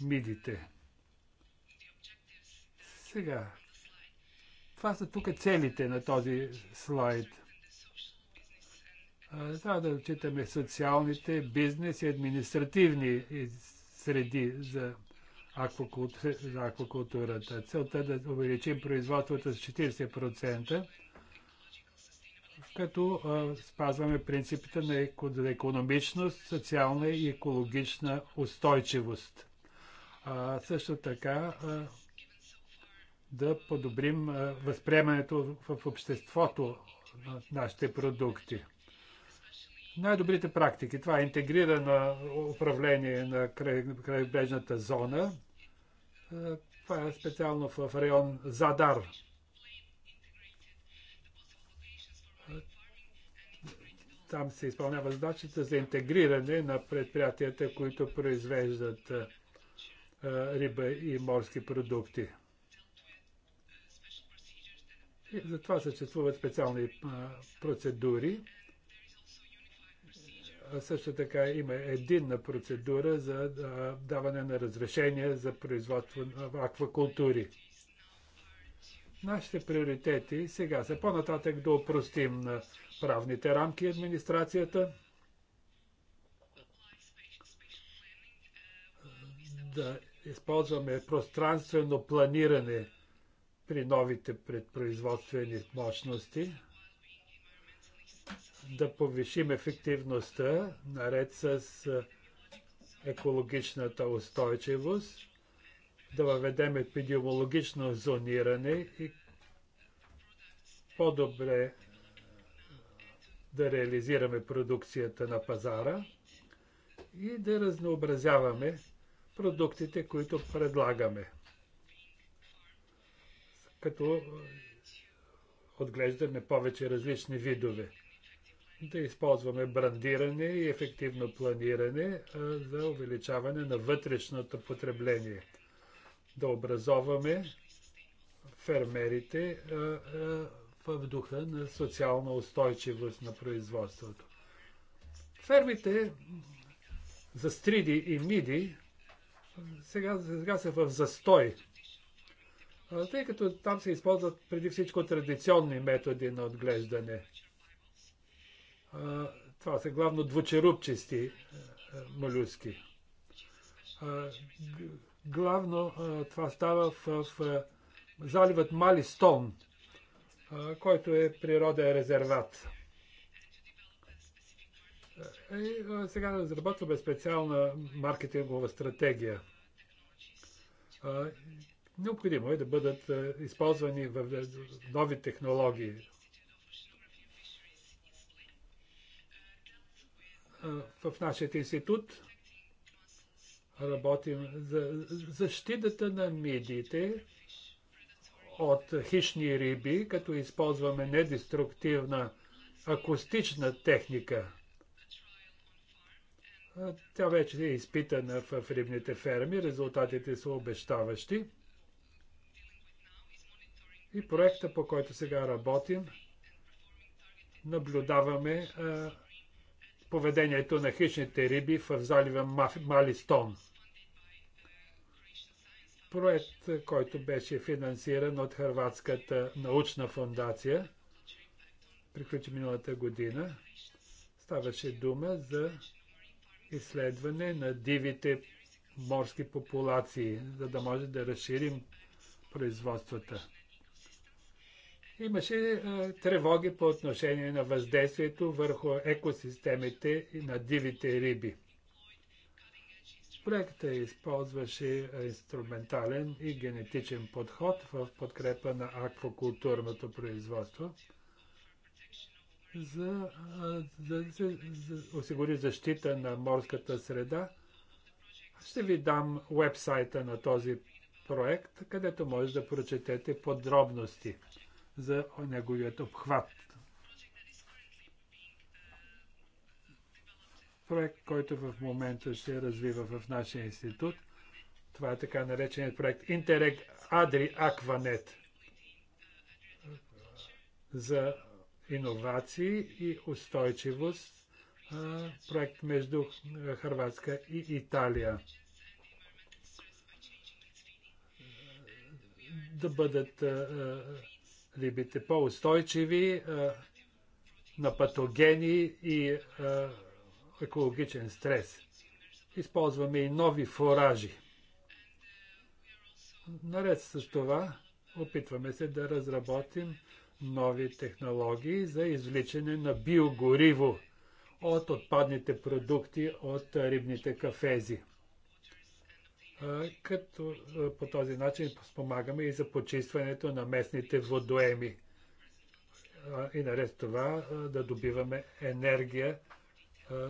мидите. Сега, това са тук целите на този слайд – трябва да отчитаме социалните, бизнес и административни среди за аквакултурата. Целта е да увеличим производството с 40%, като спазваме принципите на економичност, социална и екологична устойчивост. също така да подобрим възприемането в обществото на нашите продукти най-добрите практики. Това е интегрирано управление на крайбрежната зона. Е, това е специално в район Задар. Е, там се изпълнява задачата за интегриране на предприятията, които произвеждат е, риба и морски продукти. И затова съществуват специални процедури също така има единна процедура за даване на разрешение за производство на аквакултури. Нашите приоритети сега са по-нататък да упростим на правните рамки администрацията, да използваме пространствено планиране при новите предпроизводствени мощности – да повишим ефективността наред с екологичната устойчивост, да въведем епидемиологично зониране и по-добре да реализираме продукцията на пазара и да разнообразяваме продуктите, които предлагаме. Като отглеждаме повече различни видове да използваме брандиране и ефективно планиране а, за увеличаване на вътрешното потребление. Да образоваме фермерите а, а, в духа на социална устойчивост на производството. Фермите за стриди и миди сега, сега са в застой, тъй като там се използват преди всичко традиционни методи на отглеждане – това са главно двучерупчести е, молюски. Главно това става в, в е, заливът Малистон, който е природен резерват. Е, и сега разработваме специална маркетингова стратегия. Необходимо е да бъдат използвани в нови технологии, в нашия институт работим за защитата на медиите от хищни риби, като използваме недеструктивна акустична техника. Тя вече е изпитана в рибните ферми, резултатите са обещаващи. И проекта, по който сега работим, наблюдаваме а, поведението на хищните риби в залива Малистон. Проект, който беше финансиран от Хрватската научна фундация, приключи миналата година. Ставаше дума за изследване на дивите морски популации, за да може да разширим производствата. Имаше е, тревоги по отношение на въздействието върху екосистемите на дивите риби. Проектът използваше инструментален и генетичен подход в подкрепа на аквакултурното производство, за да е, се осигури защита на морската среда. Ще ви дам вебсайта на този проект, където може да прочетете подробности за неговият обхват. Проект, който в момента се развива в нашия институт. Това е така нареченият проект Interreg Адри Акванет за иновации и устойчивост. Проект между Харватска и Италия. Да бъдат рибите по-устойчиви на патогени и екологичен стрес. Използваме и нови фуражи. Наред с това, опитваме се да разработим нови технологии за извличане на биогориво от отпадните продукти от рибните кафези като по този начин спомагаме и за почистването на местните водоеми. И наред това да добиваме енергия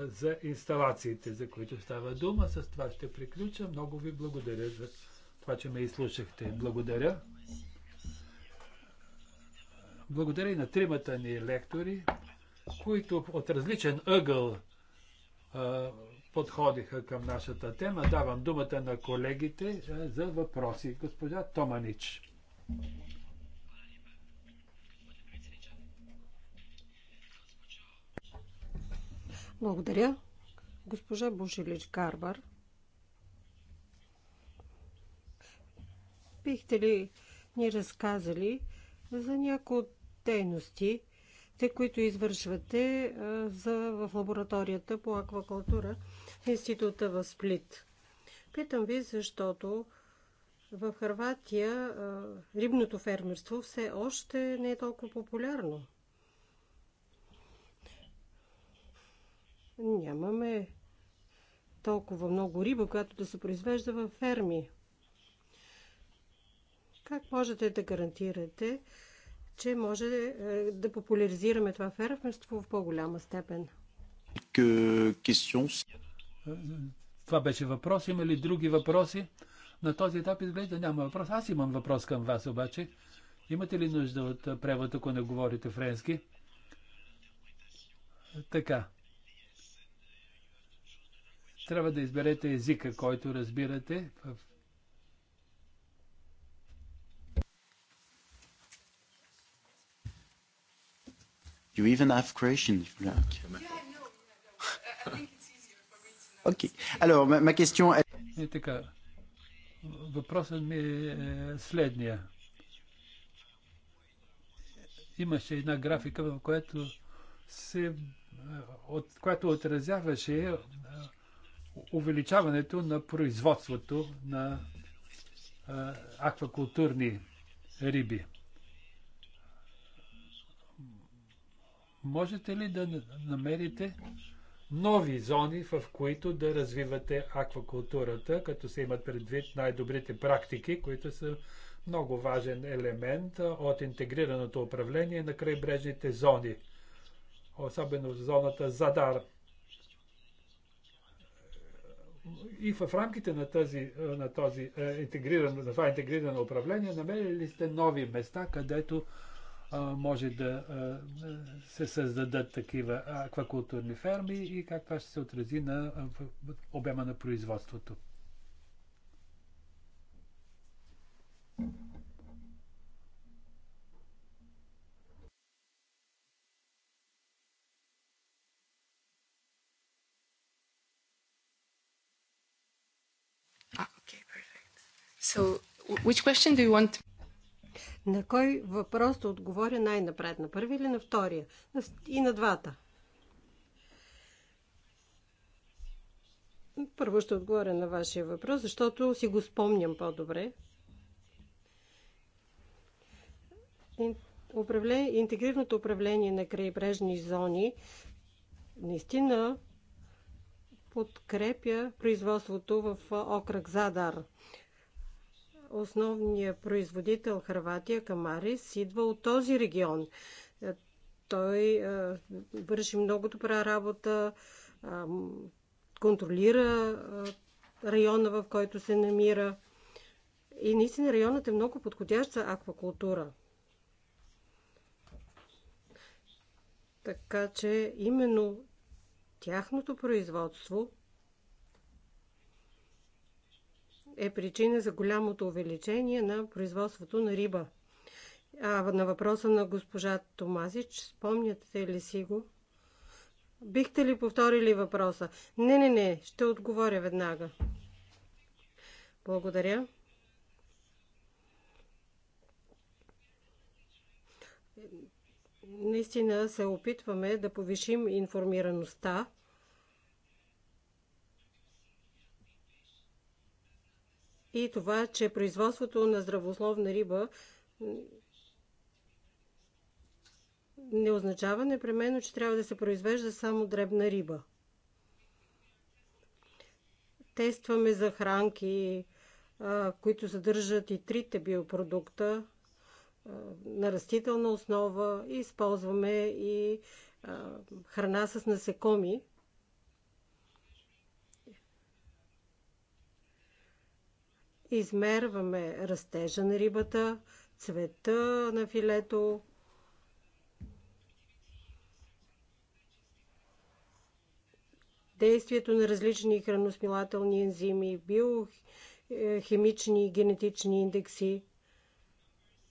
за инсталациите, за които става дума. С това ще приключа. Много ви благодаря за това, че ме изслушахте. Благодаря. Благодаря и на тримата ни лектори, които от различен ъгъл подходиха към нашата тема. Давам думата на колегите е, за въпроси. Госпожа Томанич. Благодаря. Госпожа Бушилич Карбар. Бихте ли ни разказали за някои от дейности, те, които извършвате е, за, в лабораторията по аквакултура института в Сплит. Питам ви, защото в Харватия рибното фермерство все още не е толкова популярно. Нямаме толкова много риба, която да се произвежда във ферми. Как можете да гарантирате, че може е, да популяризираме това фермерство в по-голяма степен? Това беше въпрос. Има ли други въпроси? На този етап изглежда няма въпрос. Аз имам въпрос към вас обаче. Имате ли нужда от превод, ако не говорите френски? Така. Трябва да изберете езика, който разбирате. You even have Croatian if you like. [LAUGHS] Yeah, no, [LAUGHS] I think Окей. Alors, ma question е... така. Въпросът ми е, е следния. Имаше една графика, в която се е, от, която отразяваше е, увеличаването на производството на а, аквакултурни риби. Можете ли да намерите нови зони, в които да развивате аквакултурата, като се имат предвид най-добрите практики, които са много важен елемент от интегрираното управление на крайбрежните зони, особено в зоната Задар. И в рамките на, тази, на, този, на това интегрирано управление намерили сте нови места, където може да се създадат такива аквакултурни ферми и как това ще се отрази на обема на производството. Ah, so, which question do you want? На кой въпрос да отговоря най-напред? На първи или на втория? И на двата. Първо ще отговоря на вашия въпрос, защото си го спомням по-добре. Интегрираното управление на крайбрежни зони наистина подкрепя производството в окръг Задар основният производител Харватия, Камарис, идва от този регион. Е, той е, върши много добра работа, е, контролира района, в който се намира. И наистина районът е много подходящ за аквакултура. Така че именно тяхното производство – е причина за голямото увеличение на производството на риба. А на въпроса на госпожа Томазич, спомняте ли си го? Бихте ли повторили въпроса? Не, не, не, ще отговоря веднага. Благодаря. Наистина се опитваме да повишим информираността и това, че производството на здравословна риба не означава непременно, че трябва да се произвежда само дребна риба. Тестваме захранки, които съдържат и трите биопродукта на растителна основа. Използваме и храна с насекоми, Измерваме растежа на рибата, цвета на филето, действието на различни храносмилателни ензими, биохимични и генетични индекси.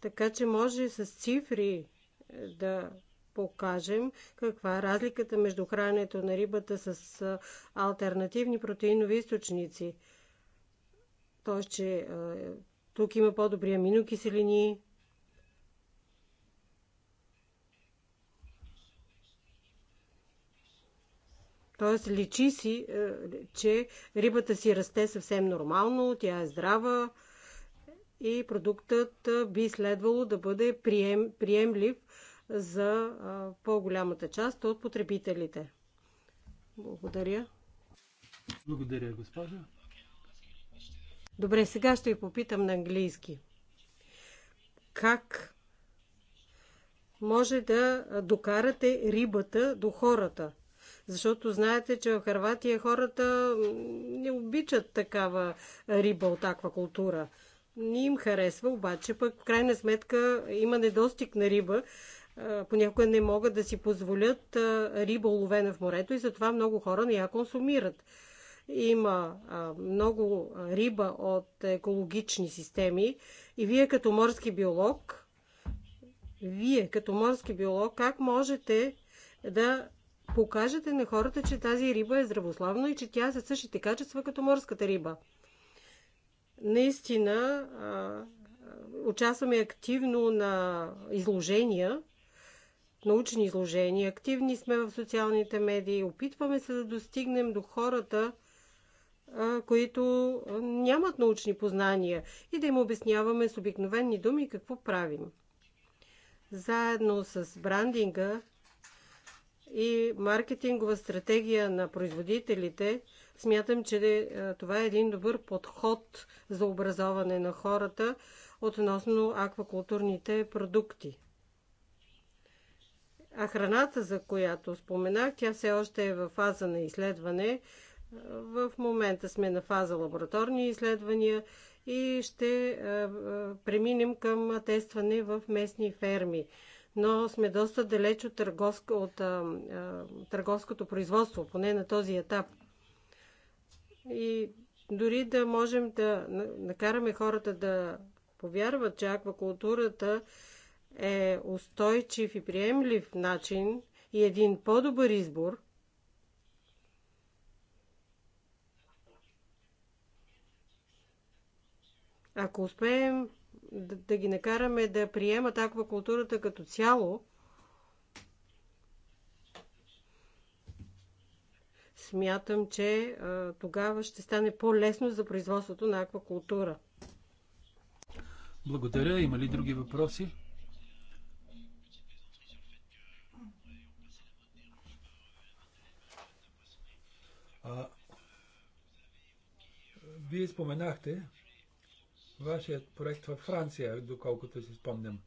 Така че може с цифри е, да покажем каква е разликата между храненето на рибата с е, альтернативни протеинови източници – т.е. че тук има по-добри аминокиселини, Тоест, личи си, че рибата си расте съвсем нормално, тя е здрава и продуктът би следвало да бъде прием, приемлив за по-голямата част от потребителите. Благодаря. Благодаря, госпожа. Добре, сега ще ви попитам на английски. Как може да докарате рибата до хората? Защото знаете, че в Харватия хората не обичат такава риба от аквакултура. Не им харесва, обаче пък в крайна сметка има недостиг на риба. Понякога не могат да си позволят риба уловена в морето и затова много хора не я консумират. Има а, много риба от екологични системи и вие като морски биолог, вие като морски биолог, как можете да покажете на хората, че тази риба е здравословна и че тя със същите качества като морската риба? Наистина, а, участваме активно на изложения, научни изложения, активни сме в социалните медии, опитваме се да достигнем до хората които нямат научни познания и да им обясняваме с обикновени думи какво правим. Заедно с брандинга и маркетингова стратегия на производителите, смятам, че е, това е един добър подход за образоване на хората относно аквакултурните продукти. А храната, за която споменах, тя все още е в фаза на изследване. В момента сме на фаза лабораторни изследвания и ще е, е, преминем към тестване в местни ферми. Но сме доста далеч от, търговско, от а, е, а, търговското производство, поне на този етап. И дори да можем да накараме хората да повярват, че аквакултурата е устойчив и приемлив начин и един по-добър избор, Ако успеем да, да ги накараме да приемат аквакултурата като цяло, смятам, че а, тогава ще стане по-лесно за производството на аквакултура. Благодаря. Има ли други въпроси? А, вие споменахте, вашият проект във Франция, доколкото си спомням.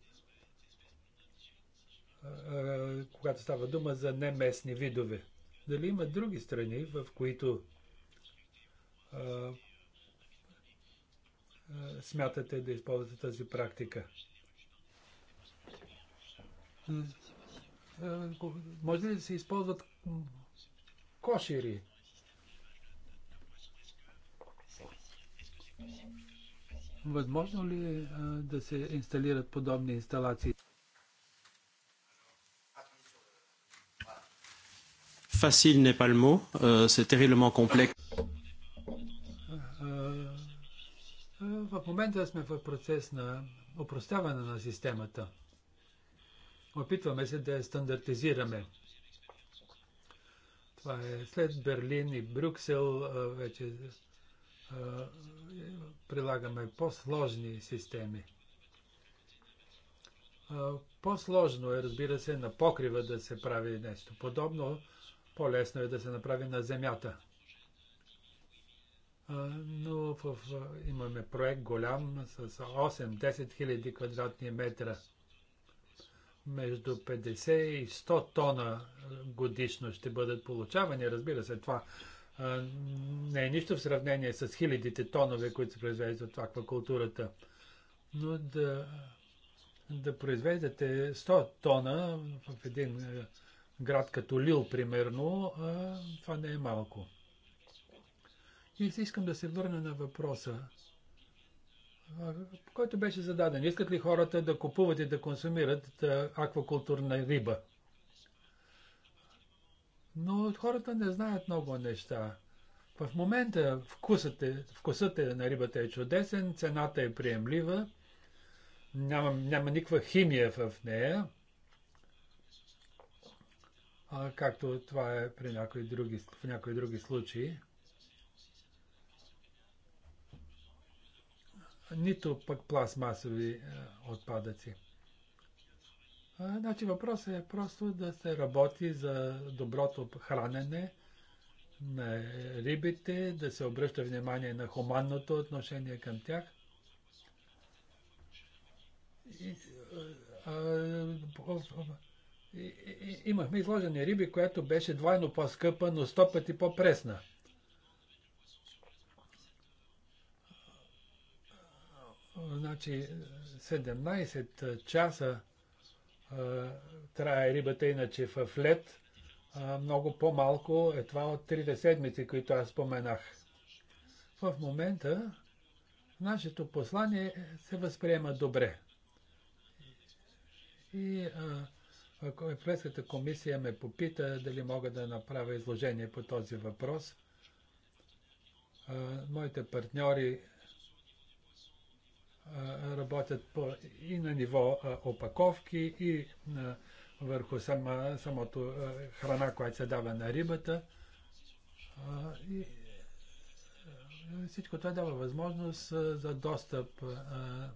Когато става дума за неместни видове. Дали има други страни, в които а, а, смятате да използвате тази практика? може ли да се използват кошери? Thank you. Възможно ли е да се инсталират подобни инсталации? Facile n'est pas le mot, euh, c'est terriblement complexe. В момента сме в процес на опростяване на системата. Опитваме се да я стандартизираме. Това е след Берлин и Брюксел, вече прилагаме по-сложни системи. По-сложно е, разбира се, на покрива да се прави нещо подобно, по-лесно е да се направи на земята. Но в, имаме проект голям с 8-10 хиляди квадратни метра. Между 50 и 100 тона годишно ще бъдат получавани. Разбира се, това не е нищо в сравнение с хилядите тонове, които се произвеждат от аквакултурата. Но да, да произвеждате 100 тона в един е, град като Лил, примерно, това не е малко. И искам да се върна на въпроса, който беше зададен. Искат ли хората да купуват и да консумират аквакултурна риба? но хората не знаят много неща. В момента вкусът, е, вкусът е на рибата е чудесен, цената е приемлива, няма, няма никаква химия в нея, а, както това е при някои други, в някои други случаи. Нито пък пластмасови е, отпадъци значи въпросът е просто да се работи за доброто хранене на рибите, да се обръща внимание на хуманното отношение към тях. И, а, а, и, и, имахме изложени риби, която беше двойно по-скъпа, но сто пъти по-пресна. Значи 17 часа е, трае рибата, иначе в лед много по-малко е това от трите седмици, които аз споменах. В момента нашето послание се възприема добре. И ако Европейската комисия ме попита дали мога да направя изложение по този въпрос. А, моите партньори работят по, и на ниво а, опаковки, и а, върху сама, самото а, храна, която се дава на рибата. А, и, а, всичко това дава възможност а, за достъп а,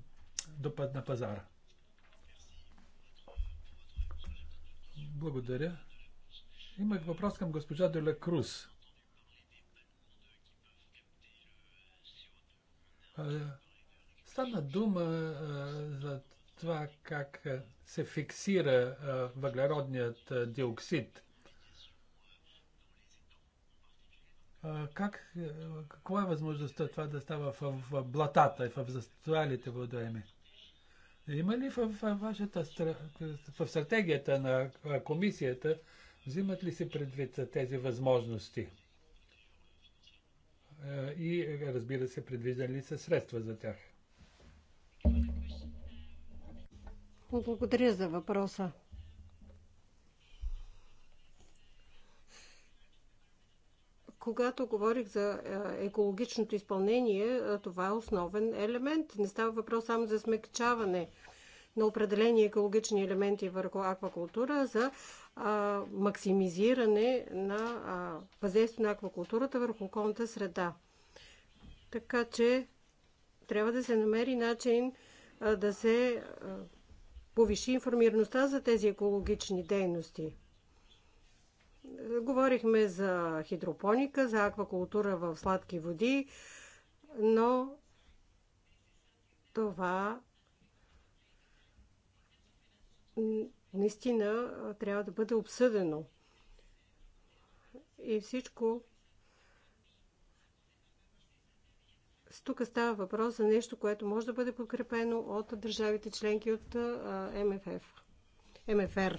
до път на пазара. Благодаря. Имах въпрос към госпожа Деля Круз. А, Стана дума а, за това как се фиксира а, въглеродният а, диоксид. А, как, какво е възможността това да става в, в блатата и в застоялите водоеми? Има ли в, в, вашата, в стратегията на комисията, взимат ли се предвид тези възможности? И разбира се, предвиждани ли са средства за тях? Благодаря за въпроса. Когато говорих за е, екологичното изпълнение, е, това е основен елемент. Не става въпрос само за смекчаване на определени екологични елементи върху аквакултура, за максимизиране на въздействието на аквакултурата върху околната среда. Така че трябва да се намери начин да се повиши информираността за тези екологични дейности. Говорихме за хидропоника, за аквакултура в сладки води, но това наистина трябва да бъде обсъдено. И всичко Тук става въпрос за нещо, което може да бъде подкрепено от държавите членки от МФФ. МФР.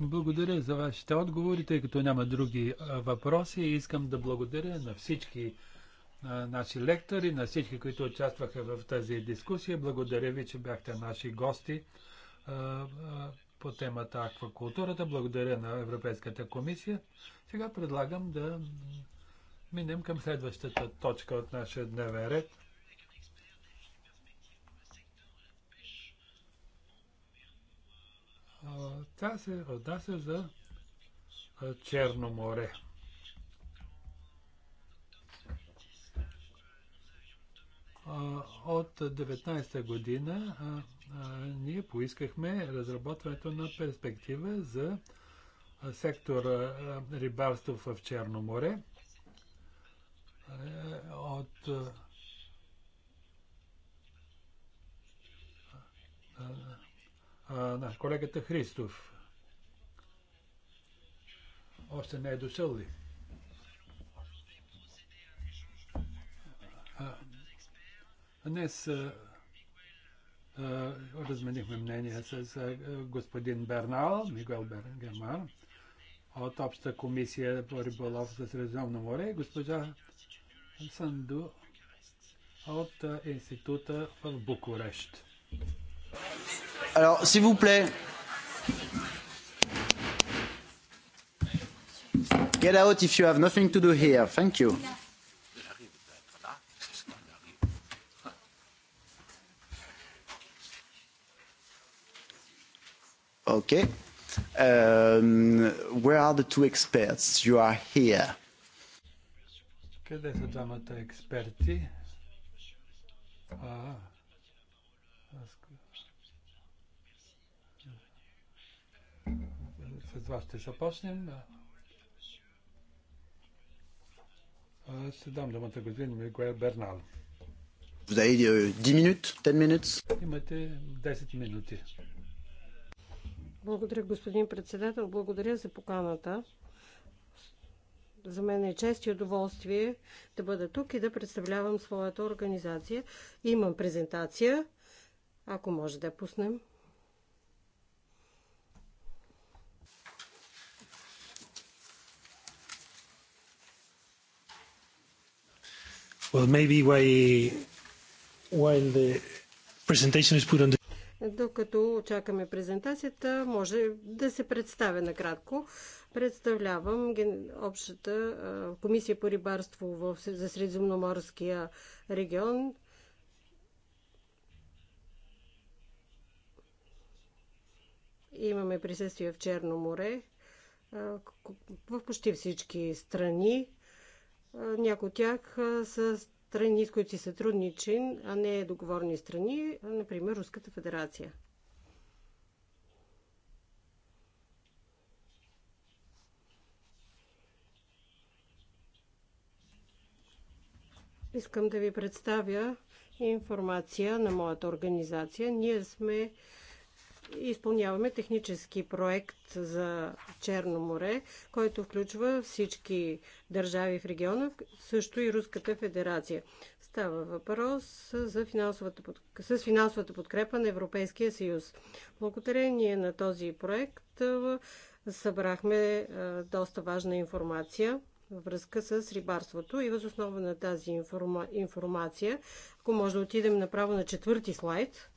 Благодаря за вашите отговори, тъй като няма други въпроси. Искам да благодаря на всички на наши лектори, на всички, които участваха в тази дискусия. Благодаря ви, че бяхте наши гости по темата аквакултурата. Благодаря на Европейската комисия. Сега предлагам да минем към следващата точка от нашия дневен ред. Тя се отнася за Черно море. От 19-та година ние поискахме разработването на перспектива за сектора рибарство в Черно море от е, е, е, наш колегата Христов. Още не е дошъл ли? Днес разменихме мнение с господин Бернал, Мигуел Бергемар, от Обща комисия по риболов за Средиземно море и госпожа Санду от института в Букурещ. Алло, си вупле! Get out if you have nothing to do here. Thank you. Okay. Um, where are the two experts? You are here. Къде са двамата експерти? А, аз... С вас ще започнем. ще дам думата господин Мигуел Бернал. Vous avez 10 euh, minutes, 10 minutes? Имате 10 минути. Благодаря, господин председател. Благодаря за поканата. За мен е чест и удоволствие да бъда тук и да представлявам своята организация. Имам презентация, ако може да я пуснем. Well, maybe why, while the presentation is put on the... Докато чакаме презентацията, може да се представя накратко. Представлявам общата комисия по рибарство за Средиземноморския регион. Имаме присъствие в Черно море, в почти всички страни. Някои от тях са страни, с които си сътрудничим, а не договорни страни, например Руската федерация. Искам да ви представя информация на моята организация. Ние сме изпълняваме технически проект за Черно море, който включва всички държави в региона, също и Руската федерация. Става въпрос за финансовата, с финансовата подкрепа на Европейския съюз. Благодарение на този проект събрахме доста важна информация – във връзка с рибарството и въз основа на тази информа, информация, ако може да отидем направо на четвърти слайд,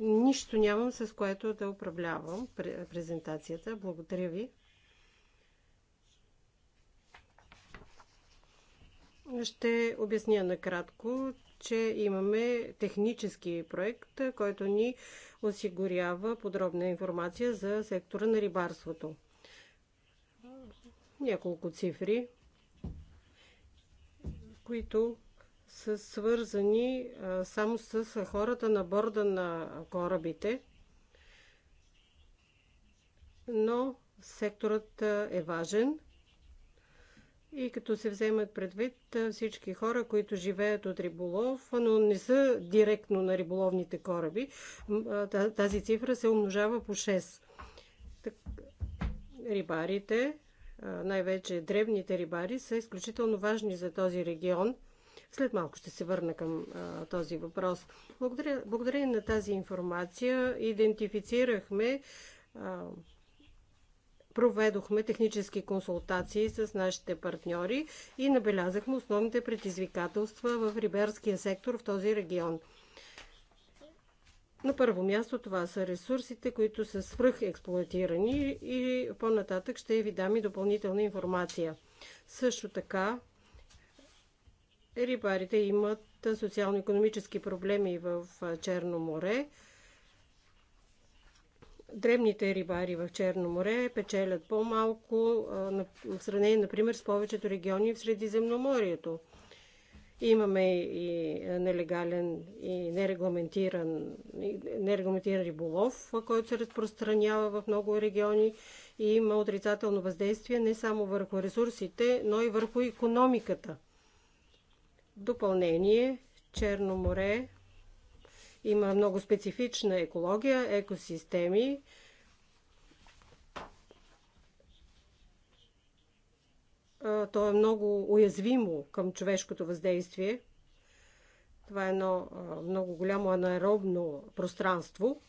нищо нямам с което да управлявам презентацията. Благодаря ви. Ще обясня накратко, че имаме технически проект, който ни осигурява подробна информация за сектора на рибарството. Няколко цифри, които са свързани само с хората на борда на корабите, но секторът е важен и като се вземат предвид всички хора, които живеят от риболов, но не са директно на риболовните кораби, тази цифра се умножава по 6. рибарите, най-вече древните рибари, са изключително важни за този регион. След малко ще се върна към а, този въпрос. Благодаря, благодарение на тази информация идентифицирахме а, проведохме технически консултации с нашите партньори и набелязахме основните предизвикателства в риберския сектор в този регион. На първо място това са ресурсите, които са експлуатирани и по-нататък ще ви дам и допълнителна информация. Също така, рибарите имат социално-економически проблеми в Черно море – Древните рибари в Черно море печелят по-малко в сравнение, например, с повечето региони в Средиземноморието. Имаме и нелегален и нерегламентиран, нерегламентиран риболов, който се разпространява в много региони и има отрицателно въздействие не само върху ресурсите, но и върху економиката. В допълнение, Черно море има много специфична екология, екосистеми. То е много уязвимо към човешкото въздействие. Това е едно много голямо анаеробно пространство.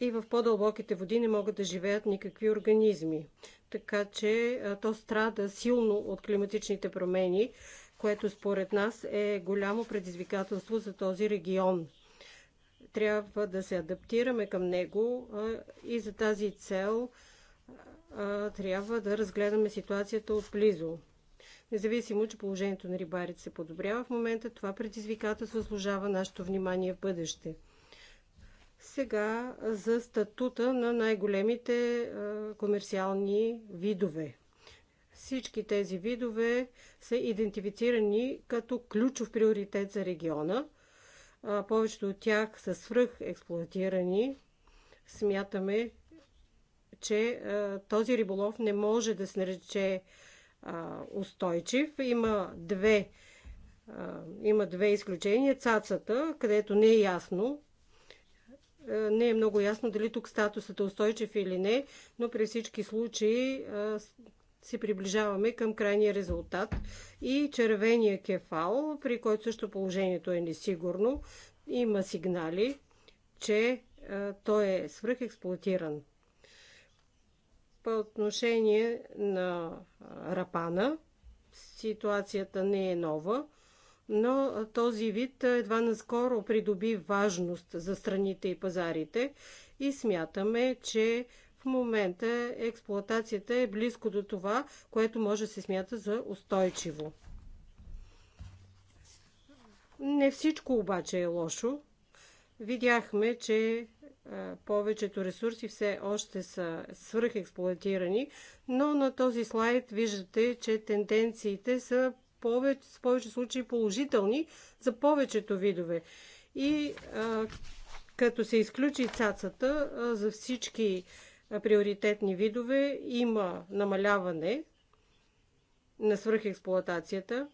И в по-дълбоките води не могат да живеят никакви организми. Така че то страда силно от климатичните промени което според нас е голямо предизвикателство за този регион. Трябва да се адаптираме към него и за тази цел трябва да разгледаме ситуацията отблизо. Независимо, че положението на рибарите се подобрява в момента, това предизвикателство служава нашето внимание в бъдеще. Сега за статута на най-големите комерциални видове. Всички тези видове са идентифицирани като ключов приоритет за региона. Повечето от тях са свръхексплуатирани. Смятаме, че този риболов не може да се нарече устойчив. Има две, има две изключения. Цацата, където не е ясно, не е много ясно дали тук статусът е устойчив или не, но при всички случаи се приближаваме към крайния резултат и червения кефал, при който също положението е несигурно. Има сигнали, че а, е, той е свръхексплуатиран. По отношение на е, рапана, ситуацията не е нова, но е, този вид едва наскоро придоби важност за страните и пазарите и смятаме, че момента експлоатацията е близко до това, което може да се смята за устойчиво. Не всичко обаче е лошо. Видяхме, че повечето ресурси все още са свръхексплуатирани, но на този слайд виждате, че тенденциите са повече, с повече случаи положителни за повечето видове. И а, като се изключи цацата, а, за всички приоритетни видове има намаляване на свръхексплуатацията.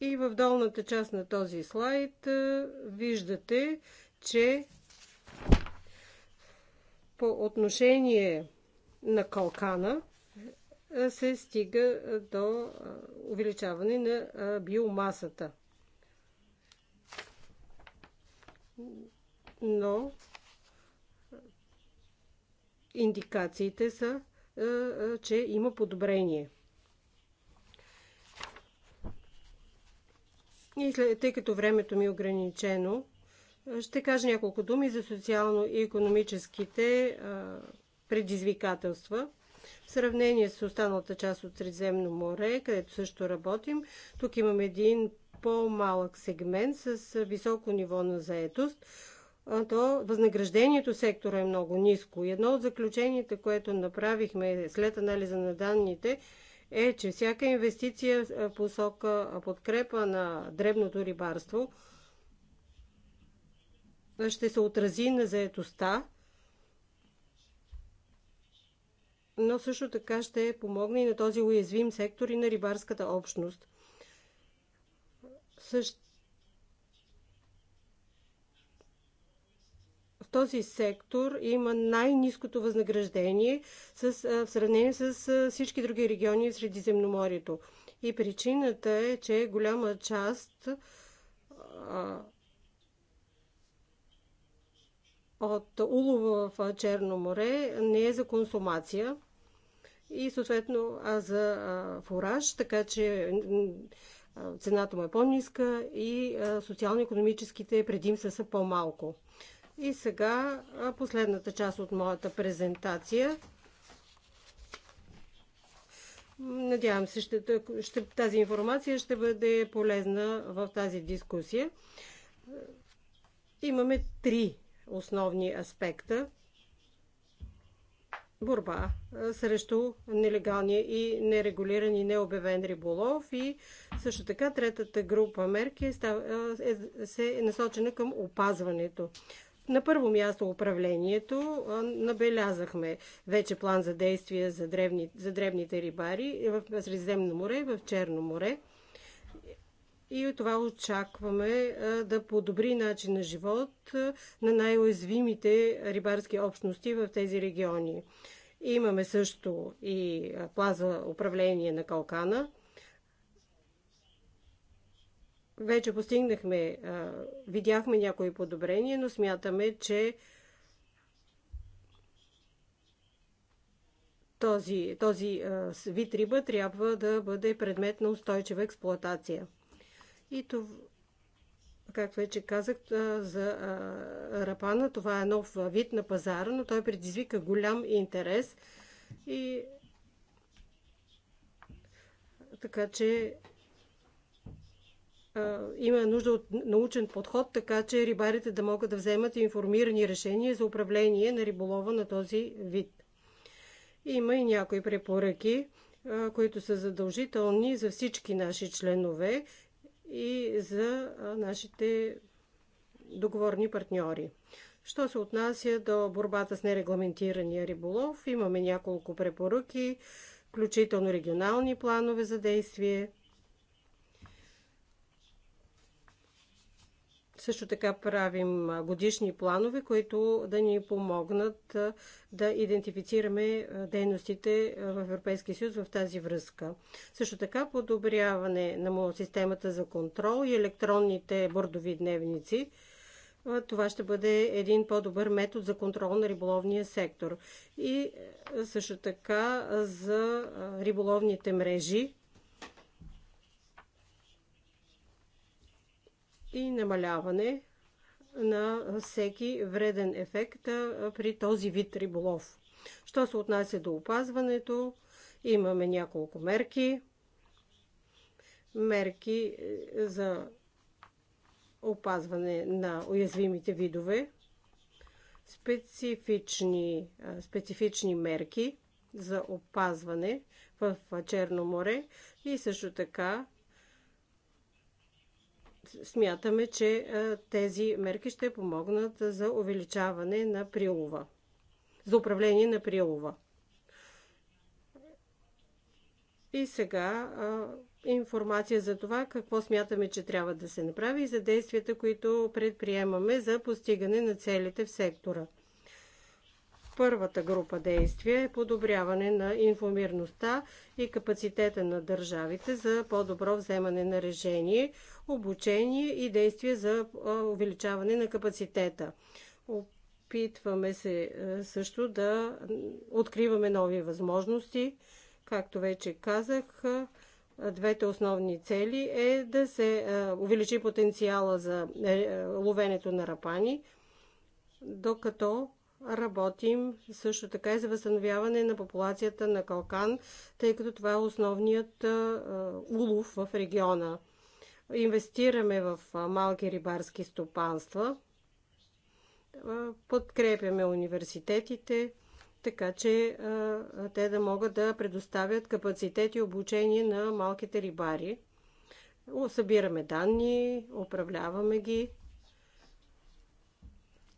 И в долната част на този слайд виждате, че по отношение на калкана се стига до увеличаване на биомасата но индикациите са, е, е, че има подобрение. И след, тъй като времето ми е ограничено, ще кажа няколко думи за социално-економическите и е, предизвикателства. В сравнение с останалата част от Средземно море, където също работим, тук имаме един по-малък сегмент с високо ниво на заетост, то възнаграждението в сектора е много ниско. И едно от заключенията, което направихме след анализа на данните, е, че всяка инвестиция в посока подкрепа на дребното рибарство ще се отрази на заетостта, но също така ще помогне и на този уязвим сектор и на рибарската общност. Също в този сектор има най-низкото възнаграждение с, в сравнение с всички други региони в Средиземноморието. И причината е, че голяма част а, от улова в Черно море не е за консумация и съответно а за а, фураж, така че цената му е по-ниска и социално-економическите предимства са по-малко. И сега последната част от моята презентация. Надявам се, ще, ще, тази информация ще бъде полезна в тази дискусия. Имаме три основни аспекта. Борба срещу нелегалния и нерегулиран и необявен риболов и също така третата група мерки е, е, е, се е насочена към опазването. На първо място управлението набелязахме вече план за действие за, древни, за древните рибари в Средиземно море и в Черно море. И от това очакваме да подобри начин на живот на най-уязвимите рибарски общности в тези региони. Имаме също и план за управление на Калкана вече постигнахме, видяхме някои подобрения, но смятаме, че този, този вид риба трябва да бъде предмет на устойчива експлоатация. И това, както вече казах, за рапана, това е нов вид на пазара, но той предизвика голям интерес и така че има нужда от научен подход, така че рибарите да могат да вземат информирани решения за управление на риболова на този вид. Има и някои препоръки, които са задължителни за всички наши членове и за нашите договорни партньори. Що се отнася до борбата с нерегламентирания риболов, имаме няколко препоръки, включително регионални планове за действие, Също така правим годишни планове, които да ни помогнат да идентифицираме дейностите в Европейския съюз в тази връзка. Също така подобряване на системата за контрол и електронните бордови дневници. Това ще бъде един по-добър метод за контрол на риболовния сектор. И също така за риболовните мрежи, и намаляване на всеки вреден ефект при този вид риболов. Що се отнася до опазването, имаме няколко мерки. Мерки е, за опазване на уязвимите видове, специфични, специфични мерки за опазване в Черно море и също така смятаме, че тези мерки ще помогнат за увеличаване на прилова, за управление на прилова. И сега информация за това какво смятаме, че трябва да се направи и за действията, които предприемаме за постигане на целите в сектора – Първата група действия е подобряване на информираността и капацитета на държавите за по-добро вземане на решение, обучение и действие за увеличаване на капацитета. Опитваме се също да откриваме нови възможности. Както вече казах, двете основни цели е да се увеличи потенциала за е, е, ловенето на рапани, докато Работим също така и за възстановяване на популацията на калкан, тъй като това е основният улов в региона. Инвестираме в малки рибарски стопанства, подкрепяме университетите, така че те да могат да предоставят капацитет и обучение на малките рибари. Събираме данни, управляваме ги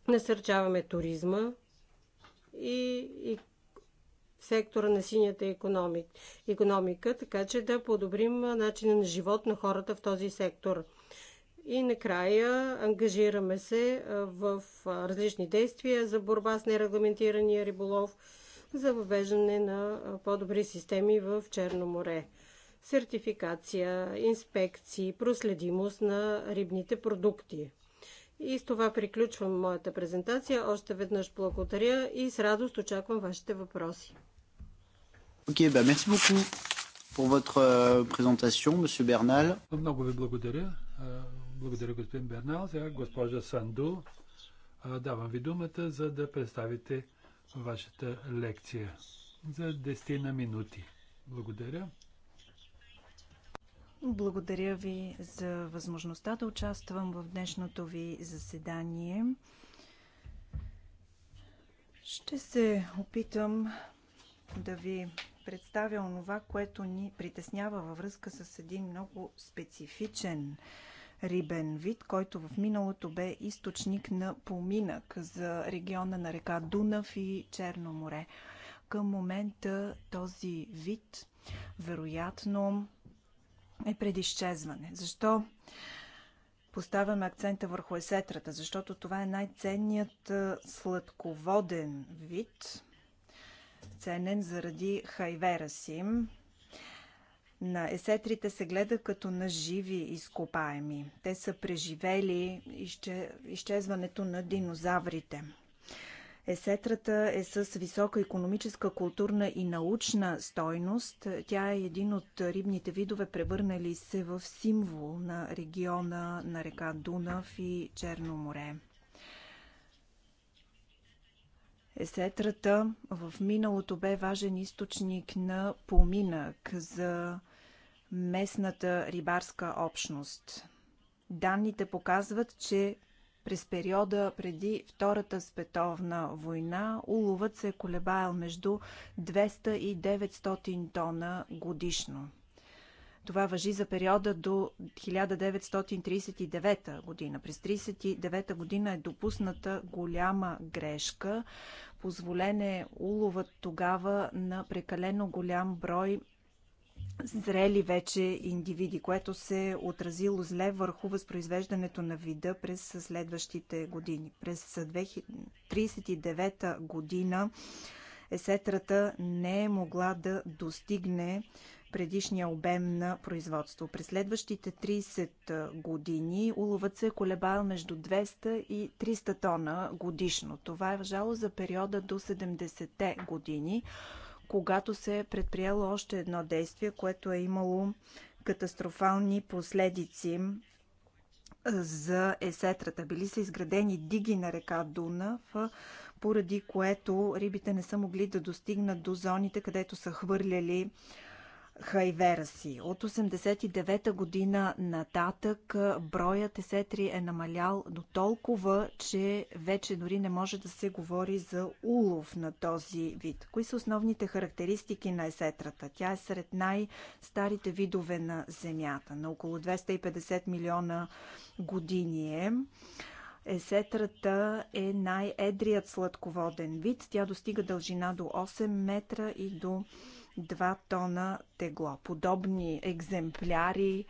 Насърчаваме туризма и, и сектора на синята економик, економика, така че да подобрим начина на живот на хората в този сектор. И накрая ангажираме се в различни действия за борба с нерегламентирания риболов, за въвеждане на по-добри системи в Черно море. Сертификация, инспекции, проследимост на рибните продукти. И с това приключвам моята презентация. Още веднъж благодаря и с радост очаквам вашите въпроси. Окей, okay, bah, merci beaucoup pour votre euh, présentation, monsieur Бернал. Много ви благодаря. Благодаря, господин Бернал. Сега, госпожа Санду, давам ви думата, за да представите вашата лекция за 10 на минути. Благодаря. Благодаря ви за възможността да участвам в днешното ви заседание. Ще се опитам да ви представя онова, което ни притеснява във връзка с един много специфичен рибен вид, който в миналото бе източник на поминък за региона на река Дунав и Черно море. Към момента този вид вероятно е предизчезване. изчезване. Защо поставяме акцента върху есетрата? Защото това е най-ценният сладководен вид, ценен заради хайвера си. На есетрите се гледа като на живи изкопаеми. Те са преживели изчезването на динозаврите. Есетрата е с висока економическа, културна и научна стойност. Тя е един от рибните видове, превърнали се в символ на региона на река Дунав и Черно море. Есетрата в миналото бе важен източник на поминък за местната рибарска общност. Данните показват, че през периода преди Втората световна война уловът се е колебаял между 200 и 900 тона годишно. Това въжи за периода до 1939 година. През 1939 година е допусната голяма грешка. Позволен е уловът тогава на прекалено голям брой зрели вече индивиди, което се е отразило зле върху възпроизвеждането на вида през следващите години. През 1939 година есетрата не е могла да достигне предишния обем на производство. През следващите 30 години уловът се е колебал между 200 и 300 тона годишно. Това е въжало за периода до 70-те години когато се е предприело още едно действие, което е имало катастрофални последици за есетрата. Били са изградени диги на река Дунав, поради което рибите не са могли да достигнат до зоните, където са хвърляли хайвера си. От 89-та година нататък броят есетри е намалял до толкова, че вече дори не може да се говори за улов на този вид. Кои са основните характеристики на есетрата? Тя е сред най-старите видове на Земята, на около 250 милиона години е. Есетрата е най-едрият сладководен вид. Тя достига дължина до 8 метра и до 2 тона тегло. Подобни екземпляри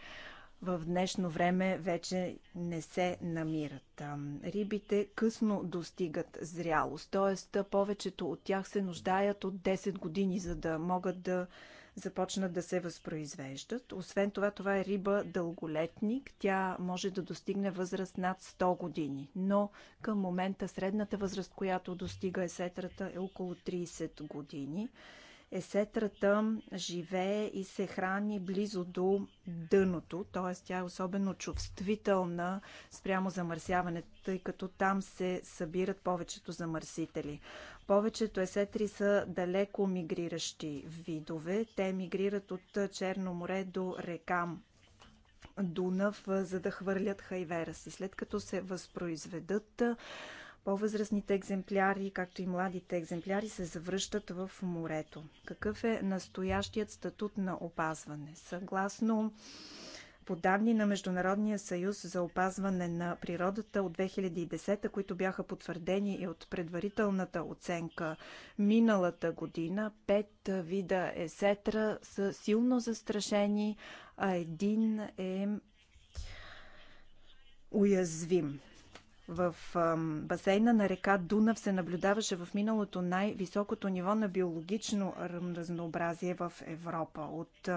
в днешно време вече не се намират. Рибите късно достигат зрялост, т.е. повечето от тях се нуждаят от 10 години, за да могат да започнат да се възпроизвеждат. Освен това, това е риба дълголетник. Тя може да достигне възраст над 100 години, но към момента средната възраст, която достига есетрата е около 30 години. Есетрата живее и се храни близо до дъното, т.е. тя е особено чувствителна спрямо замърсяването, тъй като там се събират повечето замърсители. Повечето есетри са далеко мигриращи видове. Те мигрират от Черно море до река Дунав, за да хвърлят хайвера си. След като се възпроизведат, по-възрастните екземпляри, както и младите екземпляри, се завръщат в морето. Какъв е настоящият статут на опазване? Съгласно по данни на Международния съюз за опазване на природата от 2010, които бяха потвърдени и от предварителната оценка миналата година, пет вида есетра са силно застрашени, а един е уязвим. В басейна на река Дунав се наблюдаваше в миналото най-високото ниво на биологично разнообразие в Европа. От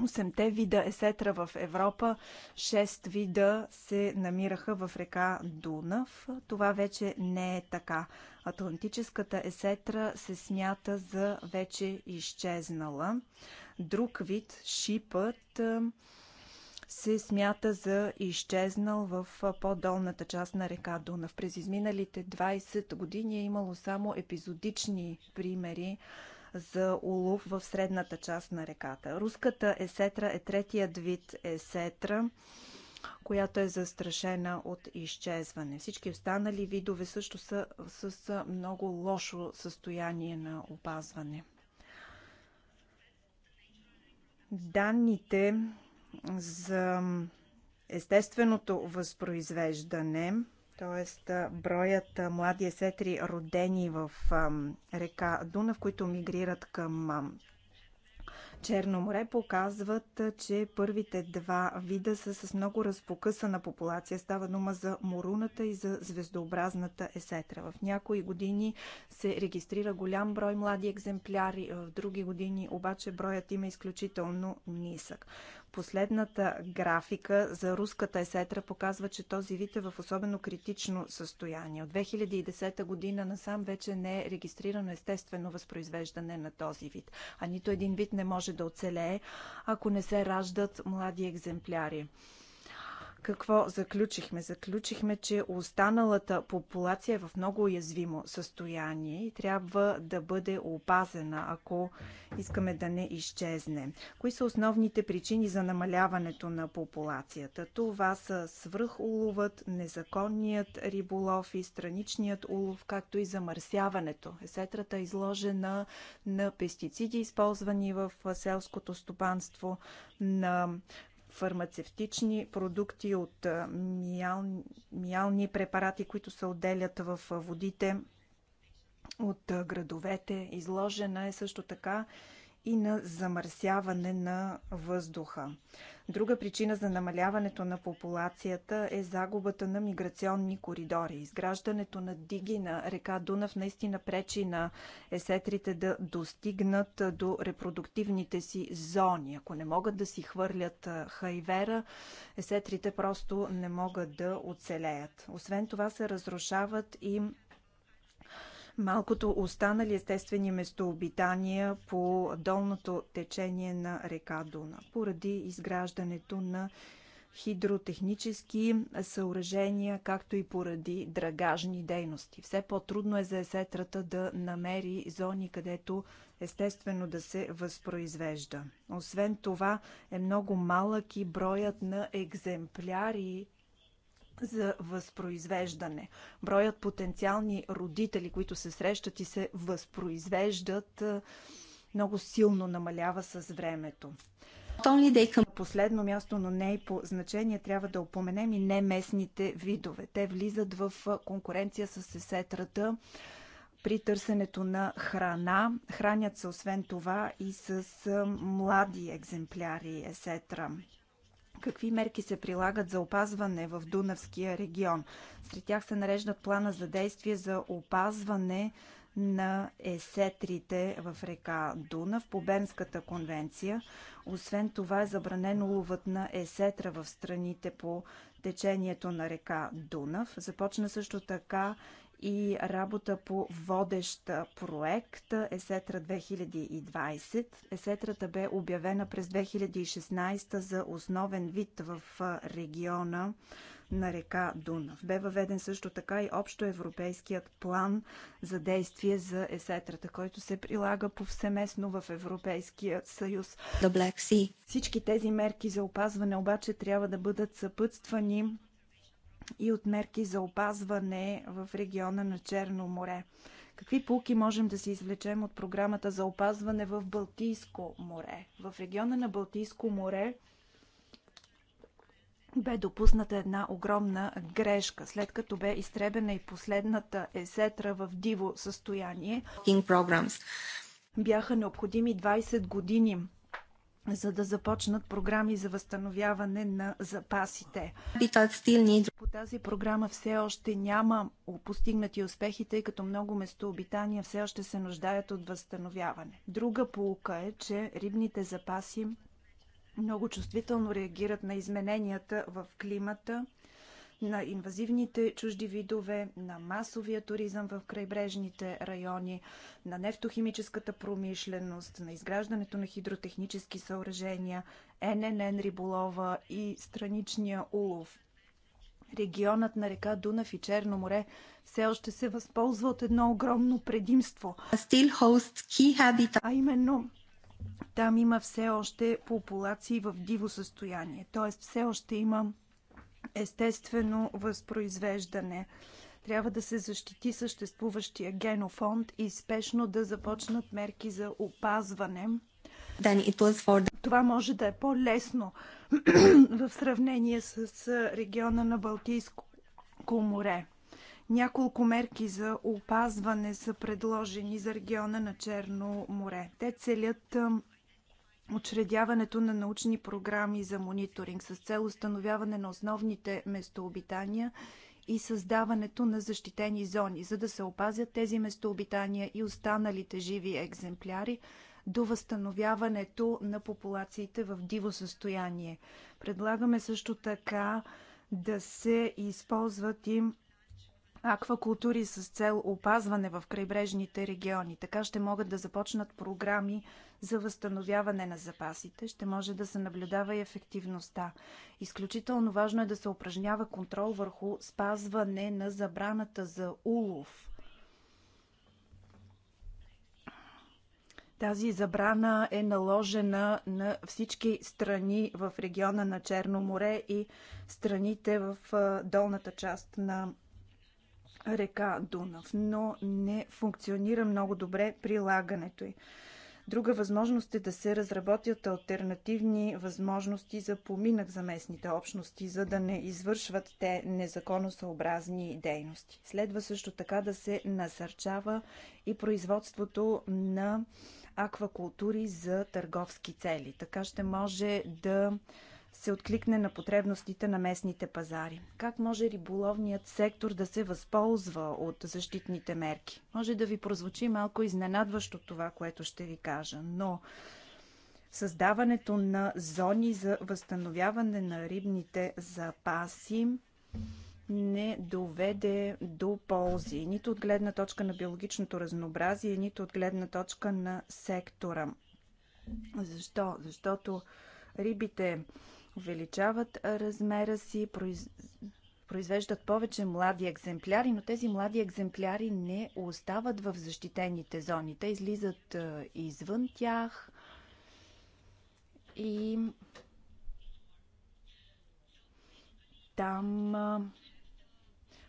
8-те вида есетра в Европа, 6 вида се намираха в река Дунав. Това вече не е така. Атлантическата есетра се смята за вече изчезнала. Друг вид, шипът, се смята за изчезнал в по-долната част на река Дунав. През изминалите 20 години е имало само епизодични примери за улов в средната част на реката. Руската есетра е третият вид есетра, която е застрашена от изчезване. Всички останали видове също са с много лошо състояние на опазване. Данните за естественото възпроизвеждане, т.е. броят млади есетри родени в река Дунав, които мигрират към Черно море показват, че първите два вида са с много разпокъсана популация. Става дума за моруната и за звездообразната есетра. В някои години се регистрира голям брой млади екземпляри, в други години обаче броят им е изключително нисък. Последната графика за руската есетра показва, че този вид е в особено критично състояние. От 2010 година насам вече не е регистрирано естествено възпроизвеждане на този вид. А нито един вид не може да оцелее, ако не се раждат млади екземпляри. Какво заключихме? Заключихме, че останалата популация е в много уязвимо състояние и трябва да бъде опазена, ако искаме да не изчезне. Кои са основните причини за намаляването на популацията? Това са свръхуловът, незаконният риболов и страничният улов, както и замърсяването. Есетрата е изложена на пестициди, използвани в селското стопанство, на фармацевтични продукти, от миял, миални препарати, които се отделят в водите от градовете. Изложена е също така и на замърсяване на въздуха. Друга причина за намаляването на популацията е загубата на миграционни коридори. Изграждането на диги на река Дунав наистина пречи на есетрите да достигнат до репродуктивните си зони. Ако не могат да си хвърлят хайвера, есетрите просто не могат да оцелеят. Освен това се разрушават и малкото останали естествени местообитания по долното течение на река Дуна, поради изграждането на хидротехнически съоръжения, както и поради драгажни дейности. Все по-трудно е за есетрата да намери зони, където естествено да се възпроизвежда. Освен това е много малък и броят на екземпляри за възпроизвеждане. Броят потенциални родители, които се срещат и се възпроизвеждат, е, много силно намалява с времето. На последно място, но не и по значение, трябва да опоменем и неместните видове. Те влизат в е, конкуренция с есетрата при търсенето на храна. Хранят се освен това и с е, млади екземпляри есетра. Какви мерки се прилагат за опазване в Дунавския регион? Сред тях се нареждат плана за действие за опазване на есетрите в река Дунав по Бенската конвенция. Освен това е забранен уловът на есетра в страните по течението на река Дунав. Започна също така и работа по водещ проект Есетра 2020. Есетрата бе обявена през 2016 за основен вид в региона на река Дунав. Бе въведен също така и общоевропейският план за действие за есетрата, който се прилага повсеместно в Европейския съюз. Всички тези мерки за опазване обаче трябва да бъдат съпътствани и от мерки за опазване в региона на Черно море. Какви полки можем да си извлечем от програмата за опазване в Балтийско море? В региона на Балтийско море бе допусната една огромна грешка, след като бе изтребена и последната есетра в диво състояние. Бяха необходими 20 години за да започнат програми за възстановяване на запасите. По тази програма все още няма постигнати успехи, тъй като много местообитания все още се нуждаят от възстановяване. Друга полука е, че рибните запаси много чувствително реагират на измененията в климата на инвазивните чужди видове, на масовия туризъм в крайбрежните райони, на нефтохимическата промишленост, на изграждането на хидротехнически съоръжения, ННН риболова и страничния улов. Регионът на река Дунав и Черно море все още се възползва от едно огромно предимство. А именно там има все още популации в диво състояние, т.е. все още има естествено възпроизвеждане. Трябва да се защити съществуващия генофонд и спешно да започнат мерки за опазване. Това може да е по-лесно [CLEARS THROAT] в сравнение с региона на Балтийско море. Няколко мерки за опазване са предложени за региона на Черно море. Те целят учредяването на научни програми за мониторинг с цел установяване на основните местообитания и създаването на защитени зони, за да се опазят тези местообитания и останалите живи екземпляри до възстановяването на популациите в диво състояние. Предлагаме също така да се използват им аквакултури с цел опазване в крайбрежните региони. Така ще могат да започнат програми за възстановяване на запасите, ще може да се наблюдава и ефективността. Изключително важно е да се упражнява контрол върху спазване на забраната за улов. Тази забрана е наложена на всички страни в региона на Черно море и страните в долната част на река Дунав, но не функционира много добре прилагането й. Друга възможност е да се разработят альтернативни възможности за поминък за местните общности, за да не извършват те незаконосъобразни дейности. Следва също така да се насърчава и производството на аквакултури за търговски цели. Така ще може да се откликне на потребностите на местните пазари? Как може риболовният сектор да се възползва от защитните мерки? Може да ви прозвучи малко изненадващо това, което ще ви кажа, но създаването на зони за възстановяване на рибните запаси не доведе до ползи, нито от гледна точка на биологичното разнообразие, нито от гледна точка на сектора. Защо? Защото рибите увеличават размера си, произвеждат повече млади екземпляри, но тези млади екземпляри не остават в защитените зони. Те излизат извън тях и там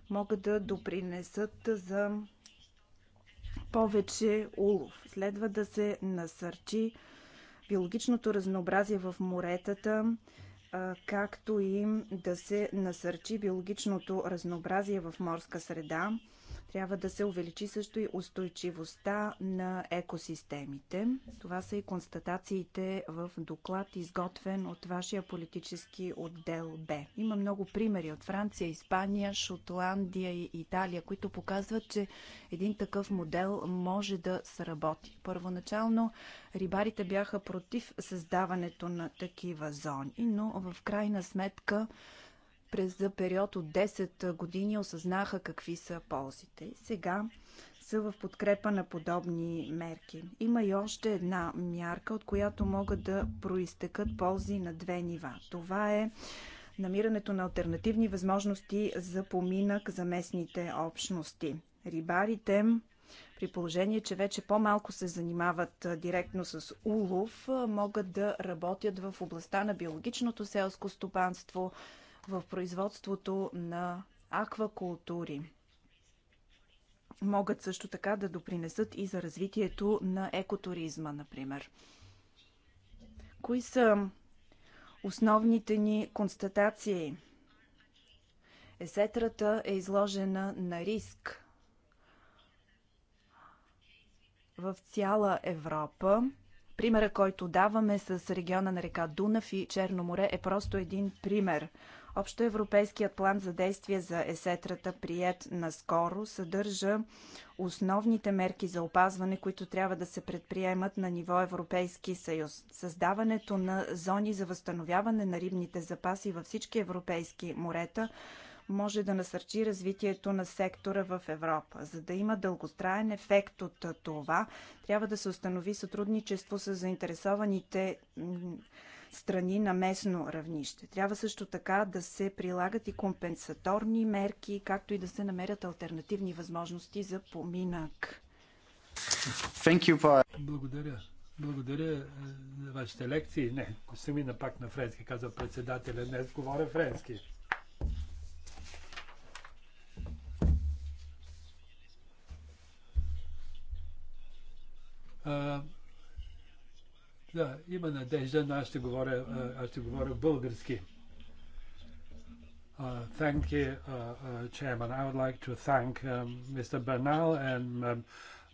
могат да допринесат за повече улов. Следва да се насърчи биологичното разнообразие в моретата, както и да се насърчи биологичното разнообразие в морска среда трябва да се увеличи също и устойчивостта на екосистемите. Това са и констатациите в доклад, изготвен от вашия политически отдел Б. Има много примери от Франция, Испания, Шотландия и Италия, които показват, че един такъв модел може да сработи. Първоначално рибарите бяха против създаването на такива зони, но в крайна сметка през за период от 10 години осъзнаха какви са ползите. Сега са в подкрепа на подобни мерки. Има и още една мярка, от която могат да проистекат ползи на две нива. Това е намирането на альтернативни възможности за поминък за местните общности. Рибарите при положение, че вече по-малко се занимават директно с улов, могат да работят в областта на биологичното селско стопанство, в производството на аквакултури. Могат също така да допринесат и за развитието на екотуризма, например. Кои са основните ни констатации? Есетрата е изложена на риск в цяла Европа. Примера, който даваме с региона на река Дунав и Черно море е просто един пример – Общо европейският план за действие за есетрата, прият наскоро, съдържа основните мерки за опазване, които трябва да се предприемат на ниво Европейски съюз. Създаването на зони за възстановяване на рибните запаси във всички европейски морета може да насърчи развитието на сектора в Европа. За да има дългостраен ефект от това, трябва да се установи сътрудничество с заинтересованите страни на местно равнище. Трябва също така да се прилагат и компенсаторни мерки, както и да се намерят альтернативни възможности за поминък. Thank you for... Благодаря. Благодаря за е, вашите лекции. Не, се мина пак на френски, каза председателя. Днес говоря френски. Uh... Да, има надежда, но аз ще говоря, аз ще говоря български. Uh, thank you, uh, uh, Chairman. I would like to thank um, Mr. Bernal and um,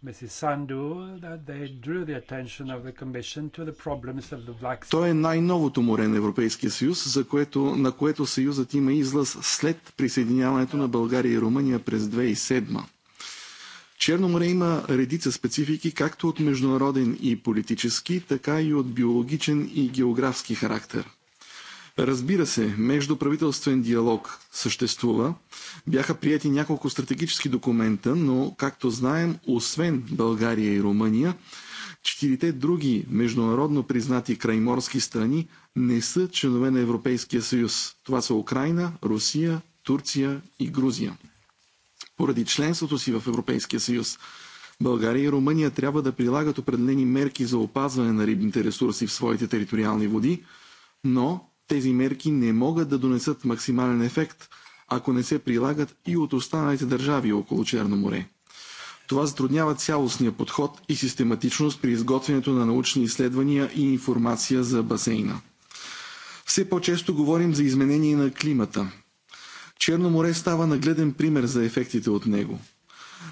Mrs. Sandu that they drew the attention of the Commission to the problems of the Black Sea. То е най-новото море на Европейския съюз, за което, на което Съюзът има излъз след присъединяването на България и Румъния през 2007. Черно море има редица специфики, както от международен и политически, така и от биологичен и географски характер. Разбира се, междуправителствен диалог съществува. Бяха прияти няколко стратегически документа, но, както знаем, освен България и Румъния, четирите други международно признати крайморски страни не са членове на Европейския съюз. Това са Украина, Русия, Турция и Грузия. Поради членството си в Европейския съюз, България и Румъния трябва да прилагат определени мерки за опазване на рибните ресурси в своите териториални води, но тези мерки не могат да донесат максимален ефект, ако не се прилагат и от останалите държави около Черно море. Това затруднява цялостния подход и систематичност при изготвянето на научни изследвания и информация за басейна. Все по-често говорим за изменение на климата, Черно море става нагледен пример за ефектите от него.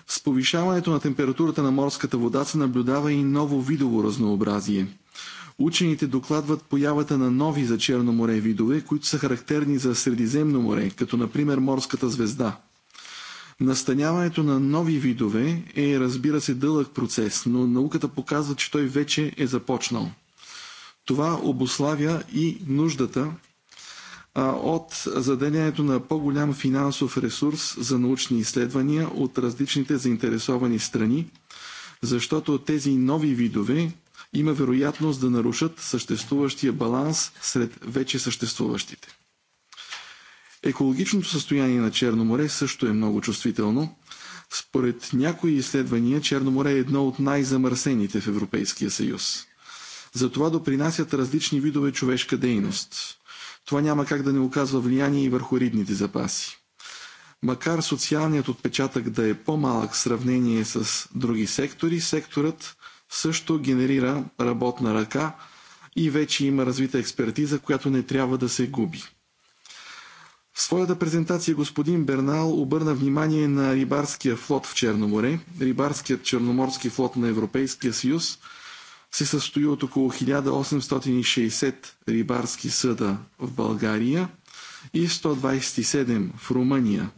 С повишаването на температурата на морската вода се наблюдава и ново видово разнообразие. Учените докладват появата на нови за Черно море видове, които са характерни за Средиземно море, като например морската звезда. Настаняването на нови видове е, разбира се, дълъг процес, но науката показва, че той вече е започнал. Това обославя и нуждата от заделянето на по-голям финансов ресурс за научни изследвания от различните заинтересовани страни, защото тези нови видове има вероятност да нарушат съществуващия баланс сред вече съществуващите. Екологичното състояние на Черно море също е много чувствително. Според някои изследвания Черно море е едно от най-замърсените в Европейския съюз. За това допринасят различни видове човешка дейност – това няма как да не оказва влияние и върху ридните запаси. Макар социалният отпечатък да е по-малък в сравнение с други сектори, секторът също генерира работна ръка и вече има развита експертиза, която не трябва да се губи. В своята презентация господин Бернал обърна внимание на рибарския флот в Черноморе. Рибарският черноморски флот на Европейския съюз – се състои от около 1860 рибарски съда в България и 127 в Румъния.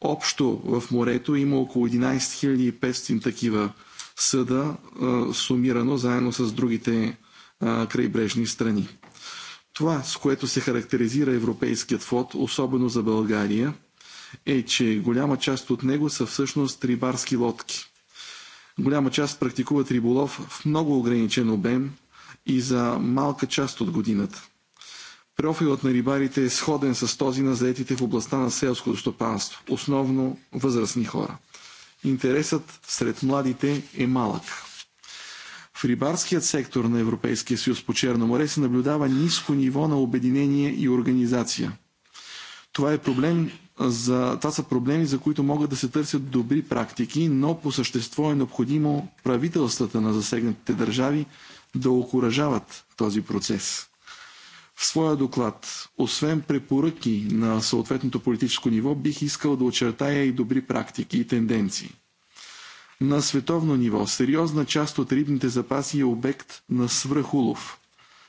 Общо в морето има около 11 500 такива съда, сумирано заедно с другите крайбрежни страни. Това, с което се характеризира европейският флот, особено за България, е, че голяма част от него са всъщност рибарски лодки – Голяма част практикуват риболов в много ограничен обем и за малка част от годината. Профилът на рибарите е сходен с този на заетите в областта на селското стопанство, основно възрастни хора. Интересът сред младите е малък. В рибарският сектор на Европейския съюз по Черно море се наблюдава ниско ниво на обединение и организация. Това е проблем, за, това са проблеми, за които могат да се търсят добри практики, но по същество е необходимо правителствата на засегнатите държави да окоръжават този процес. В своя доклад, освен препоръки на съответното политическо ниво, бих искал да очертая и добри практики и тенденции. На световно ниво сериозна част от рибните запаси е обект на свръхулов –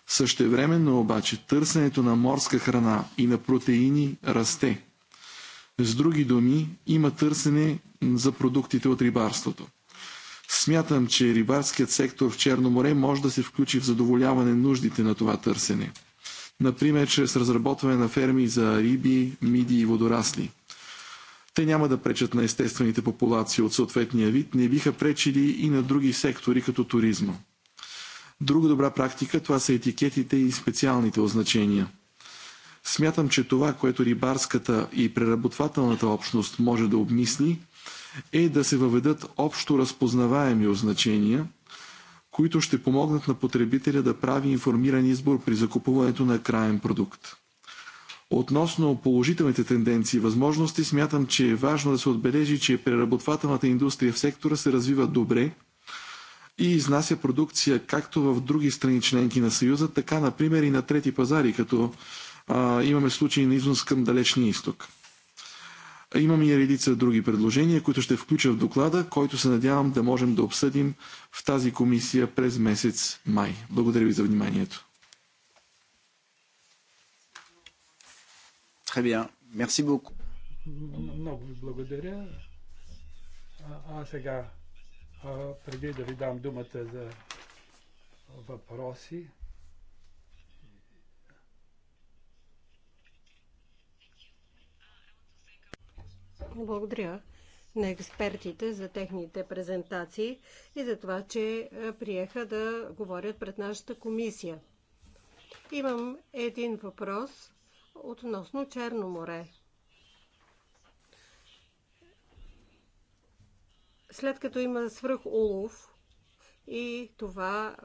Същевременно обаче търсенето на морска храна и на протеини расте. С други думи, има търсене за продуктите от рибарството. Смятам, че рибарският сектор в Черно море може да се включи в задоволяване нуждите на това търсене. Например, чрез разработване на ферми за риби, миди и водорасли. Те няма да пречат на естествените популации от съответния вид, не биха пречили и на други сектори, като туризма. Друга добра практика това са етикетите и специалните означения – Смятам, че това, което рибарската и преработвателната общност може да обмисли, е да се въведат общо разпознаваеми означения, които ще помогнат на потребителя да прави информиран избор при закупуването на краен продукт. Относно положителните тенденции и възможности, смятам, че е важно да се отбележи, че преработвателната индустрия в сектора се развива добре и изнася продукция както в други страни членки на Съюза, така, например, и на трети пазари, като имаме случаи на износ към далечния изток. Имам и редица други предложения, които ще включа в доклада, който се надявам да можем да обсъдим в тази комисия през месец май. Благодаря ви за вниманието. Très Много ви благодаря. А, а сега, а, преди да ви дам думата за въпроси, Благодаря на експертите за техните презентации и за това, че приеха да говорят пред нашата комисия. Имам един въпрос относно Черно море. След като има свръх Улов и това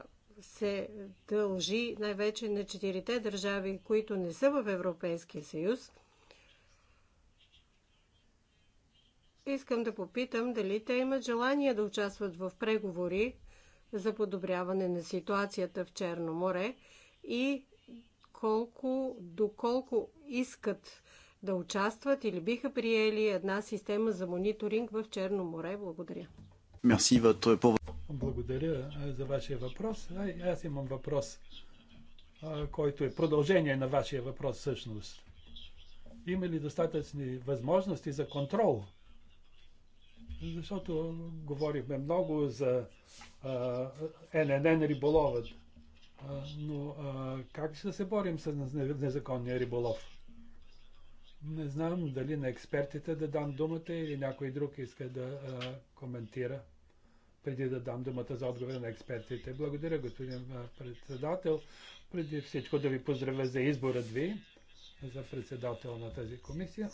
се дължи най-вече на четирите държави, които не са в Европейския съюз – искам да попитам дали те имат желание да участват в преговори за подобряване на ситуацията в Черно море и колко, доколко искат да участват или биха приели една система за мониторинг в Черно море. Благодаря. Благодаря за вашия въпрос. Аз имам въпрос, който е продължение на вашия въпрос всъщност. Има ли достатъчни възможности за контрол защото говорихме много за а, ННН риболовът. А, но а, как ще се борим с незаконния риболов? Не знам дали на експертите да дам думата или някой друг иска да а, коментира преди да дам думата за отговора на експертите. Благодаря, господин председател. Преди всичко да ви поздравя за изборът ви за председател на тази комисия.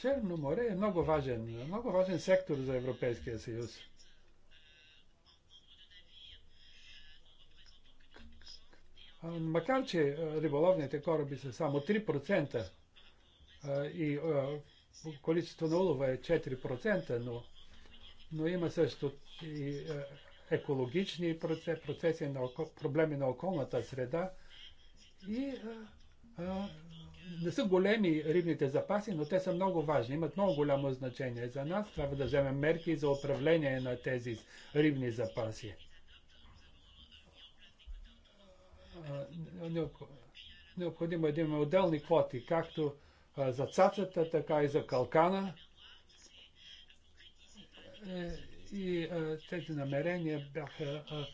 Черно море е много важен, много важен сектор за Европейския съюз. Макар, че риболовните кораби са само 3% и количество на улова е 4%, но, но има също и екологични процеси, на проблеми на околната среда и не са големи рибните запаси, но те са много важни, имат много голямо значение за нас. Трябва да вземем мерки за управление на тези рибни запаси. Необходимо е да имаме отделни квоти, както за цацата, така и за калкана. Е, и а, тези намерения бяха а,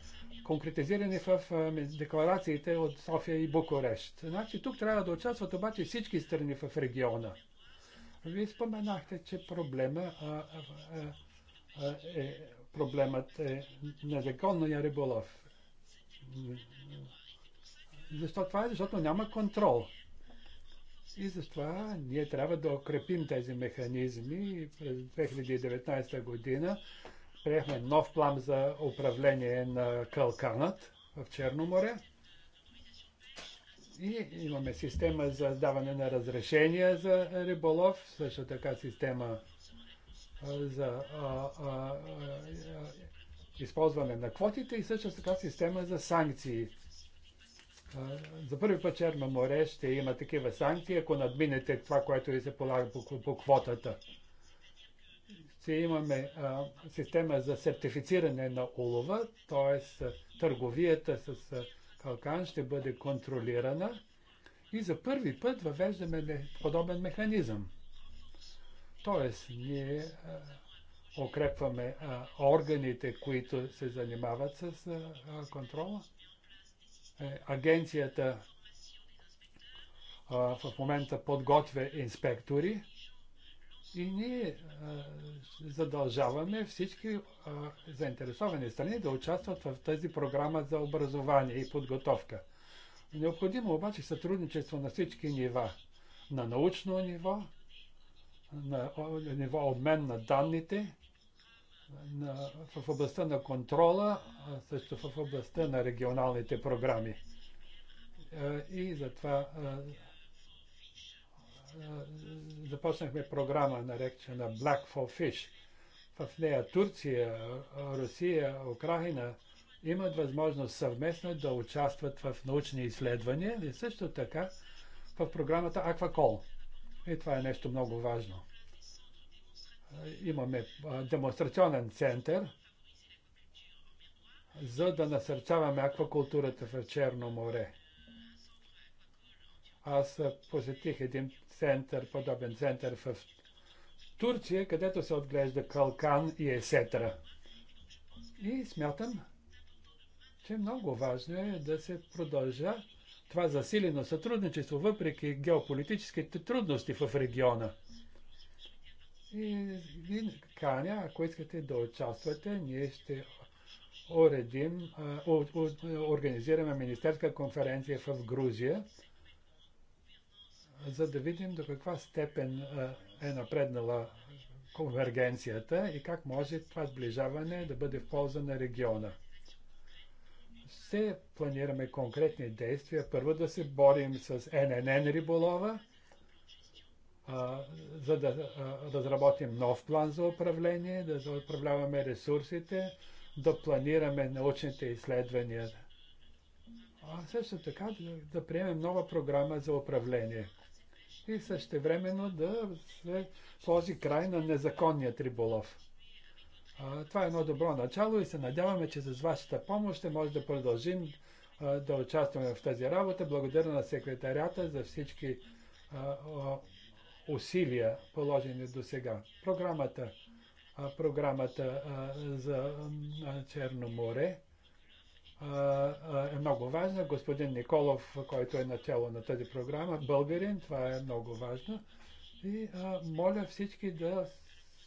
конкретизирани в а, декларациите от София и Букурещ. Значи тук трябва да участват обаче всички страни в региона. Вие споменахте, че проблема, а, а, а, е, проблемът е незаконния е риболов. Защо това е? Защото няма контрол. И затова ние трябва да укрепим тези механизми. През 2019 година приехме нов план за управление на Калканът в Черно море. И имаме система за даване на разрешения за риболов, също така система за а, а, а, използване на квотите и също така система за санкции. За първи път Черно море ще има такива санкции, ако надминете това, което ви се полага по, по квотата ще имаме а, система за сертифициране на улова, т.е. търговията с калкан ще бъде контролирана и за първи път въвеждаме подобен механизъм. Т.е. ние укрепваме органите, които се занимават с контрола. Е, агенцията в момента подготвя инспектори, и ние а, задължаваме всички а, заинтересовани страни да участват в тази програма за образование и подготовка. Необходимо обаче сътрудничество на всички нива. На научно ниво, на ниво обмен на данните, на, в областта на контрола, а също в областта на регионалните програми. И затова започнахме програма, наречена Black for Fish. В нея Турция, Русия, Украина имат възможност съвместно да участват в научни изследвания и също така в програмата Аквакол. И това е нещо много важно. Имаме демонстрационен център, за да насърчаваме аквакултурата в Черно море. Аз посетих един център, подобен център в Турция, където се отглежда калкан и есетра. И смятам, че много важно е да се продължа това засилено сътрудничество, въпреки геополитическите трудности в региона. И ви каня, ако искате да участвате, ние ще уредим, организираме министерска конференция в Грузия за да видим до каква степен е напреднала конвергенцията и как може това сближаване да бъде в полза на региона. Ще планираме конкретни действия. Първо да се борим с ННН риболова, за да разработим нов план за управление, да управляваме ресурсите, да планираме научните изследвания. А също така да приемем нова програма за управление и същевременно да се сложи край на незаконния риболов. А, това е едно добро начало и се надяваме, че с вашата помощ ще може да продължим а, да участваме в тази работа. Благодаря на секретарята за всички а, усилия, положени до сега. Програмата, програмата за Черно море е много важна. Господин Николов, който е начало на тази програма, българин, това е много важно. И а, моля всички да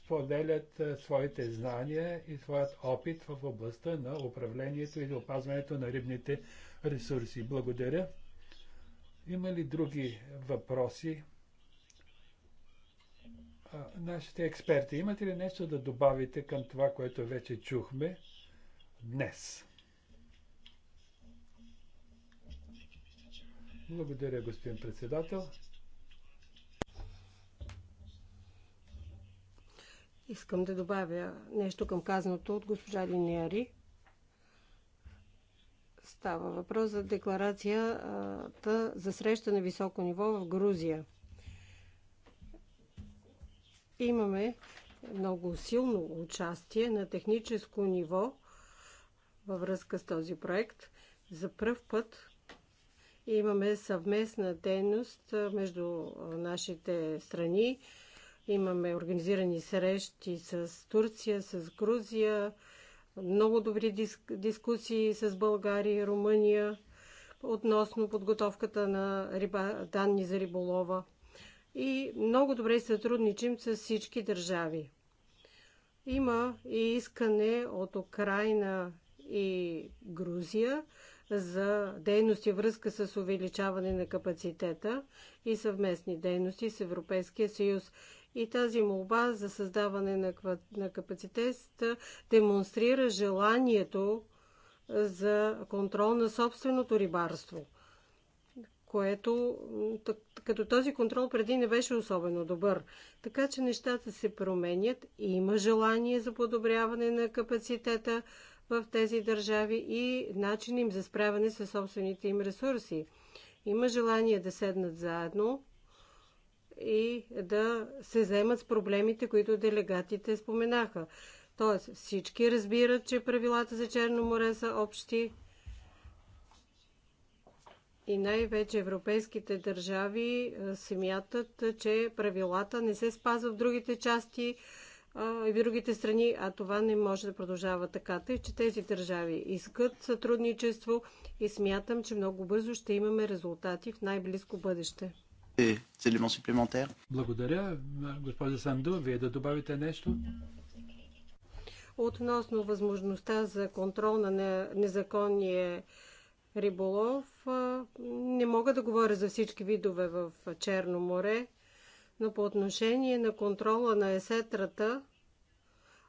споделят а, своите знания и своят опит в областта на управлението и опазването на рибните ресурси. Благодаря. Има ли други въпроси? А, нашите експерти, имате ли нещо да добавите към това, което вече чухме днес? Благодаря, господин председател. Искам да добавя нещо към казаното от госпожа Линиари. Става въпрос за декларацията за среща на високо ниво в Грузия. Имаме много силно участие на техническо ниво във връзка с този проект. За първ път Имаме съвместна дейност между нашите страни. Имаме организирани срещи с Турция, с Грузия, много добри дискусии с България и Румъния относно подготовката на риба, данни за риболова. И много добре сътрудничим с всички държави. Има и искане от Украина и Грузия за дейности връзка с увеличаване на капацитета и съвместни дейности с Европейския съюз. И тази молба за създаване на, на капацитет демонстрира желанието за контрол на собственото рибарство, което като този контрол преди не беше особено добър. Така че нещата се променят и има желание за подобряване на капацитета в тези държави и начин им за справяне с собствените им ресурси. Има желание да седнат заедно и да се заемат с проблемите, които делегатите споменаха. Тоест всички разбират, че правилата за Черно море са общи и най-вече европейските държави смятат, че правилата не се спазват в другите части и в другите страни, а това не може да продължава така. Тъй, че тези държави искат сътрудничество и смятам, че много бързо ще имаме резултати в най-близко бъдеще. Е, Благодаря, госпожа Санду. Вие да добавите нещо? Относно възможността за контрол на незаконния риболов, не мога да говоря за всички видове в Черно море, но по отношение на контрола на есетрата,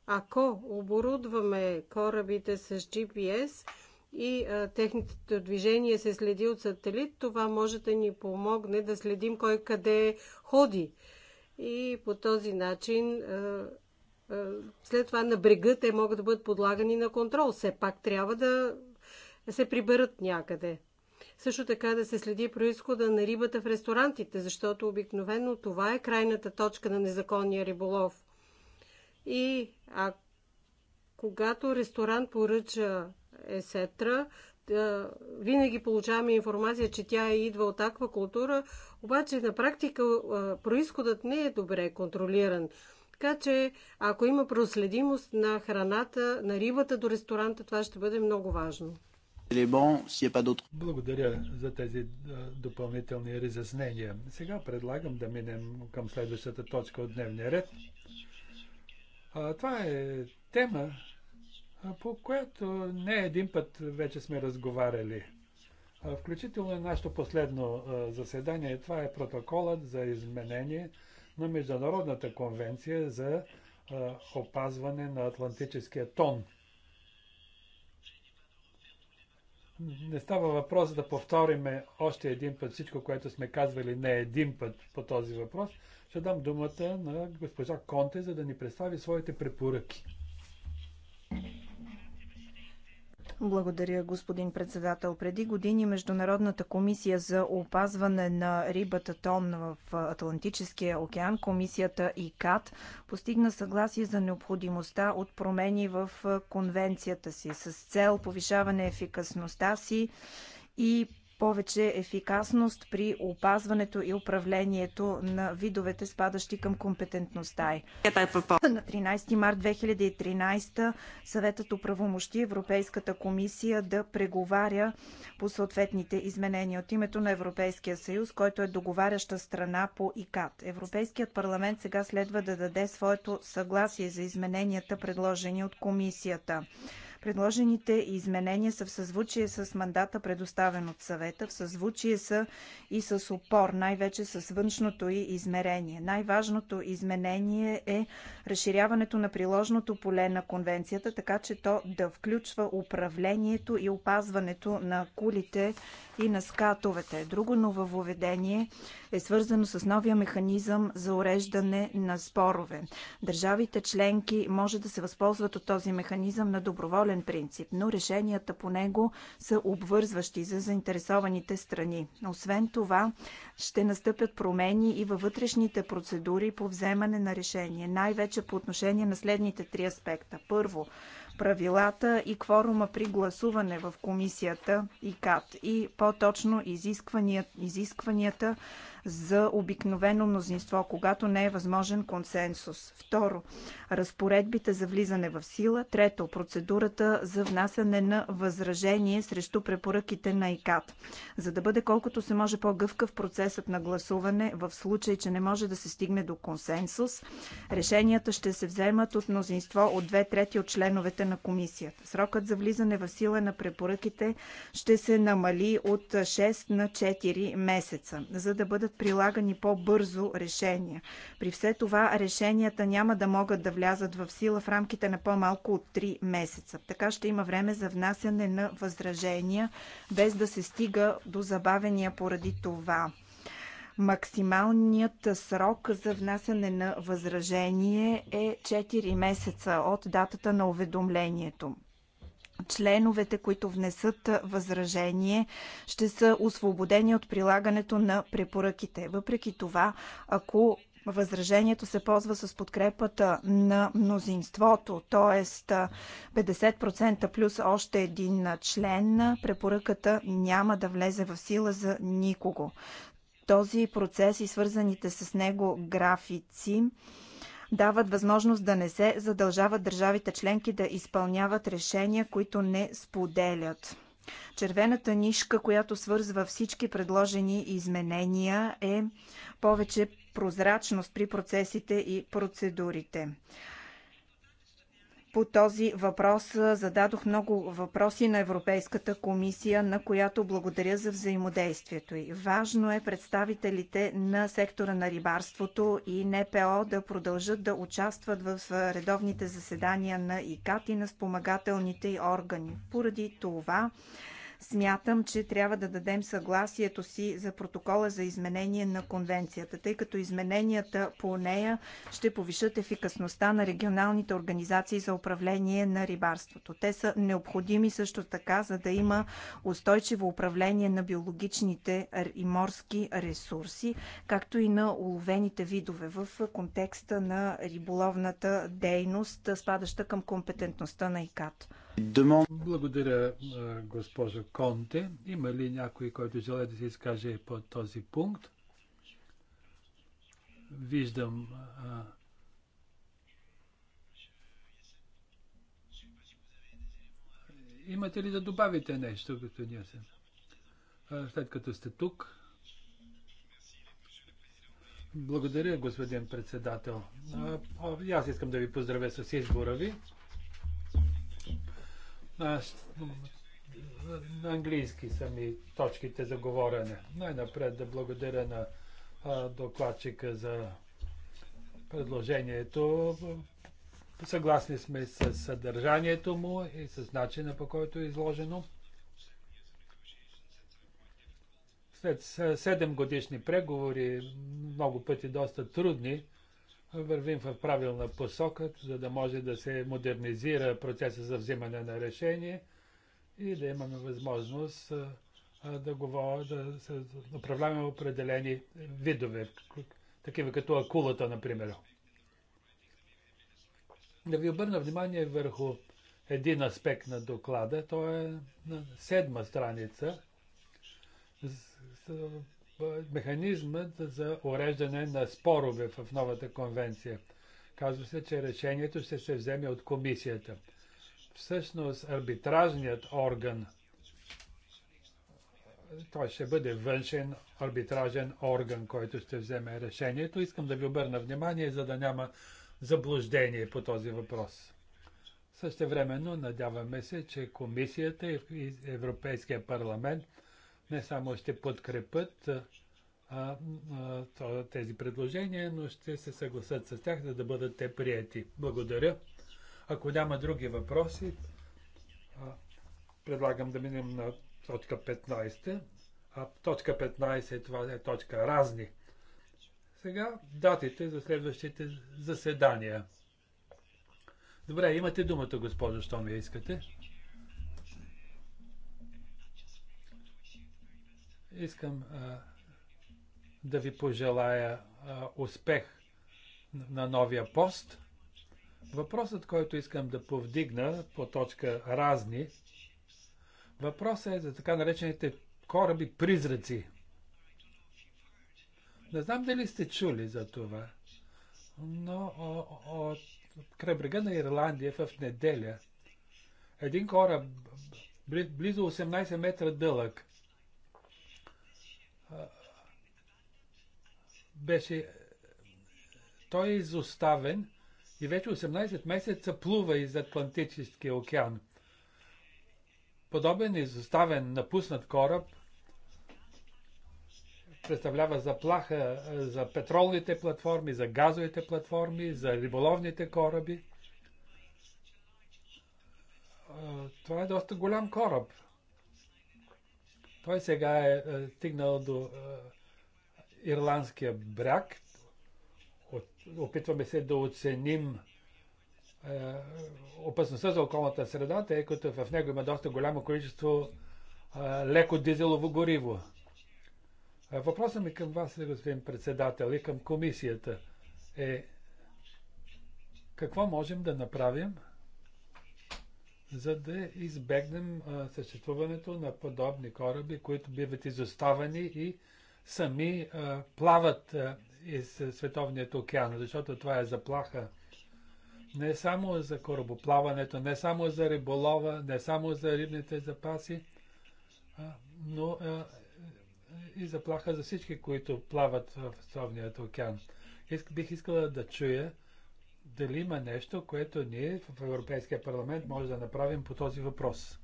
ако оборудваме корабите с GPS и а, техните движение се следи от сателит, това може да ни помогне да следим кой къде ходи. И по този начин а, а, след това на брега те могат да бъдат подлагани на контрол. Все пак трябва да се приберат някъде. Също така да се следи происхода на рибата в ресторантите, защото обикновено това е крайната точка на незаконния риболов. И а, когато ресторант поръча есетра, винаги получаваме информация, че тя идва от аквакултура, обаче на практика происходът не е добре контролиран. Така че, ако има проследимост на храната, на рибата до ресторанта, това ще бъде много важно. Благодаря за тези допълнителни разяснения. Сега предлагам да минем към следващата точка от дневния ред. А, това е тема, по която не един път вече сме разговаряли. А, включително нашето последно а, заседание. Това е протоколът за изменение на Международната конвенция за опазване на Атлантическия тон – не става въпрос да повториме още един път всичко, което сме казвали не един път по този въпрос. Ще дам думата на госпожа Конте, за да ни представи своите препоръки. Благодаря, господин председател. Преди години Международната комисия за опазване на рибата тон в Атлантическия океан, комисията ИКАТ, постигна съгласие за необходимостта от промени в конвенцията си с цел повишаване ефикасността си и повече ефикасност при опазването и управлението на видовете, спадащи към компетентността й. На 13 март 2013 съветът оправомощи Европейската комисия да преговаря по съответните изменения от името на Европейския съюз, който е договаряща страна по ИКАТ. Европейският парламент сега следва да даде своето съгласие за измененията, предложени от комисията. Предложените изменения са в съзвучие с мандата, предоставен от съвета, в съзвучие са и с опор, най-вече с външното и измерение. Най-важното изменение е разширяването на приложното поле на конвенцията, така че то да включва управлението и опазването на кулите и на скатовете. Друго нововведение е свързано с новия механизъм за уреждане на спорове. Държавите членки може да се възползват от този механизъм на доброволен принцип, но решенията по него са обвързващи за заинтересованите страни. Освен това, ще настъпят промени и във вътрешните процедури по вземане на решение, най-вече по отношение на следните три аспекта. Първо, правилата и кворума при гласуване в комисията и КАТ и по-точно изискванията за обикновено мнозинство, когато не е възможен консенсус. Второ, разпоредбите за влизане в сила. Трето, процедурата за внасяне на възражение срещу препоръките на ИКАТ. За да бъде колкото се може по-гъвкав процесът на гласуване в случай, че не може да се стигне до консенсус, решенията ще се вземат от мнозинство от две трети от членовете на комисията. Срокът за влизане в сила на препоръките ще се намали от 6 на 4 месеца, за да бъдат бъдат прилагани по-бързо решения. При все това решенията няма да могат да влязат в сила в рамките на по-малко от 3 месеца. Така ще има време за внасяне на възражения, без да се стига до забавения поради това. Максималният срок за внасяне на възражение е 4 месеца от датата на уведомлението. Членовете, които внесат възражение, ще са освободени от прилагането на препоръките. Въпреки това, ако възражението се ползва с подкрепата на мнозинството, т.е. 50% плюс още един член, препоръката няма да влезе в сила за никого. Този процес и свързаните с него графици дават възможност да не се задължават държавите членки да изпълняват решения, които не споделят. Червената нишка, която свързва всички предложени изменения е повече прозрачност при процесите и процедурите. По този въпрос зададох много въпроси на Европейската комисия, на която благодаря за взаимодействието й. Важно е представителите на сектора на рибарството и НПО да продължат да участват в редовните заседания на ИКАТ и на спомагателните й органи. Поради това смятам, че трябва да дадем съгласието си за протокола за изменение на конвенцията, тъй като измененията по нея ще повишат ефикасността на регионалните организации за управление на рибарството. Те са необходими също така, за да има устойчиво управление на биологичните и морски ресурси, както и на уловените видове в контекста на риболовната дейност, спадаща към компетентността на ИКАТО. Благодаря, госпожо Конте. Има ли някой, който желая да се изкаже по този пункт? Виждам. Имате ли да добавите нещо, господин Ясен? След като сте тук. Благодаря, господин председател. аз искам да ви поздравя с избора ви. Аз, на английски са ми точките за говорене. Най-напред да благодаря на а, докладчика за предложението. Съгласни сме с съдържанието му и с начина по който е изложено. След 7 годишни преговори, много пъти доста трудни, вървим в правилна посока, за да може да се модернизира процеса за взимане на решение и да имаме възможност да говоря, да се управляваме определени видове, такива като акулата, например. Да ви обърна внимание върху един аспект на доклада, то е на седма страница механизмът за уреждане на спорове в новата конвенция. Казва се, че решението ще се вземе от комисията. Всъщност арбитражният орган, той ще бъде външен арбитражен орган, който ще вземе решението. Искам да ви обърна внимание, за да няма заблуждение по този въпрос. Същевременно надяваме се, че комисията и Европейския парламент – не само ще подкрепят а, а, тези предложения, но ще се съгласат с тях, за да бъдат те прияти. Благодаря. Ако няма други въпроси, а, предлагам да минем на точка 15. А точка 15 това е точка разни. Сега датите за следващите заседания. Добре, имате думата, госпожо, що ми искате. Искам а, да ви пожелая а, успех на новия пост. Въпросът, който искам да повдигна по точка разни, въпросът е за така наречените кораби призраци. Не знам дали сте чули за това, но от край брега на Ирландия в неделя един кораб близо 18 метра дълъг беше той е изоставен и вече 18 месеца плува из Атлантическия океан. Подобен изоставен, напуснат кораб представлява заплаха за петролните платформи, за газовите платформи, за риболовните кораби. Това е доста голям кораб. Той сега е, е стигнал до е, ирландския бряг. Опитваме се да оценим е, опасността за околната среда, тъй като в него има доста голямо количество леко дизелово гориво. Въпросът ми към вас, господин председател, и към комисията е какво можем да направим – за да избегнем съществуването на подобни кораби, които биват изоставани и сами плават из Световният океан, защото това е заплаха не само за корабоплаването, не само за риболова, не само за рибните запаси, но и заплаха за всички, които плават в Световният океан. бих искала да чуя дали има нещо, което ние в Европейския парламент може да направим по този въпрос?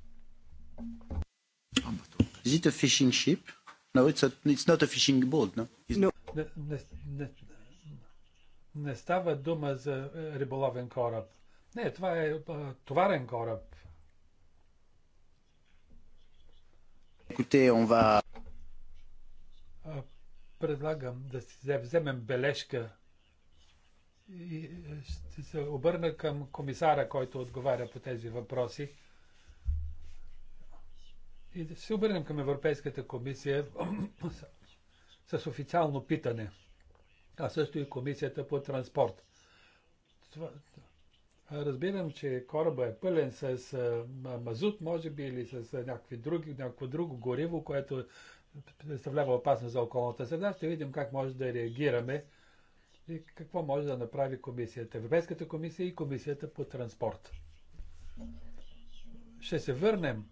Is it a fishing ship? No, it's, a, it's not a fishing boat, no? no. Не, не, не, не става дума за е, риболовен кораб. Не, това е, е товарен кораб. Écoutez, on va... Предлагам да си вземем бележка и е, ще се обърна към комисара, който отговаря по тези въпроси. И да се обърнем към Европейската комисия с, [CLEARS THROAT] с официално питане, а също и комисията по транспорт. Това, разбирам, че кораба е пълен с а, е, мазут, може би, или с а, е, някакви други, някакво друго гориво, което представлява опасност за околната среда. Ще видим как може да реагираме и какво може да направи комисията, Европейската комисия и комисията по транспорт. Ще се върнем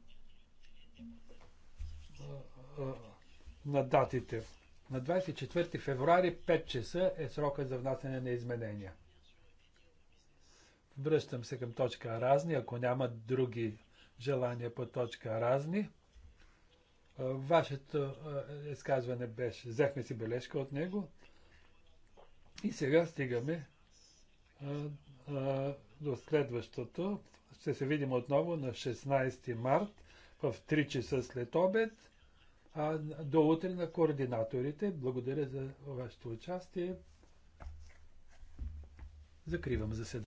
на датите. На 24 февруари 5 часа е срока за внасяне на изменения. Връщам се към точка разни, ако няма други желания по точка разни. Вашето изказване беше, взехме си бележка от него. И сега стигаме а, а, до следващото. Ще се видим отново на 16 март в 3 часа след обед. А до утре на координаторите. Благодаря за вашето участие. Закривам заседанието.